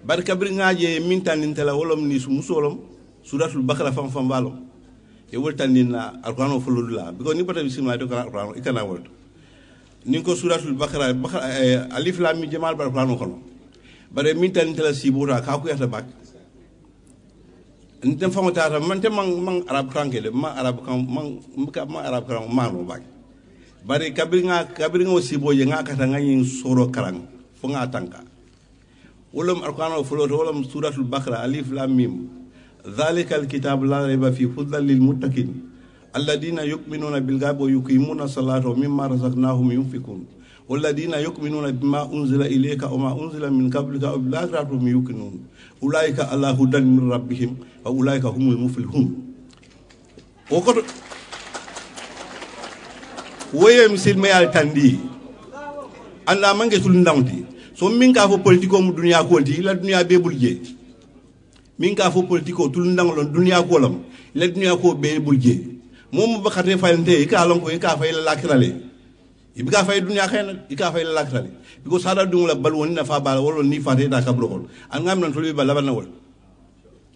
bari kabri ngaje min tanintela wolom ni su musolom suratul bakara fam fam balom e wol tanina alquran o fuludula biko ni bata bisima to kala alquran ikana wol ni ko suratul bakara eh, alif lam mim jamal bar alquran kono bare min tanintela sibura ka ku yata bak ntem fam tata man te man man arab kankele man arab kan man man arab kan man no bak bari kabri nga kabri nga siboje nga kata nga yin soro karang fo nga tanka ولم القرآن الفلوت ولم سورة البقرة ألف لام ميم ذلك الكتاب لا ريب فيه هدى للمتقين الذين يؤمنون بالغيب ويقيمون الصلاة ومما رزقناهم ينفقون والذين يؤمنون بما أنزل إليك وما أنزل من قبلك وبالآخرة هم يوقنون أولئك على هدى من ربهم وأولئك هم المفلحون وقد ويمسل ما يلتندي أن لا منجس لندمتي so min ka fo politique o mu duniya ko ndi ila duniya be bul je min ka fo politique o tul ndangolon duniya ko lam ila duniya ko be bul je mom ba khate fayante ka lon ko ka fay la lakirale ibi ka fay duniya kayna i ka fay la lakirale biko sada dungula bal woni na fa bala wolo ni fate da kabro hol an ngam non tolbi bala na wol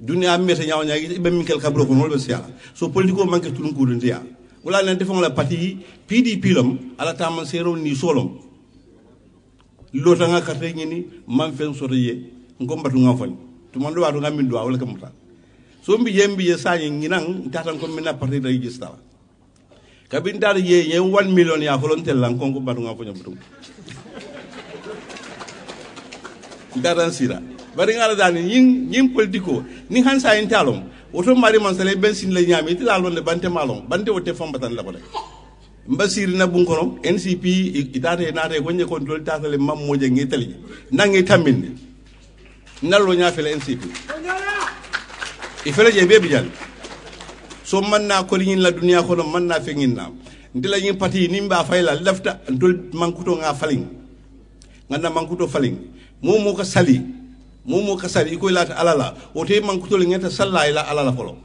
duniya mete nyaaw nyaagi be min kel kabro ko be siala so politique manke tulun ko dundiya wala nan defon la parti pdp lam ala tamam sero ni solom lota nga karte ñini man fen soto ye ngom batu nga fani tuma ndo wadu nga min do wala kamuta so mbi yembi ye sañi nginang tatan ko minna parti da yiji kabin dar ye ye 1 million ya volontaire lan konko batu nga fani batu daran sira bari nga ala dani yin yin politiko ni han sa en talom woto mari man sale ben sin le ñami ti la lon le bante malon bante wote fambatan la ko rek mbasiri na bun kono ncp itate nate ko nye kontrol tatale mammoje ngetali nangi tambinde nallo nya fele ncp ifele je bebi jal so manna ko lin la duniya ko no manna fe ngin nam ndila yin pati nimba fayla lafta ndol mankuto nga falin ngana mankuto falin mo mo sali mo mo sali ko lata alala o te mankuto ngeta sallay la alala folo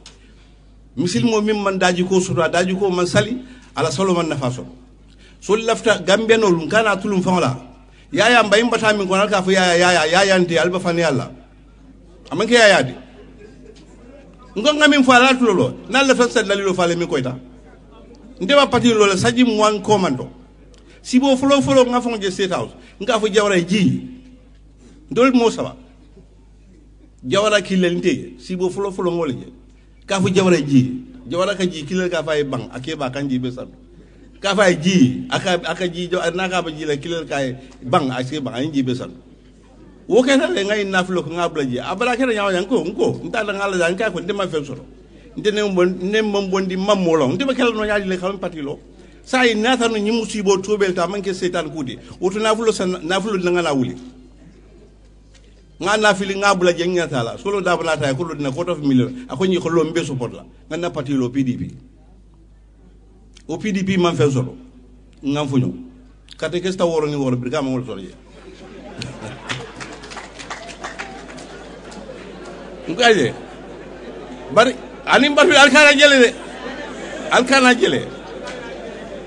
misil mo min man daji ko suta daji ko man sali ala solo man nafa so sol lafta gambenol kana tulum fawla yaya mbay mbata min ko ka fo yaya yaya yaya ndi alba fani alla yalla ke yaya di ngon ngami fo ala tulolo nal la fasal la lilo fale mi koyta ndeba pati lolo saji mo mwan komando si bo flo flo nga fon je state house nga fo jawra ji dol mo sawa jawra ki lente kilente sibo flo folo ngole je ka fo jawra ji jowara ka ji kilel ka faye bang akeba kanji be sanu ka faye ji aka aka ji na ka ba ji la kilel ka bang ba bang anji be sanu wo ke na le ngai na flo ko ngabla ji abara ke nyawo yanko nko nta la ngala dan ka ko ndema fe soro ndene mbon ne mbondi mamolo ndema kala no yaadi le kam patilo sai na tanu nyimusibo tobel ta manke setan kudi wotu na flo san na flo ngala wuli nga na fili nga bula jeng nga tala solo da bula tay ko lo dina quarter of million ako nyi ko lo mbé support la nga na parti lo PDP o PDP man fe solo nga fuñu kate ke sta woro ni woro brigam ngol solo ye ngaye bari ani mbar fi alkana jele de alkana jele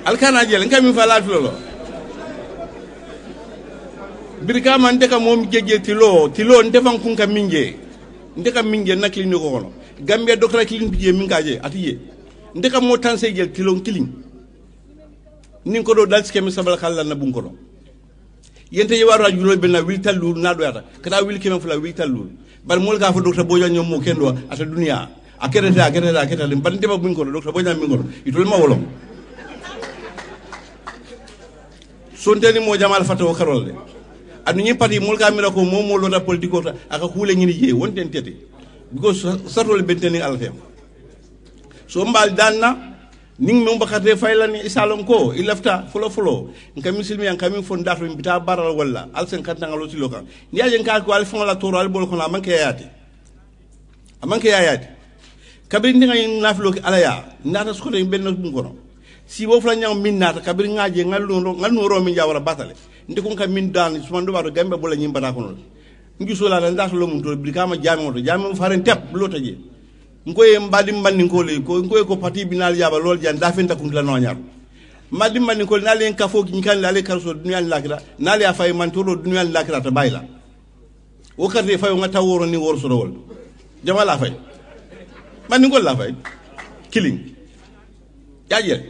alkana jele ngam mi fa la fi lo birikama nte ka moom jeje tiloo tiloo nte fan kun ka min je nte ka min je na clinique kono gambia docteur clinique je min ka je ati je nte ka moo tan sey jel tilon kilin nin ko do dal sikemi sabal kala na bun kono yente yewaru ajulo be na wiltal lul na do yata kada wil kemen fula wiltal lul bar mol ka fo docteur bojo nyom mo kendo ata dunia akere ta akere ta akere ta ban deba bun kono docteur bojo min kono itul ma wolo sonteni mo jamal fatawo karol de adu ñi parti mol ka mira ko mo mo lota politiko ta aka kule ñini je wonten tete because satol benten al fem so mbal danna ning mo bakate faylani isalon ko ilafta fulo fulo nka muslimi an kami fon dato bita baral wala al sen kan tangalo ti lokan ni jen ka ko al fon la toro al bol ko na manke yaati amanke yaati kabir ni ngay naflo ki alaya ndata skole ben no bungono si wo fla nyaw min nata kabir ngal no ngal no romi jawara batale ndiko ka min dan suma ndu baro gambe bola nyimba na kono ngi so la na nda lo mun to bi kama jami to jami faren tep lo taje ngoy mbadi mbandi ko le ko ngoy ko parti binal yaba lol jan da fen takun la no nyar mbadi mbandi ko na len kafo gi kan la le karso dunya lakira na le afay man to dunya lakira ta bayla o karte fay nga taworo ni wor so wol jama la fay mbandi ko la fay killing jajel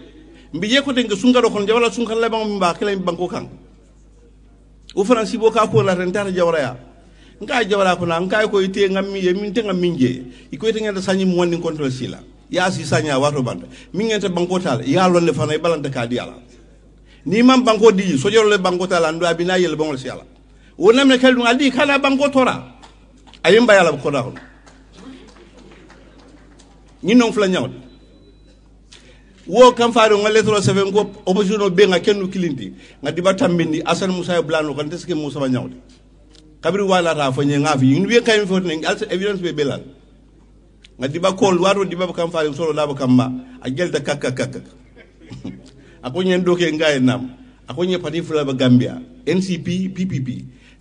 mbi je ko tenga sungaro kon jawala sunkan la bango mba kala mbango kan wo fana sibo ka ko la renta rentara jawaraya nka jawara ko na nka ko ite ngammi e min te ngammi je i ko ite ngata sanyi mo woni control sila ya si sanya wato banda min ngenta banko tal ya lolle fana e balanta ka di ala ni mam banko di so jolo le banko tal andu abina yel bongol sila na me kaldu ngadi kala banko tora ayimba yala ko da ko ni non fla nyawde wo kam faare nga lettre o sefe ngo opposition be nga kennu kilindi nga diba tambindi asan musa e blano kan teske musa ba nyawde kabri wala ta fo nyi fi ngi be kay fo ne alsa evidence be belal nga diba kol waro diba kam faare solo laba kam ma a gelta kakka kakka ako nyen doke ngay e nam ako nyen parti fula ba gambia ncp ppp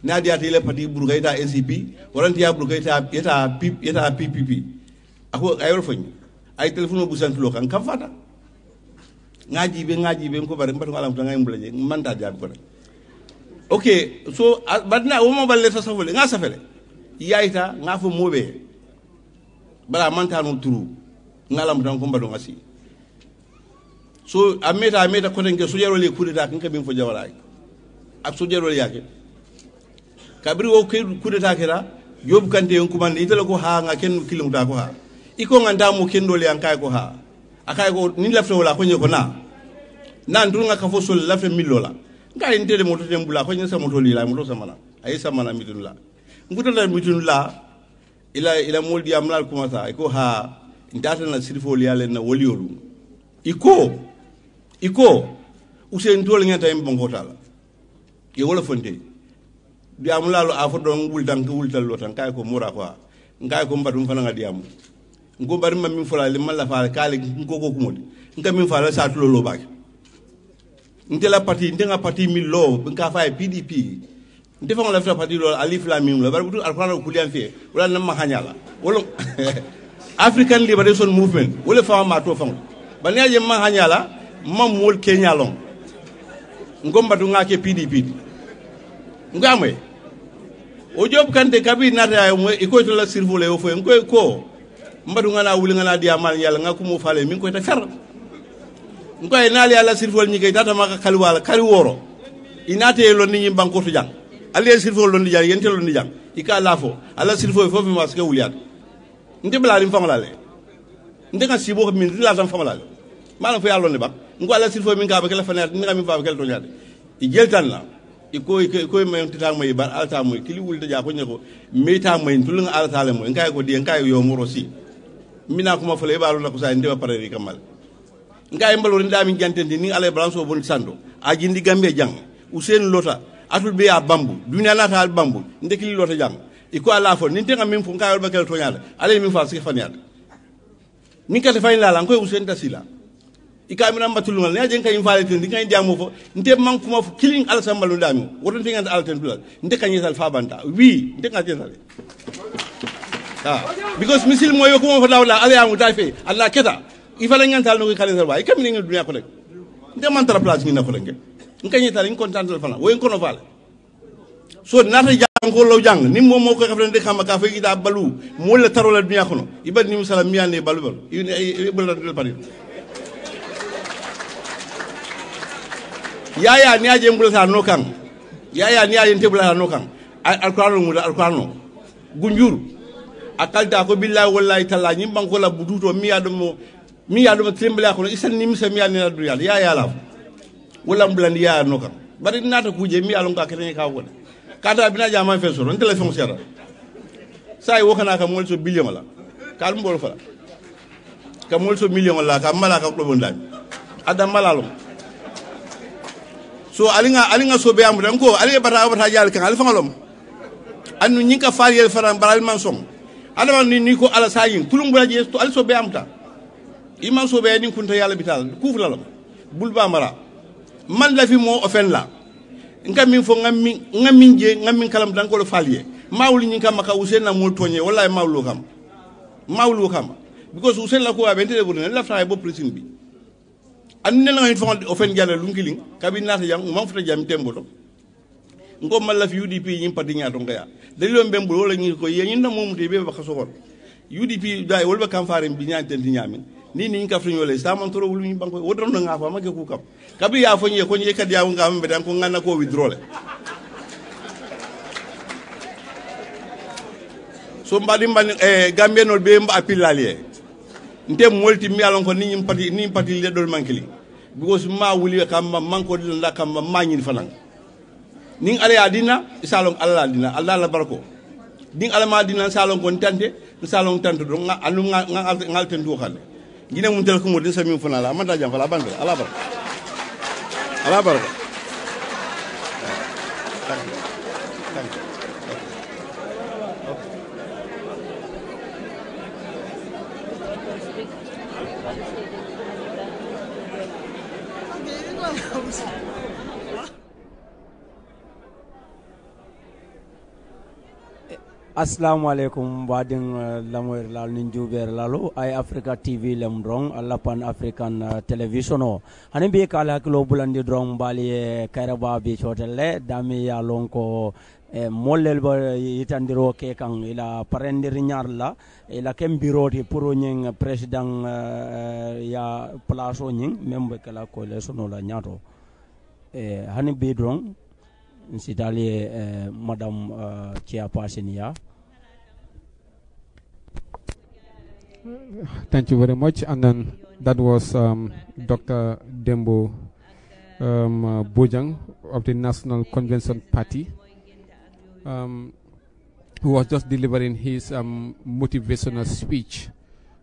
na dia tele parti gayta ncp warantiya burgaita yeta yeta ppp ako ayor fo nyi ay telefono bu santulo kan kam fata ngajibe ngajibe ko bare mbato ngala mutanga imbulaje manta jabi ko ok so badna wo mo balle sa safole nga safele yaita nga fo mobe bala manta no turu ngala mutanga ko mbato ngasi so ameta ameta ko nge so yarole kude ta kinka bin fo jawara ak so jarole yake kabri wo kude ta kera yob kante yon kumande ko ha nga ken kilim ta ko ha iko nganda mo ken dole an ko ha akaye ko ni lafta wala ko nyeko na na nduru nga kafo sol lafta millo la ngari ndele moto dem bula ko nyesa moto lila moto samana ay samana mitunla nguto la la la ila ila mol di amlal kuma sa iko ha ndata na sirfo li liyale na woli yoru iko iko usen tol tay yim bongotala ye wala fonte di lo afo don wul dank wul tal lotan kay ko mura ko ngay ko mbatum fana nga di diamu nko bari ma min fola le ma la fala kale nko ko kumot nka min fala sa tulo lo bak nte la parti nte nga parti mi lo nka fa pdp nte fa la fa parti lo alif la mim la bari butu alquran ko lian fi wala na ma hanyala wala african liberation movement wala fa ma to fa bani ya ma hanyala ma mol kenya long ngomba du nga ke pdp ngamwe o job kante kabi nata ya iko to la sirvule o fo ko ko mbadu ngana wuli ngana diya mal yalla nga kumo fale min koyta fer ngoy naali yalla sirfol ñi kay tata maka kali wala kali woro inate lo ni banko to jang alle sirfol lo ni jang yentel lo ni jang ika lafo alla sirfol fofu ma ska wuliat ndi bla lim fam lale ndi ka sibo min la tam fam lale mala fo yalla ne ba ngo alla sirfol min ka ba kala fanat ni ngam fa kala to nyaade i jeltan la i koy koy mayon tita may bar alta moy kili wulta ja ko nyako meta may tulunga alta le moy ngay ko di ngay yo moro si naa kuma minakuma fola iɓarona ko sa ndewa pareri kamal nga e mbalori ndamin jantendi ni ala e balance o bonti sando a jindi gambie jang useni lota atul be ya bambu dunia nata al bambu ndekili lota jang iko ala fo nin tenga min fu kayol bakel toñala ala min fa sike faniala nin kata fayni lala koye useni tasila ika min amba tulungal ne jen kayim faale tin kay diamo fo nte man kuma fo kilin ala sambalu ndami woton tinga ala tan dulal ndeka nyesal fa banta wi ndeka nyesal ah. because misil moyo ko mo lawla ala ya mutai fe alla keta ifala nyantal no kalen sar bay kam ni ngi dunya ko lek de man tara place ni na ko lek ngi tan ngi content fana wo ngi kono fal so nata jango lo jang ni mo moko xafle de xam ka fay da balu mo la taro la dunya kono ibad ni musala mi yande balu balu ibni ibul la dul parit yaya ni aje mbul sa no kan yaya ni aje tebul sa no kan alquran mu alquran gunjuru akalta ko billahi wallahi talla ñi banko la buduto mi yadumo mi yadumo trembla ko isan ni misa mi yal na du yal ya yala wala mbulan ya no kan bari nata kuje mi yalon ka kene ka wona kata bina jama fe soro ndele fon sera wo kana ka mol so billion la kal mbol fala ka mol so million la ka mala ka ko bonda adam malalo so alinga alinga so be amudan ko alinga bata bata jal kan alfangalom annu nyinka faal yel faran baral man song adama ni ni ko ala sa yin bula je to al be amta iman so be ni kunta yalla bital kuf la lam bul ba mara man la fi mo ofen la ngam min fo ngam min ngam min je ngam min kalam dan ko lo faliye mawul ni kam ka usen na mo toñe wallahi mawul kam mawul kam because usen la ko wa bente de la fa bo prisin bi an ne la ngi fon ofen jalla lungiling kabin nata jam mo fota jam tembo nko malla fi udp ñim pati ñatonkoya dalilon ɓembol wola ñi ko yeñinna momude ɓe baka sohol udp day wolɓe kam faren bi ñantenti ñamin ni ni ka frin yole sa man toro wulmi banko wodron nga fa mage ku kam kabi ya fonye ko nye kadi ya nga ambe dan ko ngana ko withdrawle so mbadi mbani eh gambien no be mba apilaliye nte molti mi alon ko ni pati ni pati le dol mankili because ma wuli kam ma manko dilon la kam ma ñin fanan nin ala ya dina salon alla dina alla la barko din ala ma dina salon kon tante salon tante do nga anu nga ngal tan do xal ngine mun tel ko mo din sami fana la amata jam fala bande ala barko ala barko assalamu aleykum mbaɗin uh, lamoyre laalo nin juuɓere lalu ay africa tv lem ɗon alla pan african uh, télévision o oh, hani mbiye kaala hakkilo bulandi ɗon mbaali e eh, kayraba be cotelle eh, dami ya lon ko e eh, mollel ba yitandiro ke kan ila parendir ñar la ila ken biroti pour ñing président ya place o ñing même be kala ko le sono la ñaato e hani bi ɗon Eh, eh, Thank you very much. And then that was um, Dr. Dembo um, uh, Bojang of the National Convention Party, um, who was just delivering his um, motivational speech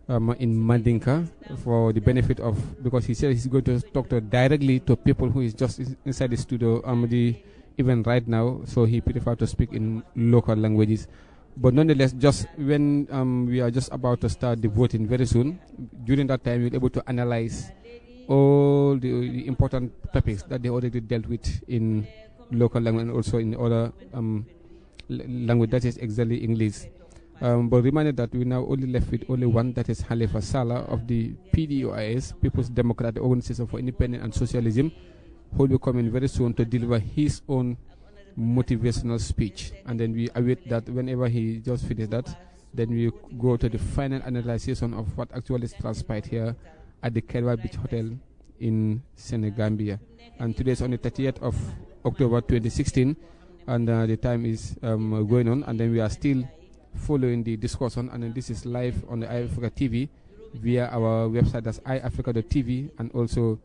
um, in Mandinka for the benefit of, because he said he's going to talk to directly to people who is just inside the studio, um, the even right now, so he prefers to speak in local languages. But nonetheless, just when um, we are just about to start the voting very soon, during that time, we'll be able to analyze all the, the, important topics that they already dealt with in local language and also in other um, language that is exactly English. Um, but reminded that we now only left with only one that is Halifa Salah of the PDOIS, People's Democratic Organization for Independence and Socialism who will be coming very soon to deliver his own motivational speech. And then we await that whenever he just finishes that, then we go to the final analysis of what actually transpired here at the Kerwa Beach Hotel in Senegambia. And today is on the 30th of October 2016, and uh, the time is um, going on, and then we are still following the discussion, and then this is live on the iAfrica TV via our website, that's iAfrica.tv, and also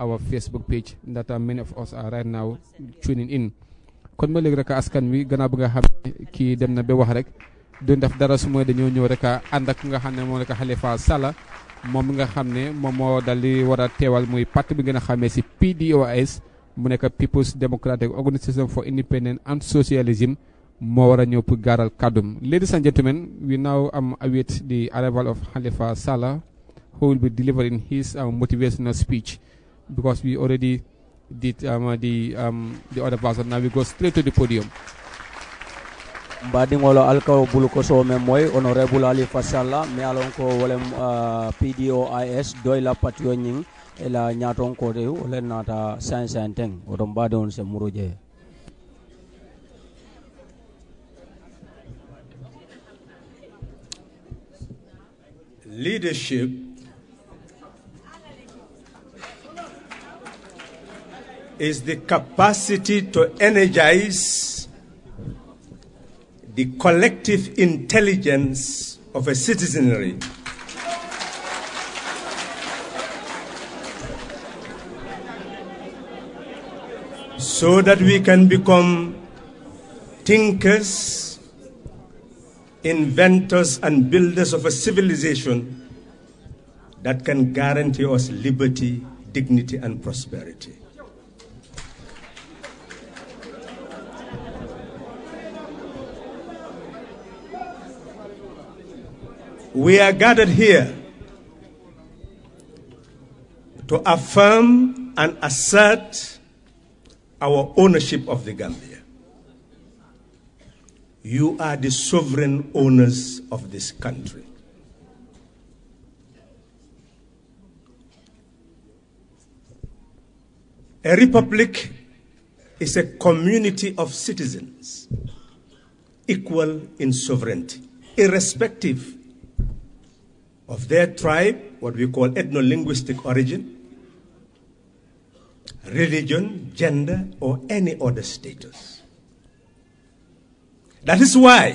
our Facebook page that uh, many of us are right now tuning in kon ba léegi rek askan wi gannaaw bi nga xam ne kii dem na ba wax rek duñ def dara su mooy dañoo ñëw rek ànd ak nga xam ne rek Halifa sala moom nga xam ne moom moo dal di war a muy parti bi ngeen a xamee si mu nekk People's Democratic Organisation for Independence and Socialism moo war a ñëw pour gaaral kàddum ladies and gentlemen we now am await the arrival of Halifa Sala, who will be delivering his uh, motivational speech because we already did um, uh, the um, the other person. Now we go straight to the podium. wala mbaɗiŋolo alkawo bulukoso men moy honorable ali fasalla mi alon ko wala uh, pdois la patio ñiŋ ela ñaton kote wala nata san san teng oton mbaɗi on se muro leadership is the capacity to energize the collective intelligence of a citizenry. So that we can become thinkers, inventors, and builders of a civilization that can guarantee us liberty, dignity, and prosperity. We are gathered here to affirm and assert our ownership of the Gambia. You are the sovereign owners of this country. A republic is a community of citizens equal in sovereignty, irrespective of their tribe, what we call ethno-linguistic origin, religion, gender, or any other status. That is why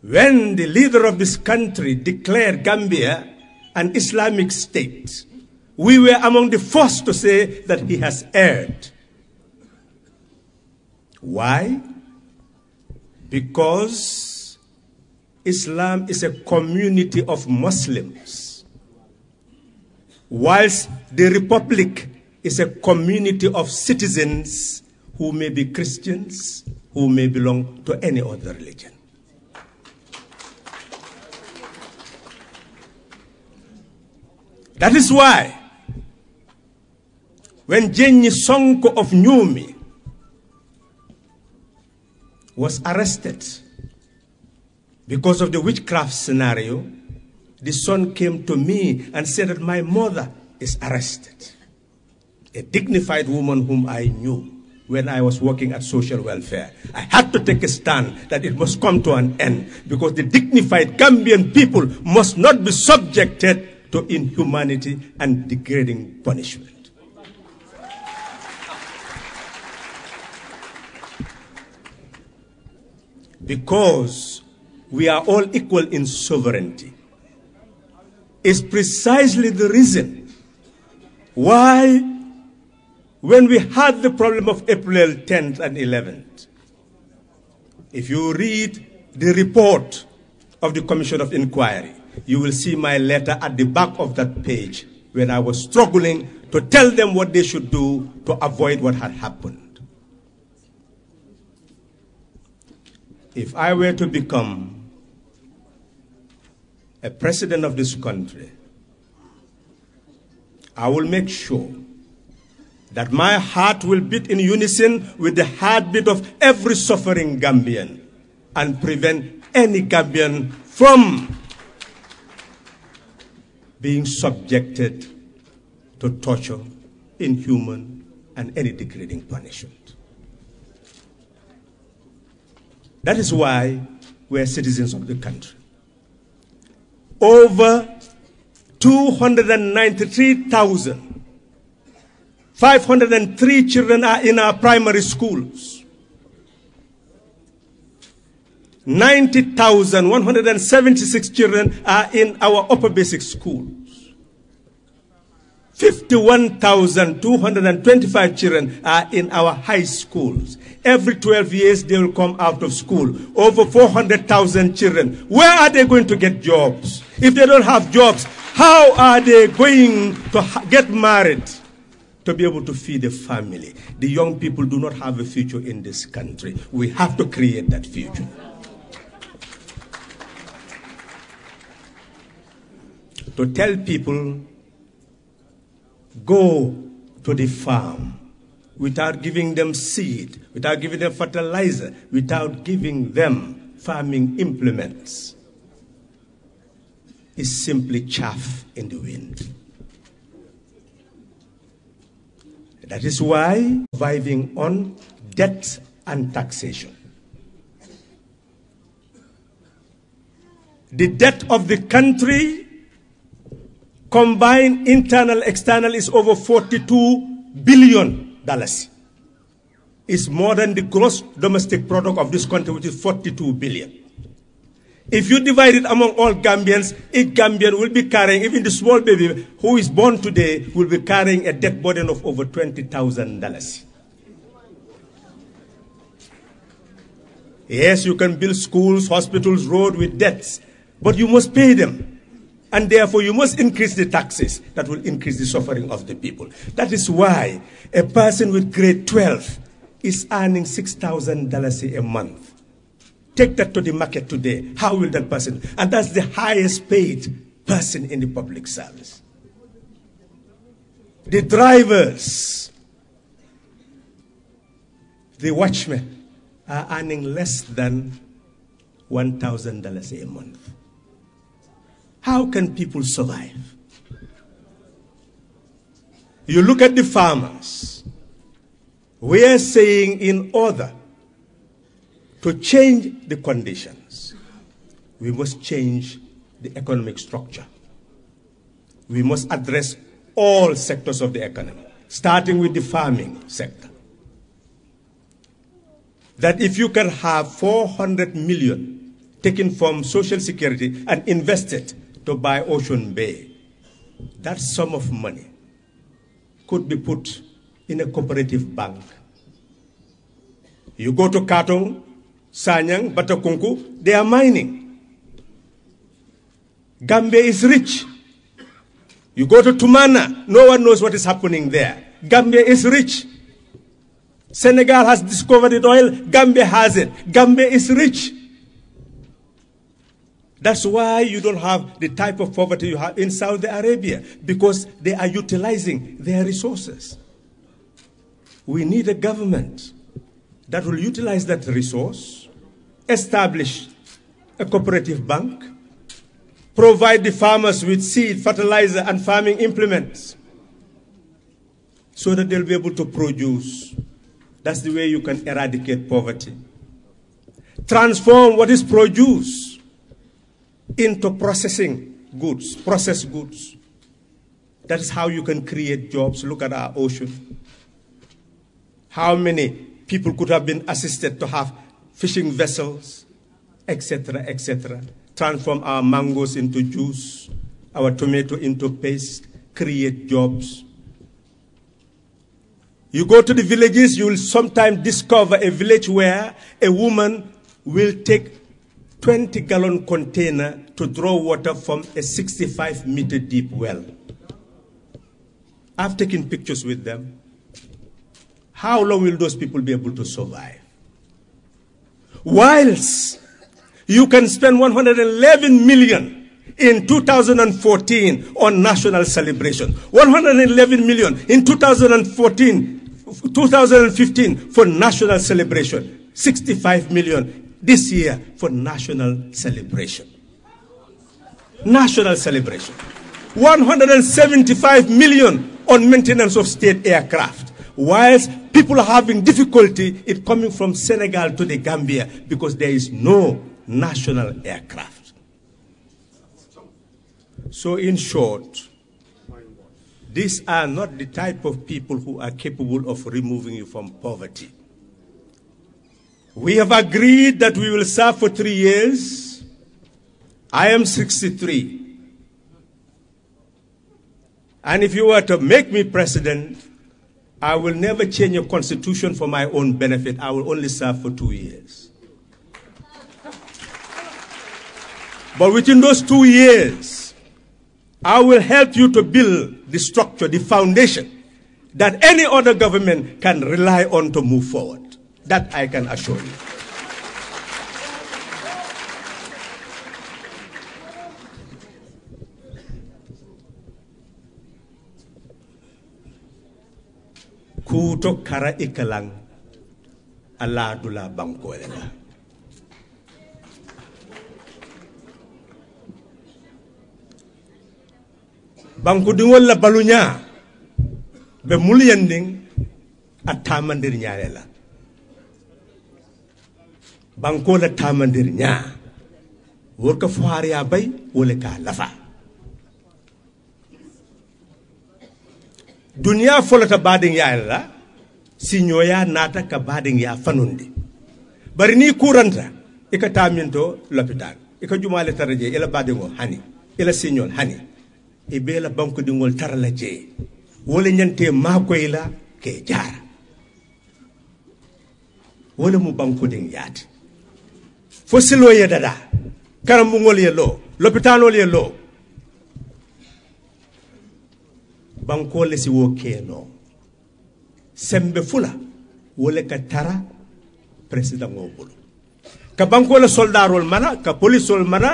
when the leader of this country declared Gambia an Islamic state, we were among the first to say that he has erred. Why? Because Islam is a community of Muslims, whilst the Republic is a community of citizens who may be Christians, who may belong to any other religion. That is why when Jenny Sonko of Nyumi was arrested because of the witchcraft scenario, the son came to me and said that my mother is arrested. A dignified woman whom I knew when I was working at social welfare. I had to take a stand that it must come to an end because the dignified Gambian people must not be subjected to inhumanity and degrading punishment. Because we are all equal in sovereignty is precisely the reason why when we had the problem of April 10th and 11th, if you read the report of the Commission of Inquiry, you will see my letter at the back of that page where I was struggling to tell them what they should do to avoid what had happened. If I were to become a president of this country, I will make sure that my heart will beat in unison with the heartbeat of every suffering Gambian and prevent any Gambian from being subjected to torture, inhuman, and any degrading punishment. That is why we are citizens of the country over 293,000. 503 children are in our primary schools. 90,176 children are in our upper basic schools. 51,225 children are in our high schools. Every 12 years they will come out of school. Over 400,000 children. Where are they going to get jobs? if they don't have jobs, how are they going to get married to be able to feed a family? The young people do not have a future in this country. We have to create that future. To tell people, go to the farm without giving them seed, without giving them fertilizer, without giving them farming implements is simply chaff in the wind. That is why surviving on debt and taxation. The debt of the country, combined internal external, is over 42 billion dollars. It's more than the gross domestic product of this country, which is 42 billion. If you divide it among all Gambians, each Gambian will be carrying, even the small baby who is born today, will be carrying a debt burden of over $20,000. Yes, you can build schools, hospitals, roads with debts, but you must pay them. And therefore, you must increase the taxes that will increase the suffering of the people. That is why a person with grade 12 is earning $6,000 a month. Take that to the market today. How will that person? And that's the highest paid person in the public service. The drivers, the watchmen are earning less than $1,000 a month. How can people survive? You look at the farmers. We are saying, in order to change the conditions, we must change the economic structure. We must address all sectors of the economy, starting with the farming sector. That if you can have 400 million taken from Social Security and invested to buy Ocean Bay, that sum of money could be put in a cooperative bank. You go to Katong, Sanyang, Batokungu, they are mining. Gambia is rich. You go to Tumana, no one knows what is happening there. Gambia is rich. Senegal has discovered it oil, Gambia has it. Gambia is rich. That's why you don't have the type of poverty you have in Saudi Arabia, because they are utilizing their resources. We need a government that will utilize that resource establish a cooperative bank, provide the farmers with seed, fertilizer, and farming implements so that they'll be able to produce. That's the way you can eradicate poverty. Transform what is produced into processing goods, processed goods. That is how you can create jobs. Look at our ocean. How many people could have been assisted to have fishing vessels, etc., etc. Transform our mangoes into juice, our tomato into paste, create jobs. You go to the villages, you will sometimes discover a village where a woman will take 20 gallon container to draw water from a 65 meter deep well. I've taken pictures with them. How long will those people be able to survive? Whilst you can spend 111 million in 2014 on national celebration, 111 million in 2014, 2015 for national celebration, 65 million this year for national celebration. National celebration. 175 million on maintenance of state aircraft whilst people are having difficulty in coming from Senegal to the Gambia because there is no national aircraft. So in short, these are not the type of people who are capable of removing you from poverty. We have agreed that we will serve for three years. I am 63. And if you were to make me president, I will never change your constitution for my own benefit. I will only serve for two years. But within those two years, I will help you to build the structure, the foundation that any other government can rely on to move forward. That I can assure you. kuto kara ikalang ala dula bangko ela banko dingol la balunya be mulyan ding atamandir nyalela banko la tamandir nya worka fuhariya bay wala ka lafa duniya folota baadiŋ ya la siñoya naata ka baadiŋ ya fanundi bari ni kuranta i ka taa min to lopital i ka jumaa le tara jee i la baadiŋo hani i la siñol hani i bee la bankudiŋol tara la jee wo le ñantee maakoyi la ke jaara wo le mu bankudiŋ yaati fo siloo ye dadaa karambuŋol ye loo lopitalol ye loo banko le si wo keno sembe fula wole ka tara president o bulu ka banko le soldarol mana ka policeol mana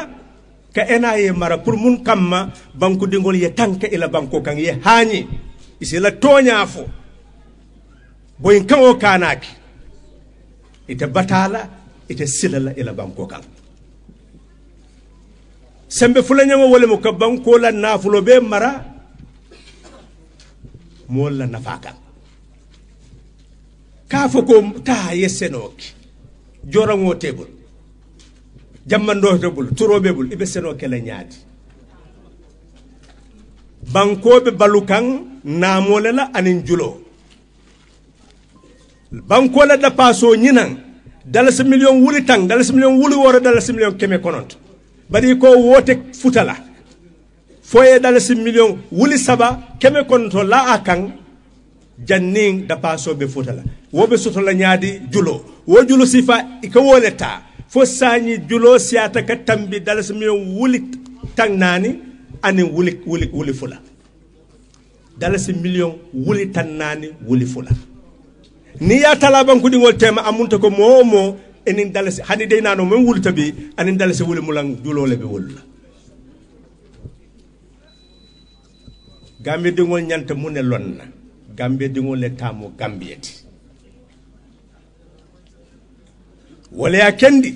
ka enaye mara pour mun kamma banko dingol ye tanke ila banko kan ye hani isi la toña fo boy kan o kanaki ite batala ite silala ila banko kan sembe fula nyama wole mo ka banko la nafulo be mara molla nafa kan ka fo ko taha yessenoke jorango tebol jammandotebol turoɓe bol iɓe senoke la ñaadi bankoɓe balu kan namole la anin bankoo bankole dapaasoo paso ñinan dalasi million wuli tan dalasi million wuli woro dalasi million keme kononto bari i ko futa la foye dala si million wuli saba keme konto la akan jannin da paso be fotala wo be sotola nyaadi julo wo julo sifa ika woleta fo sañi julo siata ka tambi dala si million wuli tangnani ani wuli wuli wuli fula dala si million wuli tannani wuli fula ni ya talaban kudi ngol tema amunta ko momo enin dala si hani de nano men wulta bi anin dala si wuli mulang julo le be wulla gambe diŋol ñanta mu ne lon na gambe diŋol le tamo gambiye ti waleya kendi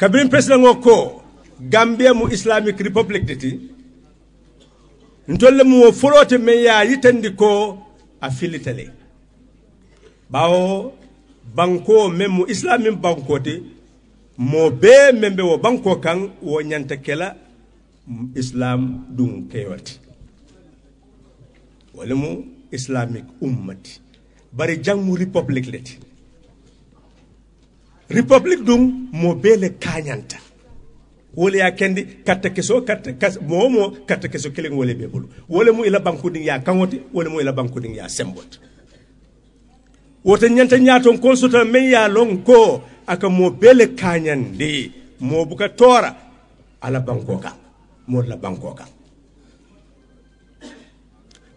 kabirin presidenŋo ko gambiya mu islamic republic de ti ntol le muwo folote meŋ ye a yitandi ko a filitale bawo banko meŋ mu islamin banko te moo bee meŋ be wo banko kan wo ñanta kela islam duŋ keyol mu islamique ummati jang jangmu republic leti republic ɗum mo bele kanyanta wole ya kendi katta keso katta kas momo katta keso kelen wole be bulu wole mu ila ding ya kangote wole mu ila ding ya sembot wote nyanta nyaton konsulta men ya lon ko aka mo bele kanyandi mo buka tora ala banko ka mo la banko kan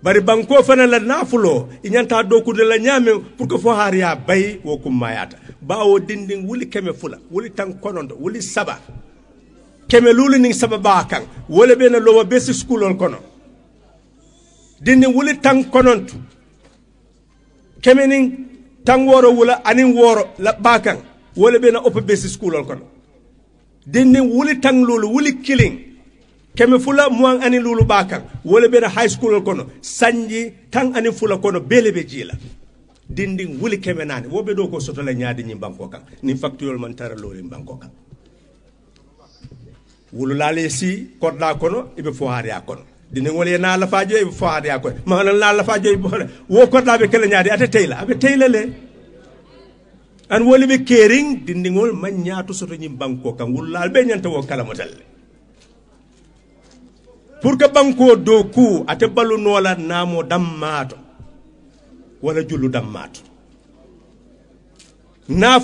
bari banko fana la nafulo inyanta do kude la nyame pour que fo har ya bay wo mayata bawo dindin wuli keme fula wuli tan konondo wuli saba keme lulu ning saba ba kan wole be na lowa school on kono dindi wuli tan kononto keme ning tan woro wula anin woro la ba kan wole be na opa school on kono dindin wuli tan lulu wuli killing kemi fula muang ani lulu bakang wole bena high school kono sanji kan ani fula kono bele be jila dinding wuli keme nani wobe do ko soto la nyaadi nyi banko kan ni factuel man tara lori banko kan wulu lale si kodda kono ibe fo haria kono dinding wole na la faje ibe fo haria kono ma la la faje ibe wo kodda be kala nyaadi ate teyla abe teyla le an woli be kering dinding wol man nyaatu soto nyi banko kan wulu la be nyanta wo kala motal pour que banko do ku ate balu nola namo dammato wala jullu dammato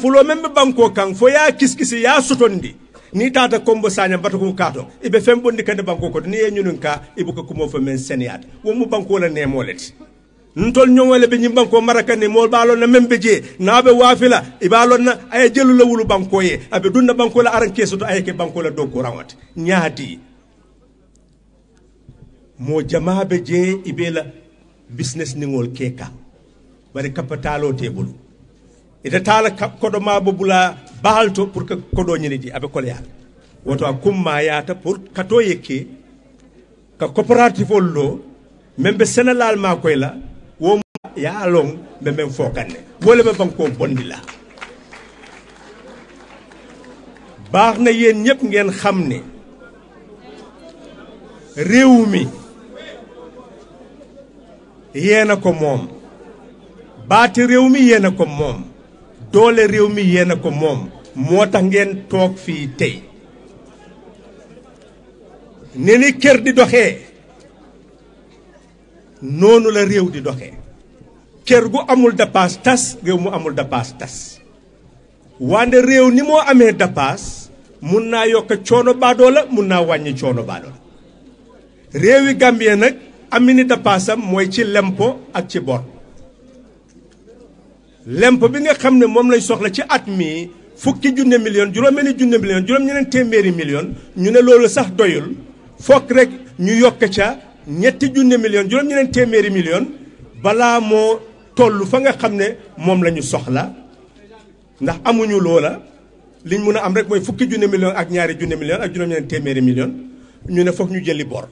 fulo membe banko kan fo ya kiskisi ya sotondi ni tata kombo sanya batako kum kato ibe fem bondi kande banko ko ni yenyunun ka ibe eh ko kumo fo men seniat wo mu banko la ne moleti ntol ñowale be banko marakane mol balo na membe je nabe wafila ibalon na ay jelu eh eh la wulu banko ye abe dunna banko la aran kesoto ay ke banko la do ko rawat nyaati mo i jeye la business niŋol ke kaŋ bari kapitalo te bulu ite tala kodo mabo bula baal pour que kodo ñini je aɓe koleya woto a kumma yata pour kato yekke ka coopérative ol lo meŋ be senelal ma koy la wo ya loŋ be meŋ fo kanne wo le be banko bondi la baax na yéen ñëpp ngeen xam ne réew mi yéen a ko moom baati réew mi yéen a ko moom doole réew mi yéen a ko moom moo tax ngeen toog fii tey ne ni kër di doxe noonu la réew di doxe kër gu amul dapaas tas réew mu amul dapaas tas wande réew ni moo amee dapaas mun na yokk coono baadoo la mun naa wàññi coono baadoo la réewi Gambie nag amini dapaasam mooy ci lempo ak ci bor lempo bi nga xam ne moom lañ soxla ci at mii fukki junne million juróom-benni junne million juróom-ñeneen téeméeri million ñu ne loolu sax doyul fokk rek ñu yokk ca ñetti junne million juróom-ñeneen téeméeri million balaa moo toll fa nga xam ne moom la ñu soxla ndax amuñu loola liñ mun a am rek mooy fukki junne million ak ñaari junne million ak juróom téeméeri million ñu ne foog ñu jëli bor.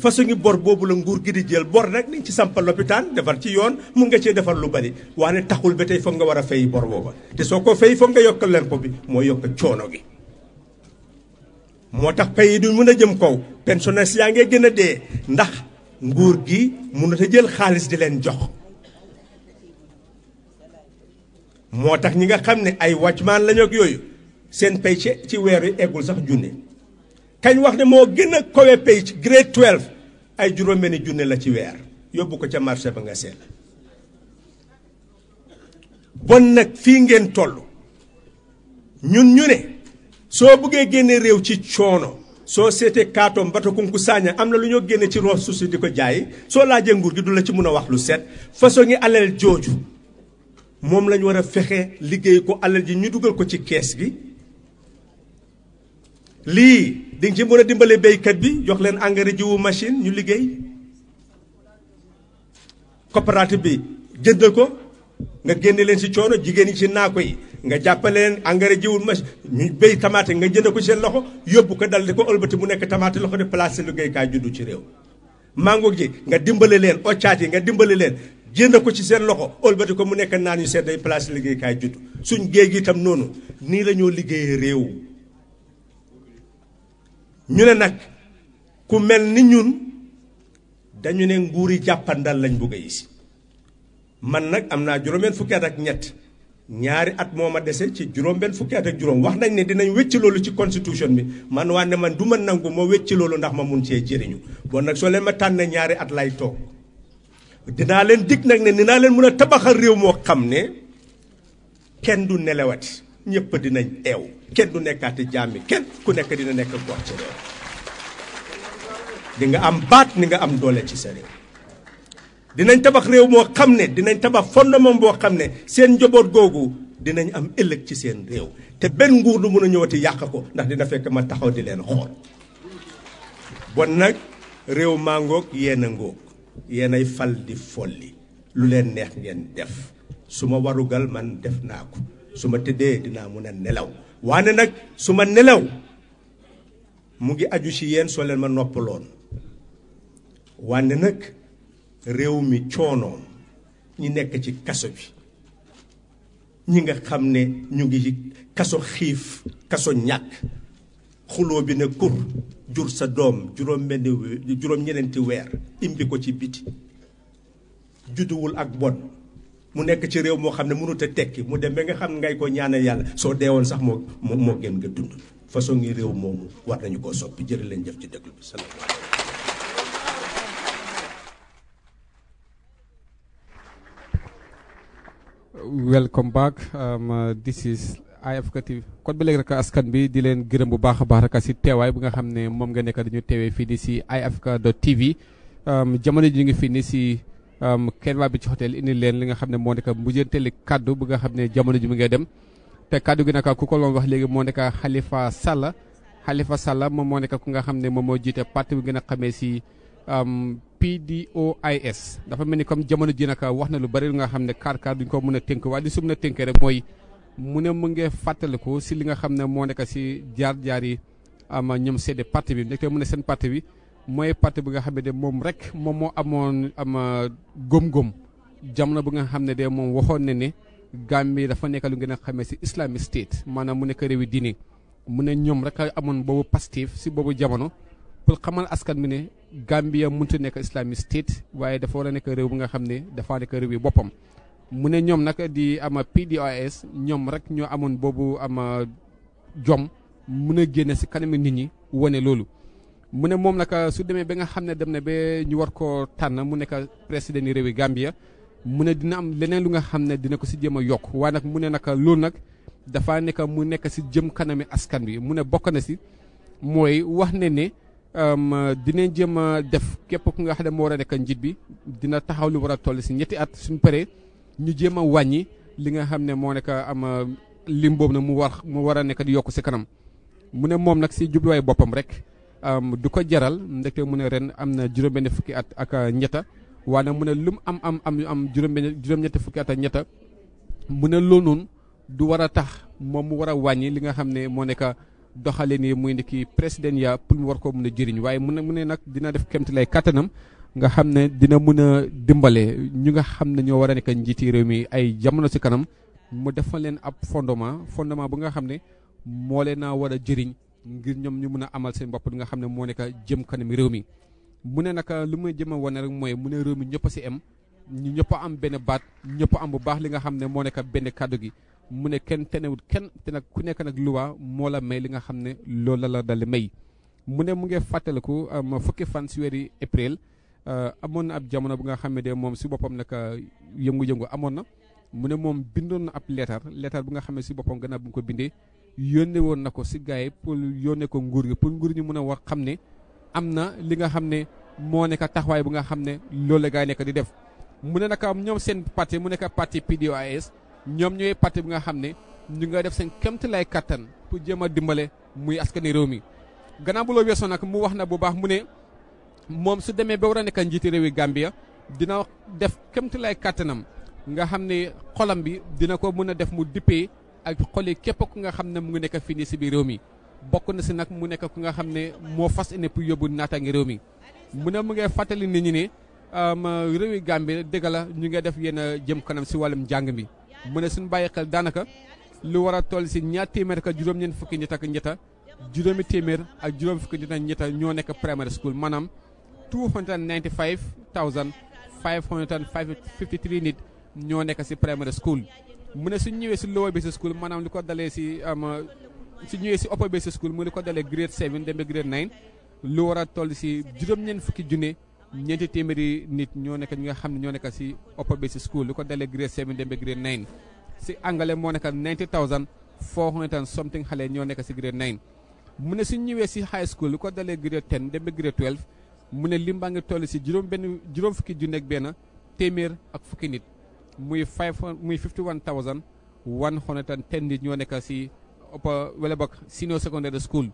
façon bor boobu la nguur gi di jël bor nag ni ci sampal lopitaan defar ci yoon mu nga cee defar lu bari waane taxul ba tey foog nga war a fay bor booba te soo ko fay foog nga yokkal leen bi moo yokk coono gi moo tax pay yi du mën a jëm kaw pensionnaires yaa ngee gën a dee ndax nguur gi mënut a jël xaalis di leen jox moo tax ñi nga xam ne ay wàcc maan lañu ak yooyu seen pay ci ci weer yu eggul sax junne kañ wax ne moo gën a kawe pay ci grade 12 ay juróom-benni junne la ci weer yóbbu ko ca marché ba nga seet bon nag fii ngeen toll ñun ñu ne soo buggee génne réew ci coono soo seetee kaatoom batakunku saaña am na lu ñoo génne ci roos si di ko jaay soo laajee nguur gi du la ci mën a wax lu set façon ngi alal jooju moom lañ war a fexe liggéey ko alal ji ñu dugal ko ci kees gi lii di nga ci mën a dimbale béykat bi jox leen engrais jiwu machine ñu liggéey coopérative bi jënd ko nga génne leen ci coono jigéen yi ci naako yi nga jàppale leen engrais jiwu machine ñu béy tamaate nga jënd ko seen loxo yóbbu ko dal ko ëlbati mu nekk tamaate loxo de place liggéeykaay juddu ci réew. mango ji nga dimbale leen occaat yi nga dimbale leen jënd ko ci seen loxo ëlbati ko mu nekk naan yu seen day place liggéeykaay juddu suñ géej gi itam noonu nii la ñoo liggéeyee réew. ñu ne nag ku mel ni ñun dañu ne nguur nguuri jàppandal lañ bëgg a gis man nag am naa juróom-benn fukki at ak ñett ñaari at moo ma dese ci juróom-benn fukki at ak juróom wax nañ ne dinañ wecci loolu ci constitution bi man waa ne man du ma nangu ma wécc loolu ndax ma mun cee jëriñu bon nag soo leen ma tànn ñaari at lay toog dinaa leen dig nag ne dinaa leen mën a tabaxal réew moo xam ne kenn du nelewati ñépp dinañ eew kenn du nekkaati jaami kenn ku nekk dina nekk góor ci réew di am baat ni nga am doole ci sa réew dinañ tabax réew moo xam ne dinañ tabax fondement boo xam ne seen njoboot googu dinañ am ëllëg ci seen réew te benn nguur lu mën a ñëwati yàq ko ndax dina fekk ma taxaw di leen xool bon nag réew maa ngoog yéen a ngoog yéen ay fal di folli lu leen neex ngeen def su ma warugal man def naa ko su ma tëddee dinaa mun a nelaw waane nag su ma nelaw mu ngi aju ci yéen soo leen ma noppaloon waane nag réew mi coonoon ñi nekk ci kaso bi ñi nga xam ne ñu ngi ci kaso xiif kaso ñàkk xuloo bi ne kur jur sa doom juróom benn juróom weer imbi ko ci biti judduwul ak bon mu nekk ci réew moo xam ne mënut tekki mu dem ba nga xam ngay ko ñaanal yàlla soo deewoon sax moo moo gën nga dund façon ngi réew moomu war nañu koo soppi jërë leen jëf ci déglu bi welcome back um, uh, this is IFK TV kon ba léegi rek askan bi di leen gërëm bu baax a baax rek si teewaay bu nga xam ne moom nga nekk dañu teewee fii ni si IFK TV um, jamono ji ngi fi ni si kenn waa bi ci hôtel indi leen li nga xam ne moo nekk mujjanteeli kàddu bu nga xam ne jamono ji mi ngay dem te kaddu gi nag ku ko loon wax léegi moo nekk Halifa Sallah xalifa Sallah moom moo nekk ku nga xam ne moom moo jiite parti bi gën a xamee si PDOIS dafa mel ni comme jamono ji nag wax na lu bari lu nga xam ne kaar kaar duñ ko mën a tënk waaye su mën a tënkee rek mooy mu ne mu ngi fàttaliku si li nga xam ne moo nekk si jaar jaar yi am ñoom seede parti bi nekk mun a seen parti bi. mooy parti bi nga xam ne de moom rek moom moo amoon am euh, góom-góom jamono bi nga xam ne de moom waxoon na ne Gambie dafa nekk lu gën a xamee si Islamic State maanaam mu nekk réewi diine mu ne ñoom rek a amoon boobu pastif si boobu jamono pour xamal askan bi ne Gambia mënut nekk Islamic State waaye dafa war a nekk réew bi nga xam ne dafaa nekk réew yi boppam. mu ne ñoom nag di ama PDOIS ñoom rek ñoo amoon boobu ama euh, jom mun a génne si kanamu nit ñi wane loolu. mu ne moom nag euh, su demee ba nga xam ne dem na ba ñu war ko tànn mu nekk président ni yi Gambia mu ne dina am leneen lu nga xam ne dina ko si jéem a yokk waaye nag mu ne nag euh, loolu nag dafa nekk mu nekk si jëm kanami askan wi mu ne bokk na si mooy wax ne ni euh, dinañ jéem a def képp ku nga xam ne moo war a nekk njiit bi dina taxaw lu war a toll si ñetti at suñu paree ñu jéem a wàññi li nga xam ne moo nekk am lim boobu nag mu war mu war a nekk di yokk si kanam mu ne moom nag si jubluwaay boppam rek. du ko jaral ndekte mu ne ren am na juróom-benn at ak ñetta waaye mu ne lu mu am am am am juróom-benn juróom-ñetti fukki at ak ñetta mu ne loolu noonu du war a tax moom mu war a wàññi li nga xam ne moo nekk doxalin yi muy ndiki président ya pour mu war koo mun a jëriñ waaye mu ne mu ne nag dina def kéemti lay kattanam nga xam ne dina mun a dimbale ñu nga xam ne ñoo war a nekk njiiti réew mii ay jamono ci kanam mu def defal leen ab fondement fondement bu nga xam ne moo leen a war a jëriñ. ngir ñoom ñu mën a amal seen bopp li nga xam ne moo nekk jëm kanami réew mi mu ne nag lu muy jëm a wane rek mooy mu ne réew mi ñëpp si am ñu ñëpp am benn baat ñëpp am bu baax li nga xam ne moo nekk benn kàddu gi mu ne kenn tenewut kenn te nag ku nekk nag luwaa moo la may li nga xam ne loolu la la dal may. mu ne mu ngi fàttaliku ma fukki fan si weeri avril euh, amoon na ab jamono bu nga xam ne de moom si boppam nag yëngu-yëngu amoon na mu ne moom bindoon na ab leetar leetar bi nga xam ne si boppam gannaaw bu ko bindee. yónnee woon na ko si gars pour yónne ko nguur gi pour nguur ñu mën a wax xam ni am na li nga xam ne moo nekk taxawaay bu nga xam ne loolu la gars yi nekk di def. mu ne naka ñoom seen parti mu nekk parti PDOIS ñoom ñooy parti bi nga xam ne ñu nga def seen kéemtalaay kattan pour jéem a dimbale muy askani réew mi. gannaaw bu loo weesoo nag mu wax na bu baax mu ne moom su demee ba war a nekk njiiti réewi Gambia dina def kéemtalaay kattanam nga xam ne xolam bi dina ko mën a def mu dippee. ak xoli képp ku nga xam ne mu ngi nekk fii nii si biir réew mi bokk na si nag mu nekk ku nga xam ne moo fas yéene pour yóbbu naataange réew mi mu ne mu ngi fàttali nit ñi ne réewi Gambie dëgg la ñu ngi def yéen jëm kanam si wàllum jàng mi mu ne suñu bàyyi xel daanaka lu war a toll si ñaar téeméer ak juróom-ñeent fukki nit ak ñetta juróomi téeméer ak juróom fukki nit ak ñetta ñoo nekk primary school maanaam 295 553 nit ñoo nekk si primary school. mu ne suñ ñëwee si bi basic school maanaam li ko dalee si am su ñëwee si upper basic school mu li ko dalee grade 7 dembe grade 9 lu war a toll si juróom-ñeent fukki junne ñeenti téeméeri nit ñoo nekk ñi nga xam ne ñoo nekk si upper basic school li ko dalee grade 7 dembe grade 9 si angale moo nekk 90000 400 something xale ñoo nekk si grade 9 mu ne suñ ñëwee si high school li ko dalee grade 10 dembe grade 12 mu ne lim baa ngi toll si juróom benn juróom fukki junne ak benn téeméer ak fukki nit muy five muy fifty one thousand one hundred and ten nit ñoo nekk si opp wala bokk senior secondary school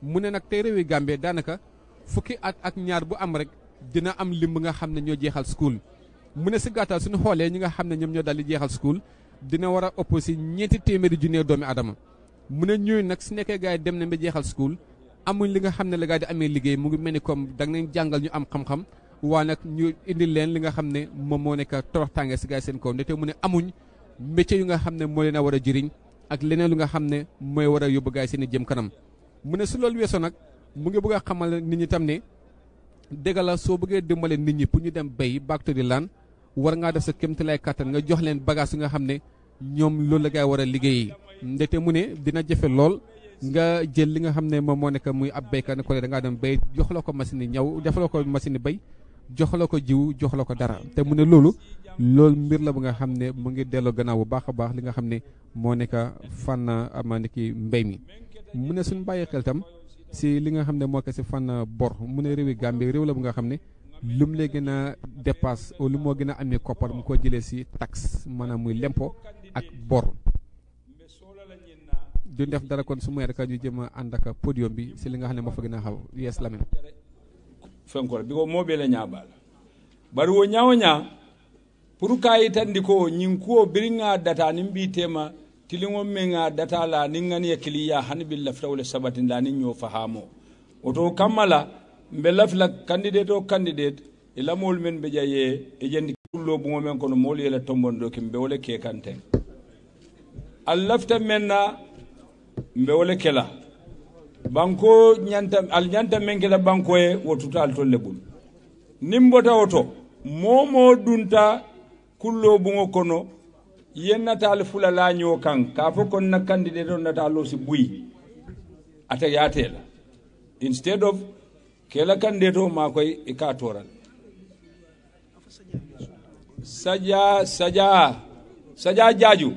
mu ne nag tey réewi Gambie daanaka fukki at ak ñaar bu am rek dina am limb nga xam ne ñoo jeexal school mu ne si gàttal suñu xoolee ñi nga xam ne ñoom ñoo daal di jeexal school dina war a ëpp si ñeenti téeméeri junne doomi adama mu ne ñooy nag su nekkee gars yi dem nañ ba jeexal school amuñ li nga xam ne la gars di amee liggéey mu ngi mel ni comme danga leen jàngal ñu am xam waa nag ñu indi leen li nga xam ne moom moo nekk toroxtaange si gaay seen kaw ndete mu ne amuñ métier yu nga xam ne mooy leen a war a jëriñ ak leneen lu nga xam ne mooy war a yóbbu gaa seen i jëm kanam mu ne su loolu weesoo nag mu ngi bëgg a xamal nit ñi tam ne dëgg la soo bëggee dimbale nit ñi pour ñu dem bay back to the war ngaa def sa kéemtalaay kàttan nga jox leen bagage yu nga xam ne ñoom loolu la gaay war a liggéey ndete mu ne dina jafe lool nga jël li nga xam ne moom moo nekk muy ab béykat ne ko ne da ngaa dem bay jox la ko machine yi ñaw defaloo ko machine bay jox la ko jiw jox la ko dara te mu ne loolu loolu mbir la bu nga xam ne mu ngi delloo gannaaw bu baax a baax li nga xam ne moo nekk fànn amaani ki mbéy mi. mu ne suñu bàyyi xel tam si li nga xam ne moo ko si bor mu ne réewi Gambie réew la bu nga xam ne lu mu lay gën a dépasse au lu moo gën a amee koppar mu ko jëlee si taxe maanaam muy lempo ak bor. du def dara kon su may rek ñu jëm ànd ak podium bi si li nga xam ne moo fa gën a xaw yees la fenkol biko moɓe la ñaɓala bari wo ñawoña pour ka yitandi ko ñin kuwo biriŋa data nin bi tema tiliŋo meŋ a data la niŋ ŋaniya kiliya hani bi lafita wo le sabatinda aniŋ ño fahamo woto kamma la mbe lafila candidate o candidate i moolu meŋ be ja ye i e jendi kullo buŋo meŋ kono moolu ye le tombondo ki be wo le ke kanteŋ al lafita meŋ na be wo le ke la banko ñanta al ñanta menke da banko ye wo tuta al tolle bulu nimbota bota woto momo dunta kullo bungo kono yennata al fula nyo kan ka fo kon na candidate on nata lo si buyi ata yatela instead of kela candidate o ma koy e ka toral saja saja saja jaaju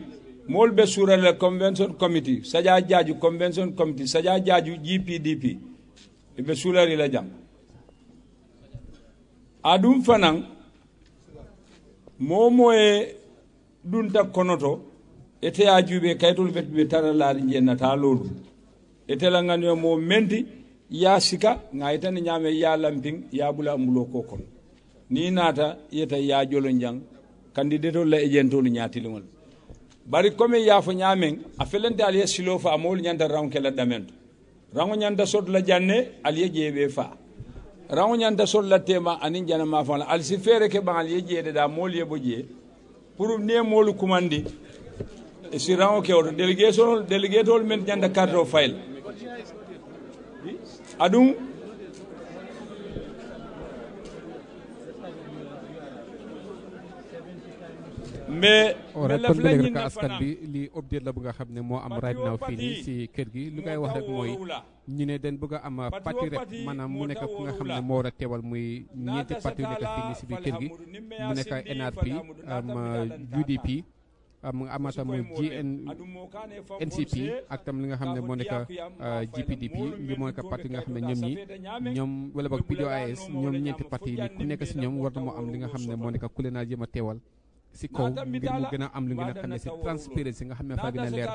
moolu be le convention committee saja jaaju convention committee saja jaaju gpdp i be suurari la jam aduŋ fanaŋ moo moo ye dunta konoto ite ye a juubee kayitolu be be tara laari jee nataa loolu ite la ŋaniyo moo menti ye a sika ŋa ite ni ñaame ye a lampiŋ ye a bula mbuloo koo kono niŋ naata yeta ye a joloŋ jaŋ kandidetolu la ejentolu ñaatiliŋo le bari komi yafo ñamen a felente ye silo fa amol ñanta ke la damento raw ñanta sot la janne ye jebe fa raw ñanta sot la tema aniŋ jana ma fa al si fere ke ban aliye jede da mol ye boje pour ne mol kumandi e si raw ke o delegation delegatol men ñanta carte file adum mais rek kon ba léegi rek askan bi lii objet la bu nga xam ne moo am right now fii nii si kër gi lu koy wax rek mooy ñu ne den bëgg a am parti rek maanaam mu nekk ku nga xam ne moo war a teewal muy ñeenti parti nekk si biir kër gi mu nekk NRP am UDP uh, am amata muy GN NCP ak tam li nga xam ne moo nekk GPDP li moo nekk parti nga xam ne ñoom ñi ñoom wala boog PDOIS ñoom ñeenti parti yi ku nekk si ñoom war na moo am li nga xam ne moo nekk ku leen a jëm a teewal si kaw ngir mu gën a am lu ngeen a xam ne si transpirer nga xam ne faa gën a leer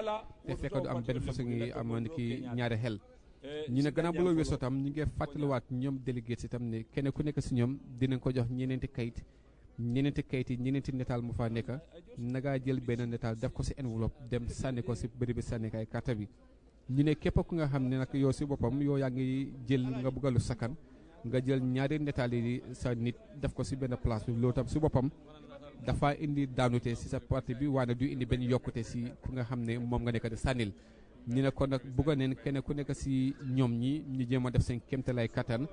te fekk du am benn façon yi am ni ki ñaari xel eh, ñu ne gannaaw bu la weesoo tam ñu ngi fàttaliwaat ñoom délégué si tam ne kenn ku nekk si ñoom dinañ ko jox ñeneenti kayit ñeneenti kayit yi ñeneenti netaal mu faa nekk nangaa jël benn netaal def ko si enveloppe dem sànni ko si bëri bi ay carte bi ñu ne képp ku nga xam ne nag yow si boppam yow yaa ngi jël nga bëgg lu nga jël ñaari netaal yi sa nit def ko si benn place bi loolu si boppam dafa indi daanute si sa parti bi waaye du indi benn yokkute si ku nga xam ne moom nga nekk di sànnil ñu ne kon nag bëgg neen kenn ku nekk si ñoom ñi ñu jéem a def seen kéemtalaay kattan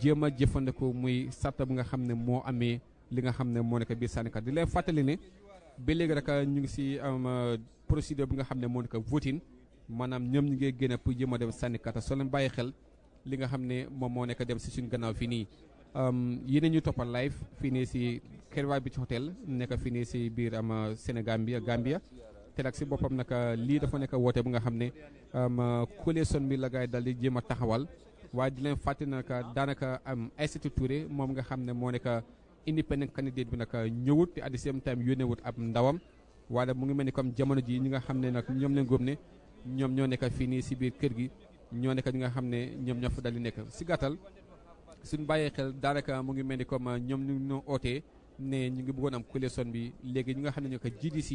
jéem a jëfandikoo muy sarta bi nga xam ne moo amee li nga xam ne moo nekk biir sànnikat di lay fàttali ne ba léegi rek ñu ngi si am um, procédure bi nga xam ne moo nekk voting maanaam ñoom ñu ngi génn pour jéem a dem sànnikat soo leen bàyyi xel li nga xam ne moom moo nekk dem si suñ gannaaw fii nii um, yéen ñu toppal live fii nii si Kerwa Beach Hotel nekk fii nii si biir am uh, Sénégambia Gambia te nag si boppam nag uh, lii dafa nekk woote bu nga xam ne uh, coalition bi la gaay dal di jéem a taxawal waaye di leen fàtte nag daanaka am Aïssatou moom nga xam ne moo nekk independent candidate bi nag ñëwut te at the same time yónneewut ab ndawam waaye mu ngi mel ni comme jamono ji ñi nga xam ne nag ñoom leen góob ne ñoom ñoo nekk fii nii si biir kër gi ñoo nekk ñi nga xam ne ñoom ñoo fa dal nekk si gàttal suñ bàyyee xel daanaka mu ootee ne ñu ngi bëggoon am coalition bi léegi ñi nga xam ne ñoo ko GDC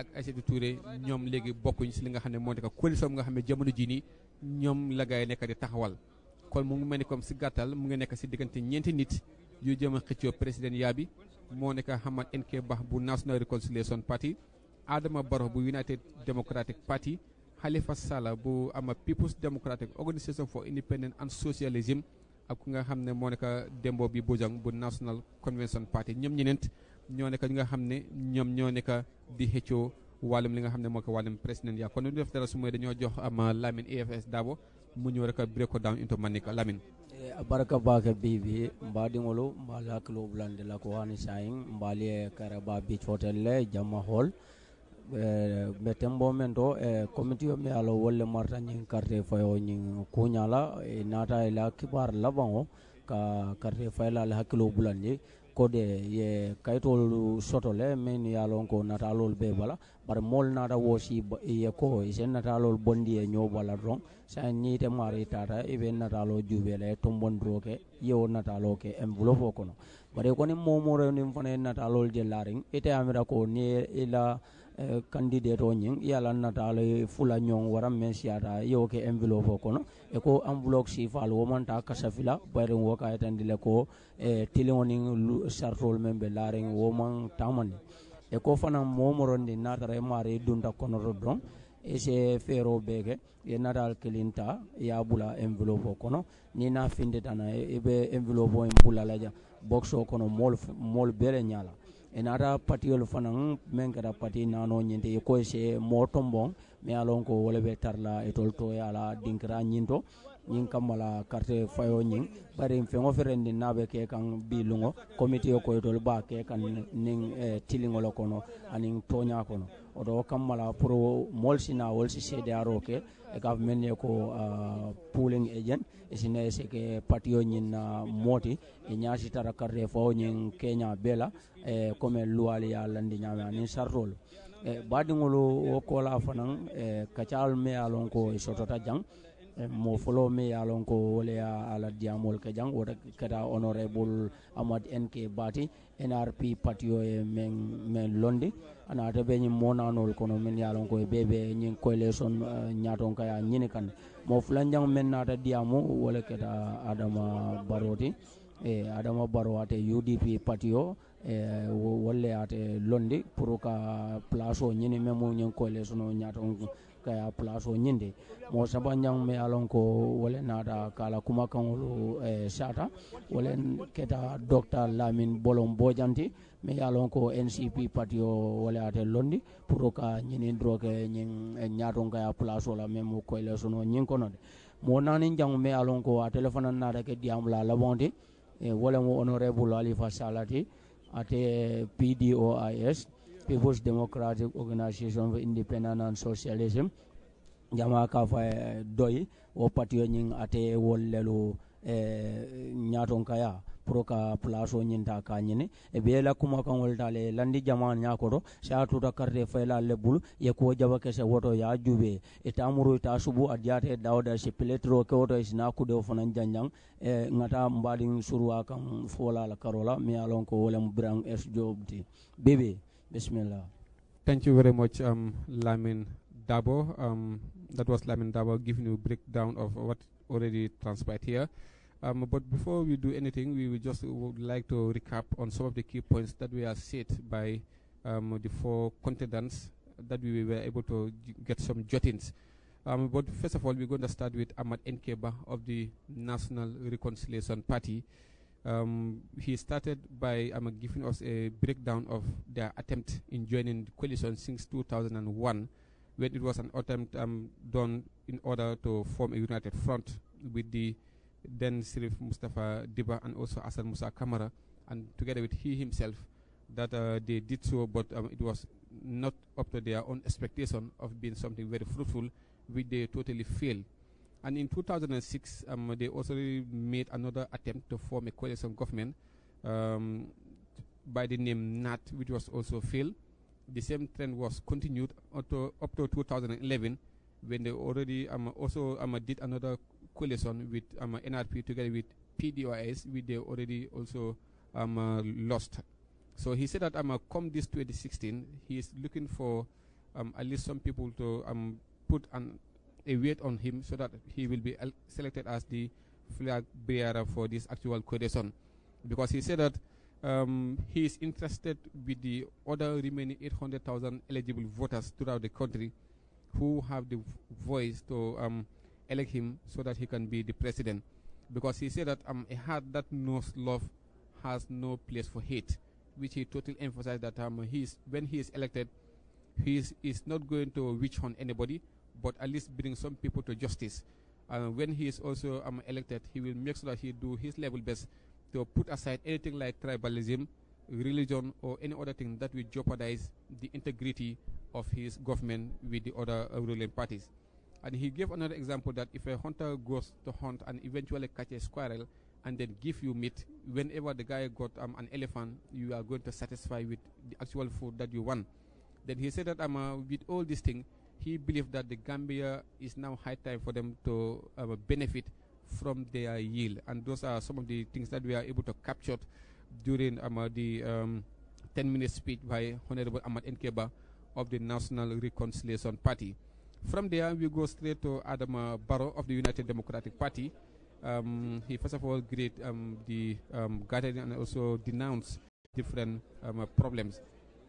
ak Aïssatou Touré ñoom léegi bokkuñ si li nga xam ne moo nekk coalition bi nga xam ne jamono jii nii ñoom la gaay nekk di taxawal. kon mu ngi mel ni comme si gàttal mu ngi nekk si diggante ñeenti nit yu jëm a xëccoo président yaa bi moo nekk Hamad NK Bah bu National Reconciliation Party Adama Barrow bu United Democratic Party Halifa Sallah bu ama People's Democratic Organisation for Independence and Socialism. ak nga xam ne moo nekk Dembo bi Bojang bu National Convention Party ñoom ñeneen ñoo nekk ñi nga xam ne ñoom ñoo nekk di xëccoo wàllum li nga xam ne moo ko wàllum président yaa kon ñu def dara su mooy dañoo jox am uh, Lamine EFS Dabo mu ñëw rek break ko down into manika Lamine eh, baraka baka bibi mbadingolo mbala club lande la ko wani sayin mbali karaba bi hotel le jama hall ɓe eh, tembo men to e eh, comité yo mi ala wolle marta ñin carte fayo ñin kuñala e eh, naata e la kibar laban ka carte fayla ala hakkilo bulandi kode ye kayitolu sotole min ye ko natalol be bala bari mool naata woosi ye ko sen natalol bondi ye ñoo bala dron sa ni te mari tata i be natalo juube la tombondiro ke yewo natalo ke enveloppe o kono bari koni momoro nin fana ye natalol je laariŋ ite amira ko ni i e candidate o ñing yala natala fula ñong wara men siata yo ke envelope o kono e ko envelope si fal wo manta kasafila bayren wo ka le ko e tilewoni sartol men be laren wo man tamani e ko fana momoronde natara e mare dunta konoto don e se feero beke ye natal kelin ta ya bula envelope o kono ni na finditana e, e be envelope o en bula laja box o kono mol mol bele ñala enata patiyolu fanaŋ meŋ keta pati naano ñinti i se moo tomboŋ me ye ko wo le be tarla etolu to ye a la dinkira ñinto ñiŋ kamma la karte fayo ñiŋ bari feŋo ferendi na be ke kaŋ bi luŋo komite ko itolu ba ke kaŋ niŋ eh, tiliŋo le kono aniŋ tooña kono oto wo kamma la pour moolu si na wolu si seedeyaro ke government ye ko uh, pooling agent isine sike patio ñin na uh, moti e ñaasi tara carte fo ñin kenya bela e comme luwali ya landi ñame anin sartolu e baadiŋolu wo kola fanan e kacal me ye lon ko e sotota jang mo folo me ye lon ko wole ya ala diyamol ke jang wota keta honorable amad nk bati nrp patiyo ye men men londi ta be ñin monanol kono min ya lon koye be be ñin coalition uh, eh, nyaton kaya ñini kan mo fulanjang men nata diyamu wala keta adama baroti e adama baro ate udp patiyo e wolle ate londi pour ka place o ñini men mo ñin coalition o ñaton kaya plaso ñindi mo saba ñang me alon ko wala nata kala kuma kanwolu eh, sata wala keta docteur lamin bolon bojanti me yalon ko ncp patio wole wala ate londi pour e, ka ñinin droke ñin ñaton kaya plaso la même ko ele sono ñin kono de mo nani jang me alon ko a téléphone nata ke diam la labonti e wala mo honorable alifa salati ate pdois People's Democratic Organization for Independence and Socialism jama ka fa eh, doy wo patio ñing ate wollelu e eh, ñaton kaya pour ka place ñinta ka ñini e eh, be la kuma kan wol dale landi jama nya ko do sa tuta karde fa la lebul ye ko jaba ke se woto ya jube e tamuru ta subu adiate dawda se peletro ke woto isna ku do fanan janjang e ngata mbadi surwa kan fola la karola mi alon ko wolem brang es jobdi bebe Bismillah. Thank you very much, um, Lamin Dabo. Um, that was Lamin Dabo giving you a breakdown of what already transpired here. Um, but before we do anything, we would just would like to recap on some of the key points that were said by um, the four contestants that we were able to get some jottings. Um, but first of all, we're going to start with Ahmad Nkeba of the National Reconciliation Party. Um, he started by um, giving us a breakdown of their attempt in joining the coalition since 2001, when it was an attempt um, done in order to form a united front with the then Sirif Mustafa Diba and also Asad Musa Kamara, and together with he himself, that uh, they did so, but um, it was not up to their own expectation of being something very fruitful, which they totally failed and in 2006, um, they also made another attempt to form a coalition government um, by the name NAT, which was also failed. The same trend was continued up to, up to 2011, when they already um, also um, did another coalition with um, NRP together with PDOS, which they already also um, uh, lost. So he said that come this 2016, he is looking for at least some people to put an a weight on him so that he will be selected as the flag bearer for this actual coalition. Because he said that um, he is interested with the other remaining 800,000 eligible voters throughout the country who have the voice to um, elect him so that he can be the president. Because he said that um, a heart that knows love has no place for hate, which he totally emphasized that um, he is, when he is elected, he is, is not going to reach on anybody but at least bring some people to justice. And when he is also um, elected, he will make sure that he do his level best to put aside anything like tribalism, religion, or any other thing that will jeopardize the integrity of his government with the other uh, ruling parties. And he gave another example that if a hunter goes to hunt and eventually catch a squirrel and then give you meat, whenever the guy got um, an elephant, you are going to satisfy with the actual food that you want. Then he said that um, uh, with all these things he believed that the Gambia is now high time for them to uh, benefit from their yield. And those are some of the things that we are able to capture during um, uh, the um, 10 minute speech by Honorable Ahmad Nkeba of the National Reconciliation Party. From there, we go straight to Adam uh, Barrow of the United Democratic Party. Um, he first of all greeted um, the um, gathering and also denounced different uh, problems.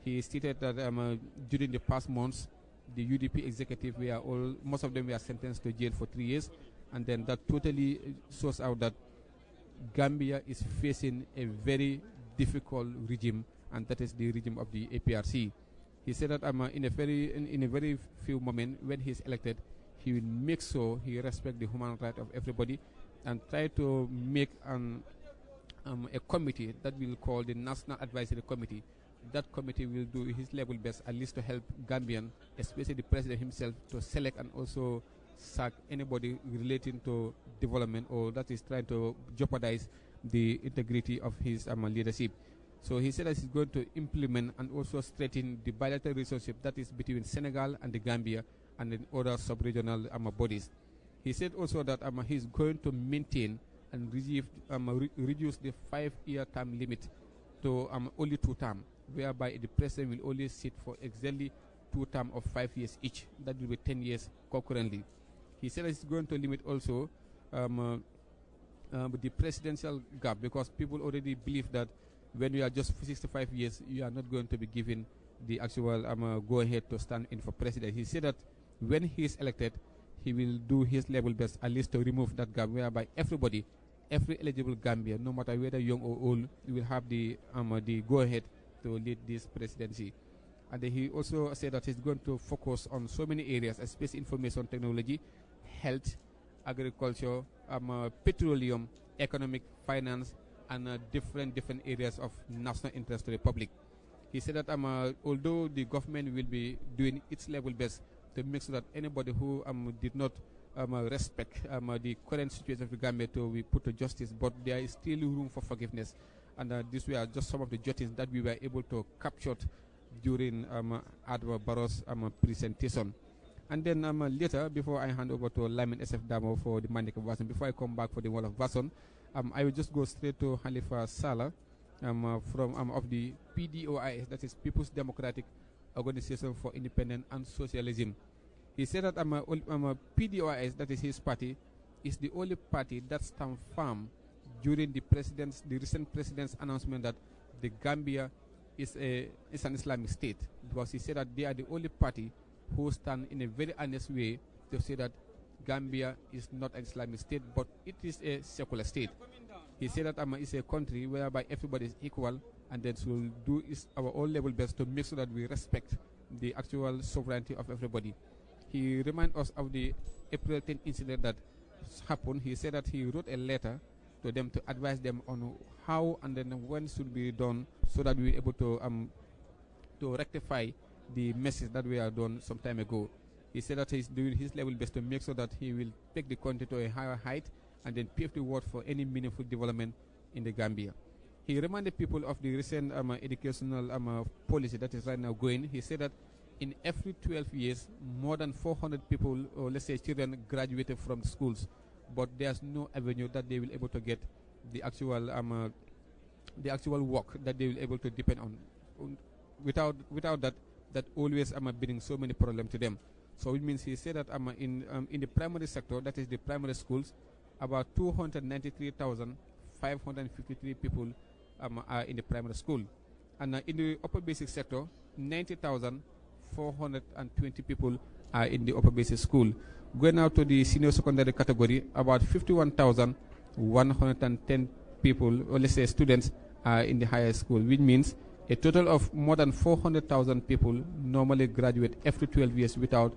He stated that uh, during the past months, the UDP executive, we are all, most of them were sentenced to jail for three years. And then that totally shows out that Gambia is facing a very difficult regime, and that is the regime of the APRC. He said that um, in a very in, in a very few moments when he is elected, he will make sure he respect the human right of everybody, and try to make an um, a committee that will call the National Advisory Committee that committee will do his level best, at least to help Gambian, especially the president himself, to select and also sack anybody relating to development or that is trying to jeopardize the integrity of his um, leadership. So he said that he's going to implement and also strengthen the bilateral relationship that is between Senegal and the Gambia and in other sub-regional um, bodies. He said also that um, he's going to maintain and receive, um, re reduce the five-year term limit to um, only two terms whereby the president will only sit for exactly two terms of five years each. That will be 10 years concurrently. He said it's going to limit also um, uh, um, the presidential gap because people already believe that when you are just 65 years, you are not going to be given the actual um, uh, go ahead to stand in for president. He said that when he is elected, he will do his level best at least to remove that gap whereby everybody, every eligible Gambian, no matter whether young or old, will have the, um, uh, the go ahead to lead this presidency. And he also said that he's going to focus on so many areas, especially information technology, health, agriculture, um, uh, petroleum, economic, finance, and uh, different different areas of national interest to the public. He said that um, uh, although the government will be doing its level best to make sure that anybody who um, did not um, uh, respect um, uh, the current situation of the government will be put to justice, but there is still room for forgiveness and uh, these were just some of the jottings that we were able to capture during um, Adwa Barrow's um, presentation. And then um, later, before I hand over to Lyman SF Damo for the Mandika version, before I come back for the Wall of Version, um, I will just go straight to Halifa Sala, um, uh, from um, of the PDOIS, that is People's Democratic Organization for Independence and Socialism. He said that um, uh, um, uh PDOIS, that is his party, is the only party that stands firm during the president's the recent president's announcement that the Gambia is a is an Islamic state because he said that they are the only party who stand in a very honest way to say that Gambia is not an Islamic state but it is a secular state. He said that Amma is a country whereby everybody is equal and that we'll do is our all level best to make sure that we respect the actual sovereignty of everybody. He reminded us of the April 10 incident that happened. He said that he wrote a letter to them to advise them on how and then when should be done so that we're able to um to rectify the message that we are done some time ago. He said that he's doing his level best to make sure so that he will take the country to a higher height and then pave the way for any meaningful development in the Gambia. He reminded people of the recent um, educational um, policy that is right now going. He said that in every 12 years, more than 400 people, or let's say children, graduated from schools but there's no avenue that they will able to get the actual um, uh, the actual work that they will able to depend on. Without without that, that always I'm um, bringing so many problems to them. So it means he said that um, in um, in the primary sector, that is the primary schools, about 293,553 people um, are in the primary school, and uh, in the upper basic sector, 90,420 people are uh, in the upper basic school. Going now to the senior secondary category, about 51,110 people, or let's say students, are uh, in the higher school, which means a total of more than 400,000 people normally graduate after 12 years without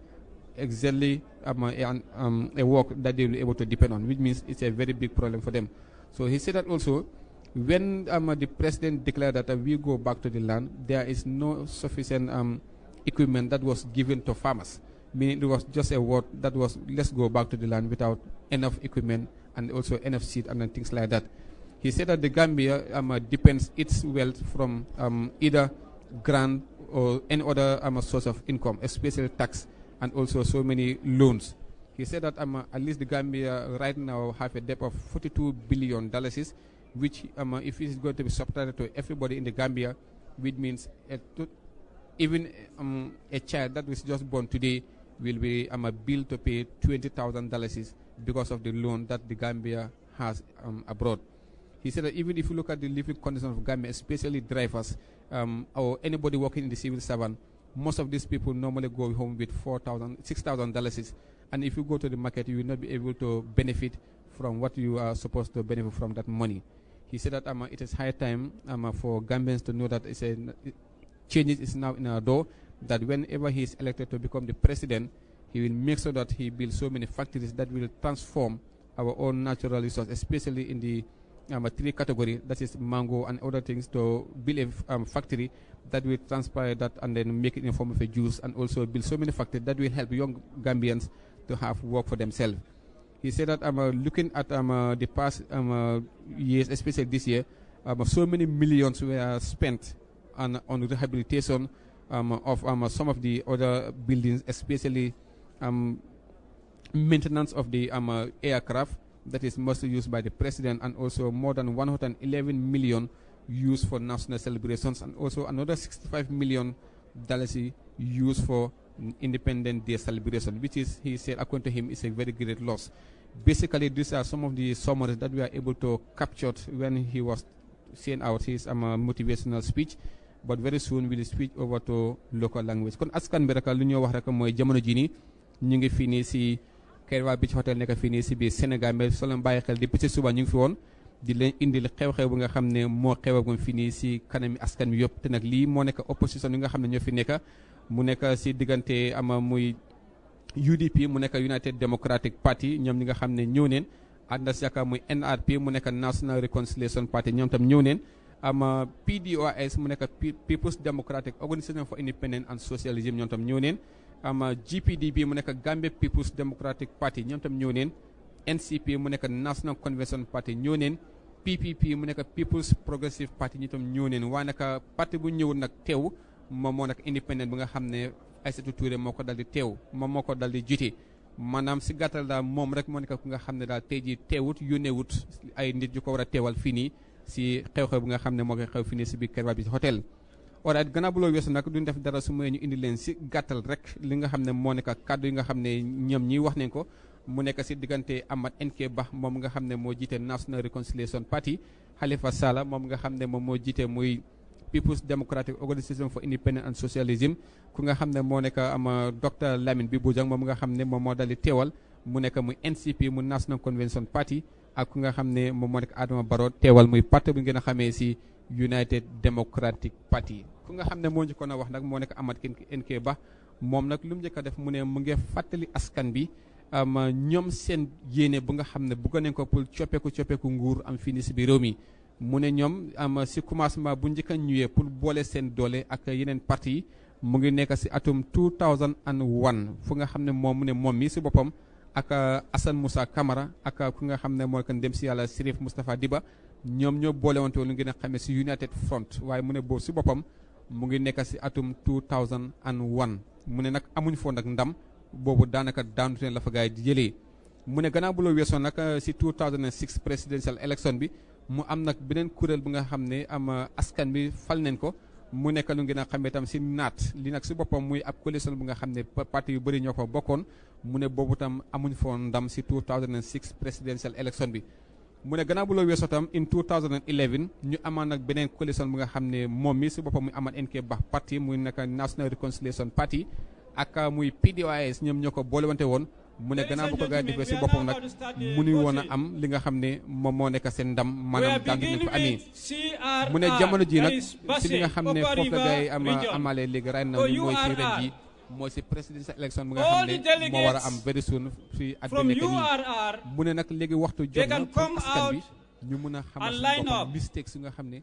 exactly um, a, um, a, work that they will be able to depend on, which means it's a very big problem for them. So he said that also, when um, the president declared that uh, we go back to the land, there is no sufficient um, equipment that was given to farmers meaning it was just a word that was let's go back to the land without enough equipment and also enough seed and things like that. He said that the Gambia um, uh, depends its wealth from um, either grant or any other um, uh, source of income, especially tax and also so many loans. He said that um, uh, at least the Gambia right now have a debt of 42 billion dollars, which um, if it is going to be subtracted to everybody in the Gambia, which means even um, a child that was just born today will be um, a bill to pay $20,000 because of the loan that the Gambia has um, abroad. He said that even if you look at the living conditions of Gambia, especially drivers um, or anybody working in the civil servant, most of these people normally go home with $4,000, 6000 And if you go to the market, you will not be able to benefit from what you are supposed to benefit from that money. He said that um, it is high time um, for Gambians to know that it's a, changes is now in our door that whenever he is elected to become the president, he will make sure that he builds so many factories that will transform our own natural resource, especially in the um, three category, that is mango and other things, to build a um, factory that will transpire that and then make it in the form of a juice and also build so many factories that will help young Gambians to have work for themselves. He said that I'm um, uh, looking at um, uh, the past um, uh, years, especially this year, um, uh, so many millions were spent on, on rehabilitation um, of um, some of the other buildings, especially um, maintenance of the uh, aircraft that is mostly used by the president and also more than 111 million used for national celebrations and also another 65 million dollars used for independent day celebration which is he said according to him is a very great loss basically these are some of the summaries that we are able to capture when he was saying out his um, uh, motivational speech but very soon we'll switch over to local language kon askan bi rek lu ñoo wax rek mooy jamono ji nii ñu ngi fii nii si bi ci Hotel nekk fii nii si biir Sénégal mais soo leen bàyyi xel depuis ci suba ñu ngi fi woon di leen indil xew-xew bi nga xam ne moo xewagum fii nii si kanami askan bi yëpp te nag lii moo nekk opposition yi nga xam ne ñoo fi nekk mu nekk si diggante ama muy UDP mu nekk United Democratic Party ñoom ñi nga xam ne ñëw neen ànd si yaakaar muy NRP mu nekk National Reconciliation Party ñoom tam ñëw neen ama uh, PDOIS mu nekk People's Democratic Organization for Independence and Socialism ñoom tam ñëw neen ama uh, GPDP mu nekk Gambia People's Democratic Party ñoom tam ñëw neen NCP mu nekk National Convention Party ñëw neen PPP mu nekk People's Progressive Party ñi tam ñëw neen waaye nag parti bu ñëwul nag teew moom moo nag independent bi nga xam ne Aïssatou Touré moo ko dal di teew moom moo ko dal di jiite maanaam si gàttal daal moom rek moo nekk ku nga xam ne daal tey jii teewut yónneewut ay nit yu ko war a teewal fii nii si xew-xew bi nga xam ne moo koy xew fi ne si biir Keur Bibi hôtel alright gannaaw bu loolu weesu nag duñ def dara su may ñu indi leen si gàttal rek li nga xam ne moo nekk kàddu yi nga xam ne ñoom ñiy wax nañ ko mu nekk si diggante Amat NK Bah moom nga xam ne moo jiite National Reconciliation Party Halifa Sallah moom nga xam ne moom moo jiite muy People's Democratic Organization for Independence and Socialism ku nga xam ne moo nekk am euh, docteur Lamine Bi bu Bojang moom nga xam ne moom moo dali teewal mu nekk mu NCP mu National Convention Party ak ku nga xam ne moom moo nekk Adama Barrow teewal muy parti bu ngeen a xamee si United Democratic Party ku nga xam ne moo njëkkoon a wax nag moo nekk ki NK ba moom nag lu mu njëkk a def mu ne mu ngi fàttali askan bi ñoom seen yéene bu nga xam ne bëgg nañ ko pour coppeeku coppeeku nguur am fii nii si biir réew mi. mu ne ñoom am si commencement bu njëkk a ñëwee pour boole seen doole ak yeneen parti mu ngi nekk si atum 2001 fu nga xam ne moom mu ne moom mi si boppam. ak euh, assan musa Camara ak euh, ku nga xam ne mooy kan dem si yàlla Sirif Moustapha Diba ñoom ñoo boolewante woon lu ngeen a xamee si United Front waaye mu ne boobu si boppam mu ngi nekk si atum 2001 mu ne nag amuñ foon ak ndam boobu daanaka daanute la fa gars yi di jëlee mu ne gannaaw bu la weesoo nag euh, si 2006 presidential election bi mu am nag beneen kuréel bi nga xam ne am askan bi fal nañ ko. mu nekk lu ngeen xam xamee tam si naat li nag si boppam muy ab coalition bu nga xam ne parti yu bëri ñoo ko bokkoon mu ne boobu tam amuñ foon ndam si 2006 presidential election bi. mu ne gannaaw bu loo weesoo tam in 2011 ñu amaan nag beneen coalition bu nga xam ne moom mi si boppam muy amaan NK Bah parti muy naka National Reconciliation Party ak ah, muy PDOIS ñoom ñoo ko boolewante woon. mu ne gannaaw bu ko gars yi defee si boppam nag mu nuy woon a am li nga xam ne moom moo nekk seen ndam maanaam daan nañ fa amee mu ne jamono ji nag si li nga xam ne foofu la gars yi am amalee léegi ren na ñu mooy si ren ji mooy si présidentielle élection bi nga xam ne moo war a am very soon fii at mu ne nag léegi waxtu jot na pour askan bi ñu mën a xamal suñu boppam mistakes si nga xam ne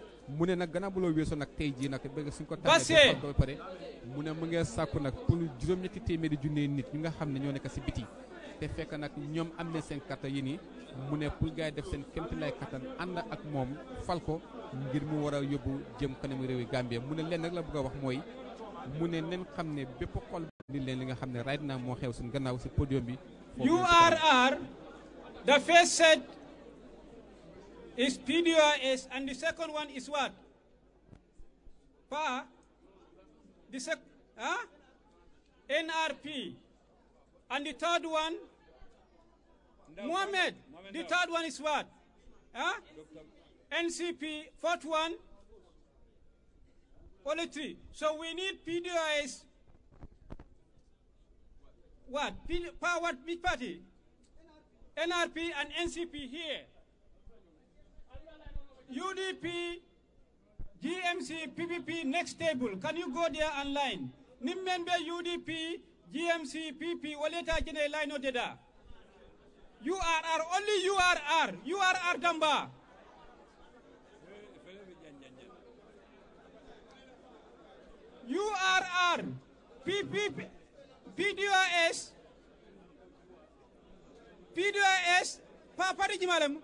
mu ne na gannaaw bu loo weesoo nag tey jii nag bëgg suñ ko tànnee juróom-ñetti nit ñi nga xam ne ñoo nekk si biti te fekk nag ñoom am na seen kàttan yi nii mu ne pour gars def seen kémti lay kattan ànd ak moom fal ko ngir mu war a yóbbu jëm kanamu réew yi Gambie mu ne leen nag la bëgg a wax mooy mu ne nen xam ne bépp xol ni leen li nga xam ne right naa moo xew seen gannaaw si podium bi URR dafa set Is PDRS, and the second one is what? PA, the sec, huh? NRP, and the third one, Mohammed. the third one is what? Huh? NCP, fourth one, only three. So we need PDRS, what? P, what, which party? NRP and NCP here. UDP, GMC, PPP, next table. Can you go there online? Nimmembe UDP, GMC, PP, Waleta Jene Lino Deda. URR, only URR, URR Damba. URR, PPP, PDOS, PDOS, Papa Jimalem,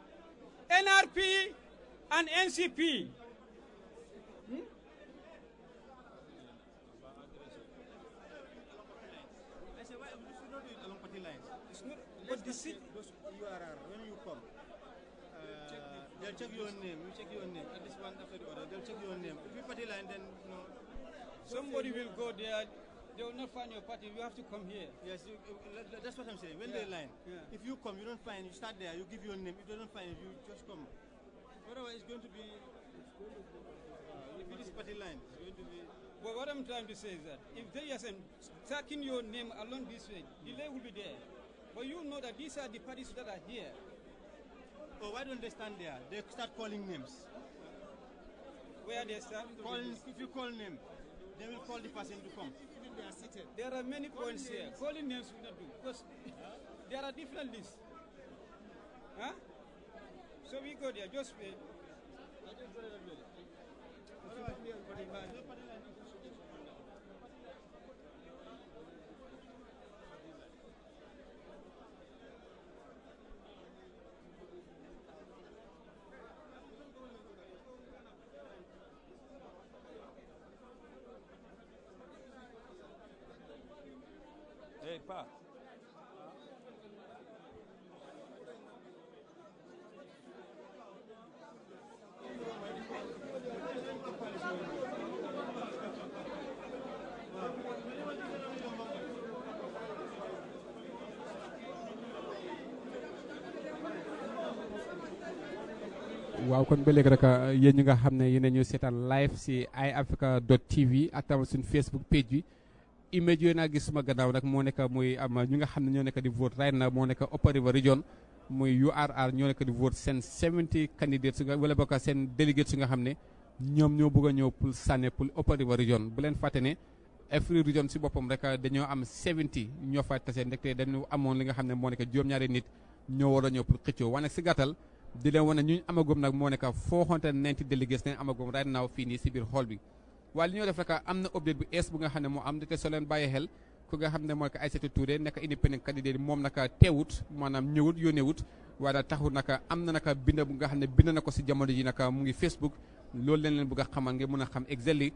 NRP, an NCP. Hmm? but the see, those URR, when you come, uh, they'll check your name, We check your name, at this one after the other, they'll check your name. If you party line, then you know, Somebody will go there, they will not find your party. You have to come here. Yes, you, that's what I'm saying. When yeah. they line, yeah. if you come, you don't find, you start there, you give your name. If they don't find, you just come. Otherwise, going to be, uh, if it is party line, it's going to be. Well, uh, what I'm trying to say is that if they are tracking your name along this way, delay will be there. But you know that these are the parties that are here. Oh, why don't they stand there? They start calling names. Where they start? Calling, if you call name, they will call the person to come. They are seated. There are many calling points names. here. Calling names will not do because there are different lists. Huh? So we go there. just wait. kon ba léegi rek euh, yéen ñi nga xam ne yéen ñu seetaan live si Eye Africa dot TV ak tamit suñu Facebook page bi. image yooyu naa gis suma gannaaw nag moo nekk muy am ñi nga xam ne ñoo nekk di vote right na moo nekk Upper River Region. muy URR ñoo nekk di vote seen 70 candidates wala bokk seen délégués yi nga xam ne ñoom ñoo bëgg a ñëw pour sànnee pour Upper River Region bu leen fàtte ne. every region si boppam rek euh, dañoo am 70 ñoo fa tase ndaxte dañu amoon li nga xam ne moo nekk juróom nit ñoo war pour xëccoo waaye si gàttal. di leen wane ñu amagum nag moo nekk 490 délégués leen amagum right now fii nii si biir xool bi waaye li ñoo def rek am na update bu ees bu nga xam ne moo am te soo leen bàyyi xel ku nga xam ne mooy que Isatou Touré nekk independent candidate moom naka teewut maanaam ñëwut yónneewut waaye daal taxul naka am na naka bind bu nga xam ne bind na ko si jamono ji naka mu ngi Facebook loolu leen leen bëgg a xamal mën a xam exactly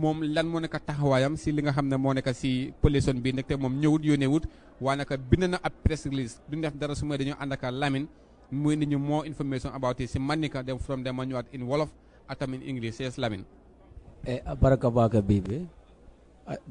moom lan moo nekk taxawaayam si li nga xam ne moo nekk si pollution bi nag te moom ñëwut yónneewut waaye naka bind na ab press release duñ def dara su may dañoo ànd ak Lamin we need more information about this manika them from the manual in Wolof, atam in English, yes, Lamin. Eh, baraka baka bibi.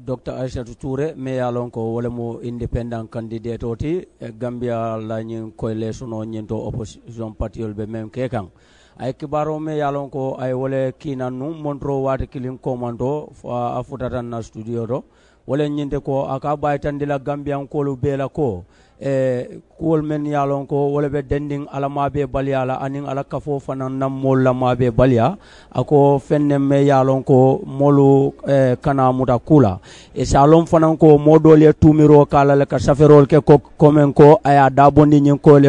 Dr. Isha Toure me yalon ko wala mo independent candidate oti Gambia la nyin koy to opposition party be mem kekan. ay kibaro me yalon ko ay wole kina nu montro wata kilin komando a na studio do wole nyinde ko aka baytandila gambian kolu bela ko Eh, kuwol men ye lon ko wole ɓe dendin alamaɓe baliya la aniŋ ala kafo moolu la maabe baliya a ko feŋ fenne me ye lon ko moolu e, eh, kana muta kula e sa lon fanan ko moo doolu ye tumiro kala le ka saferol ke ko komen ko aya dabondi ñin ko le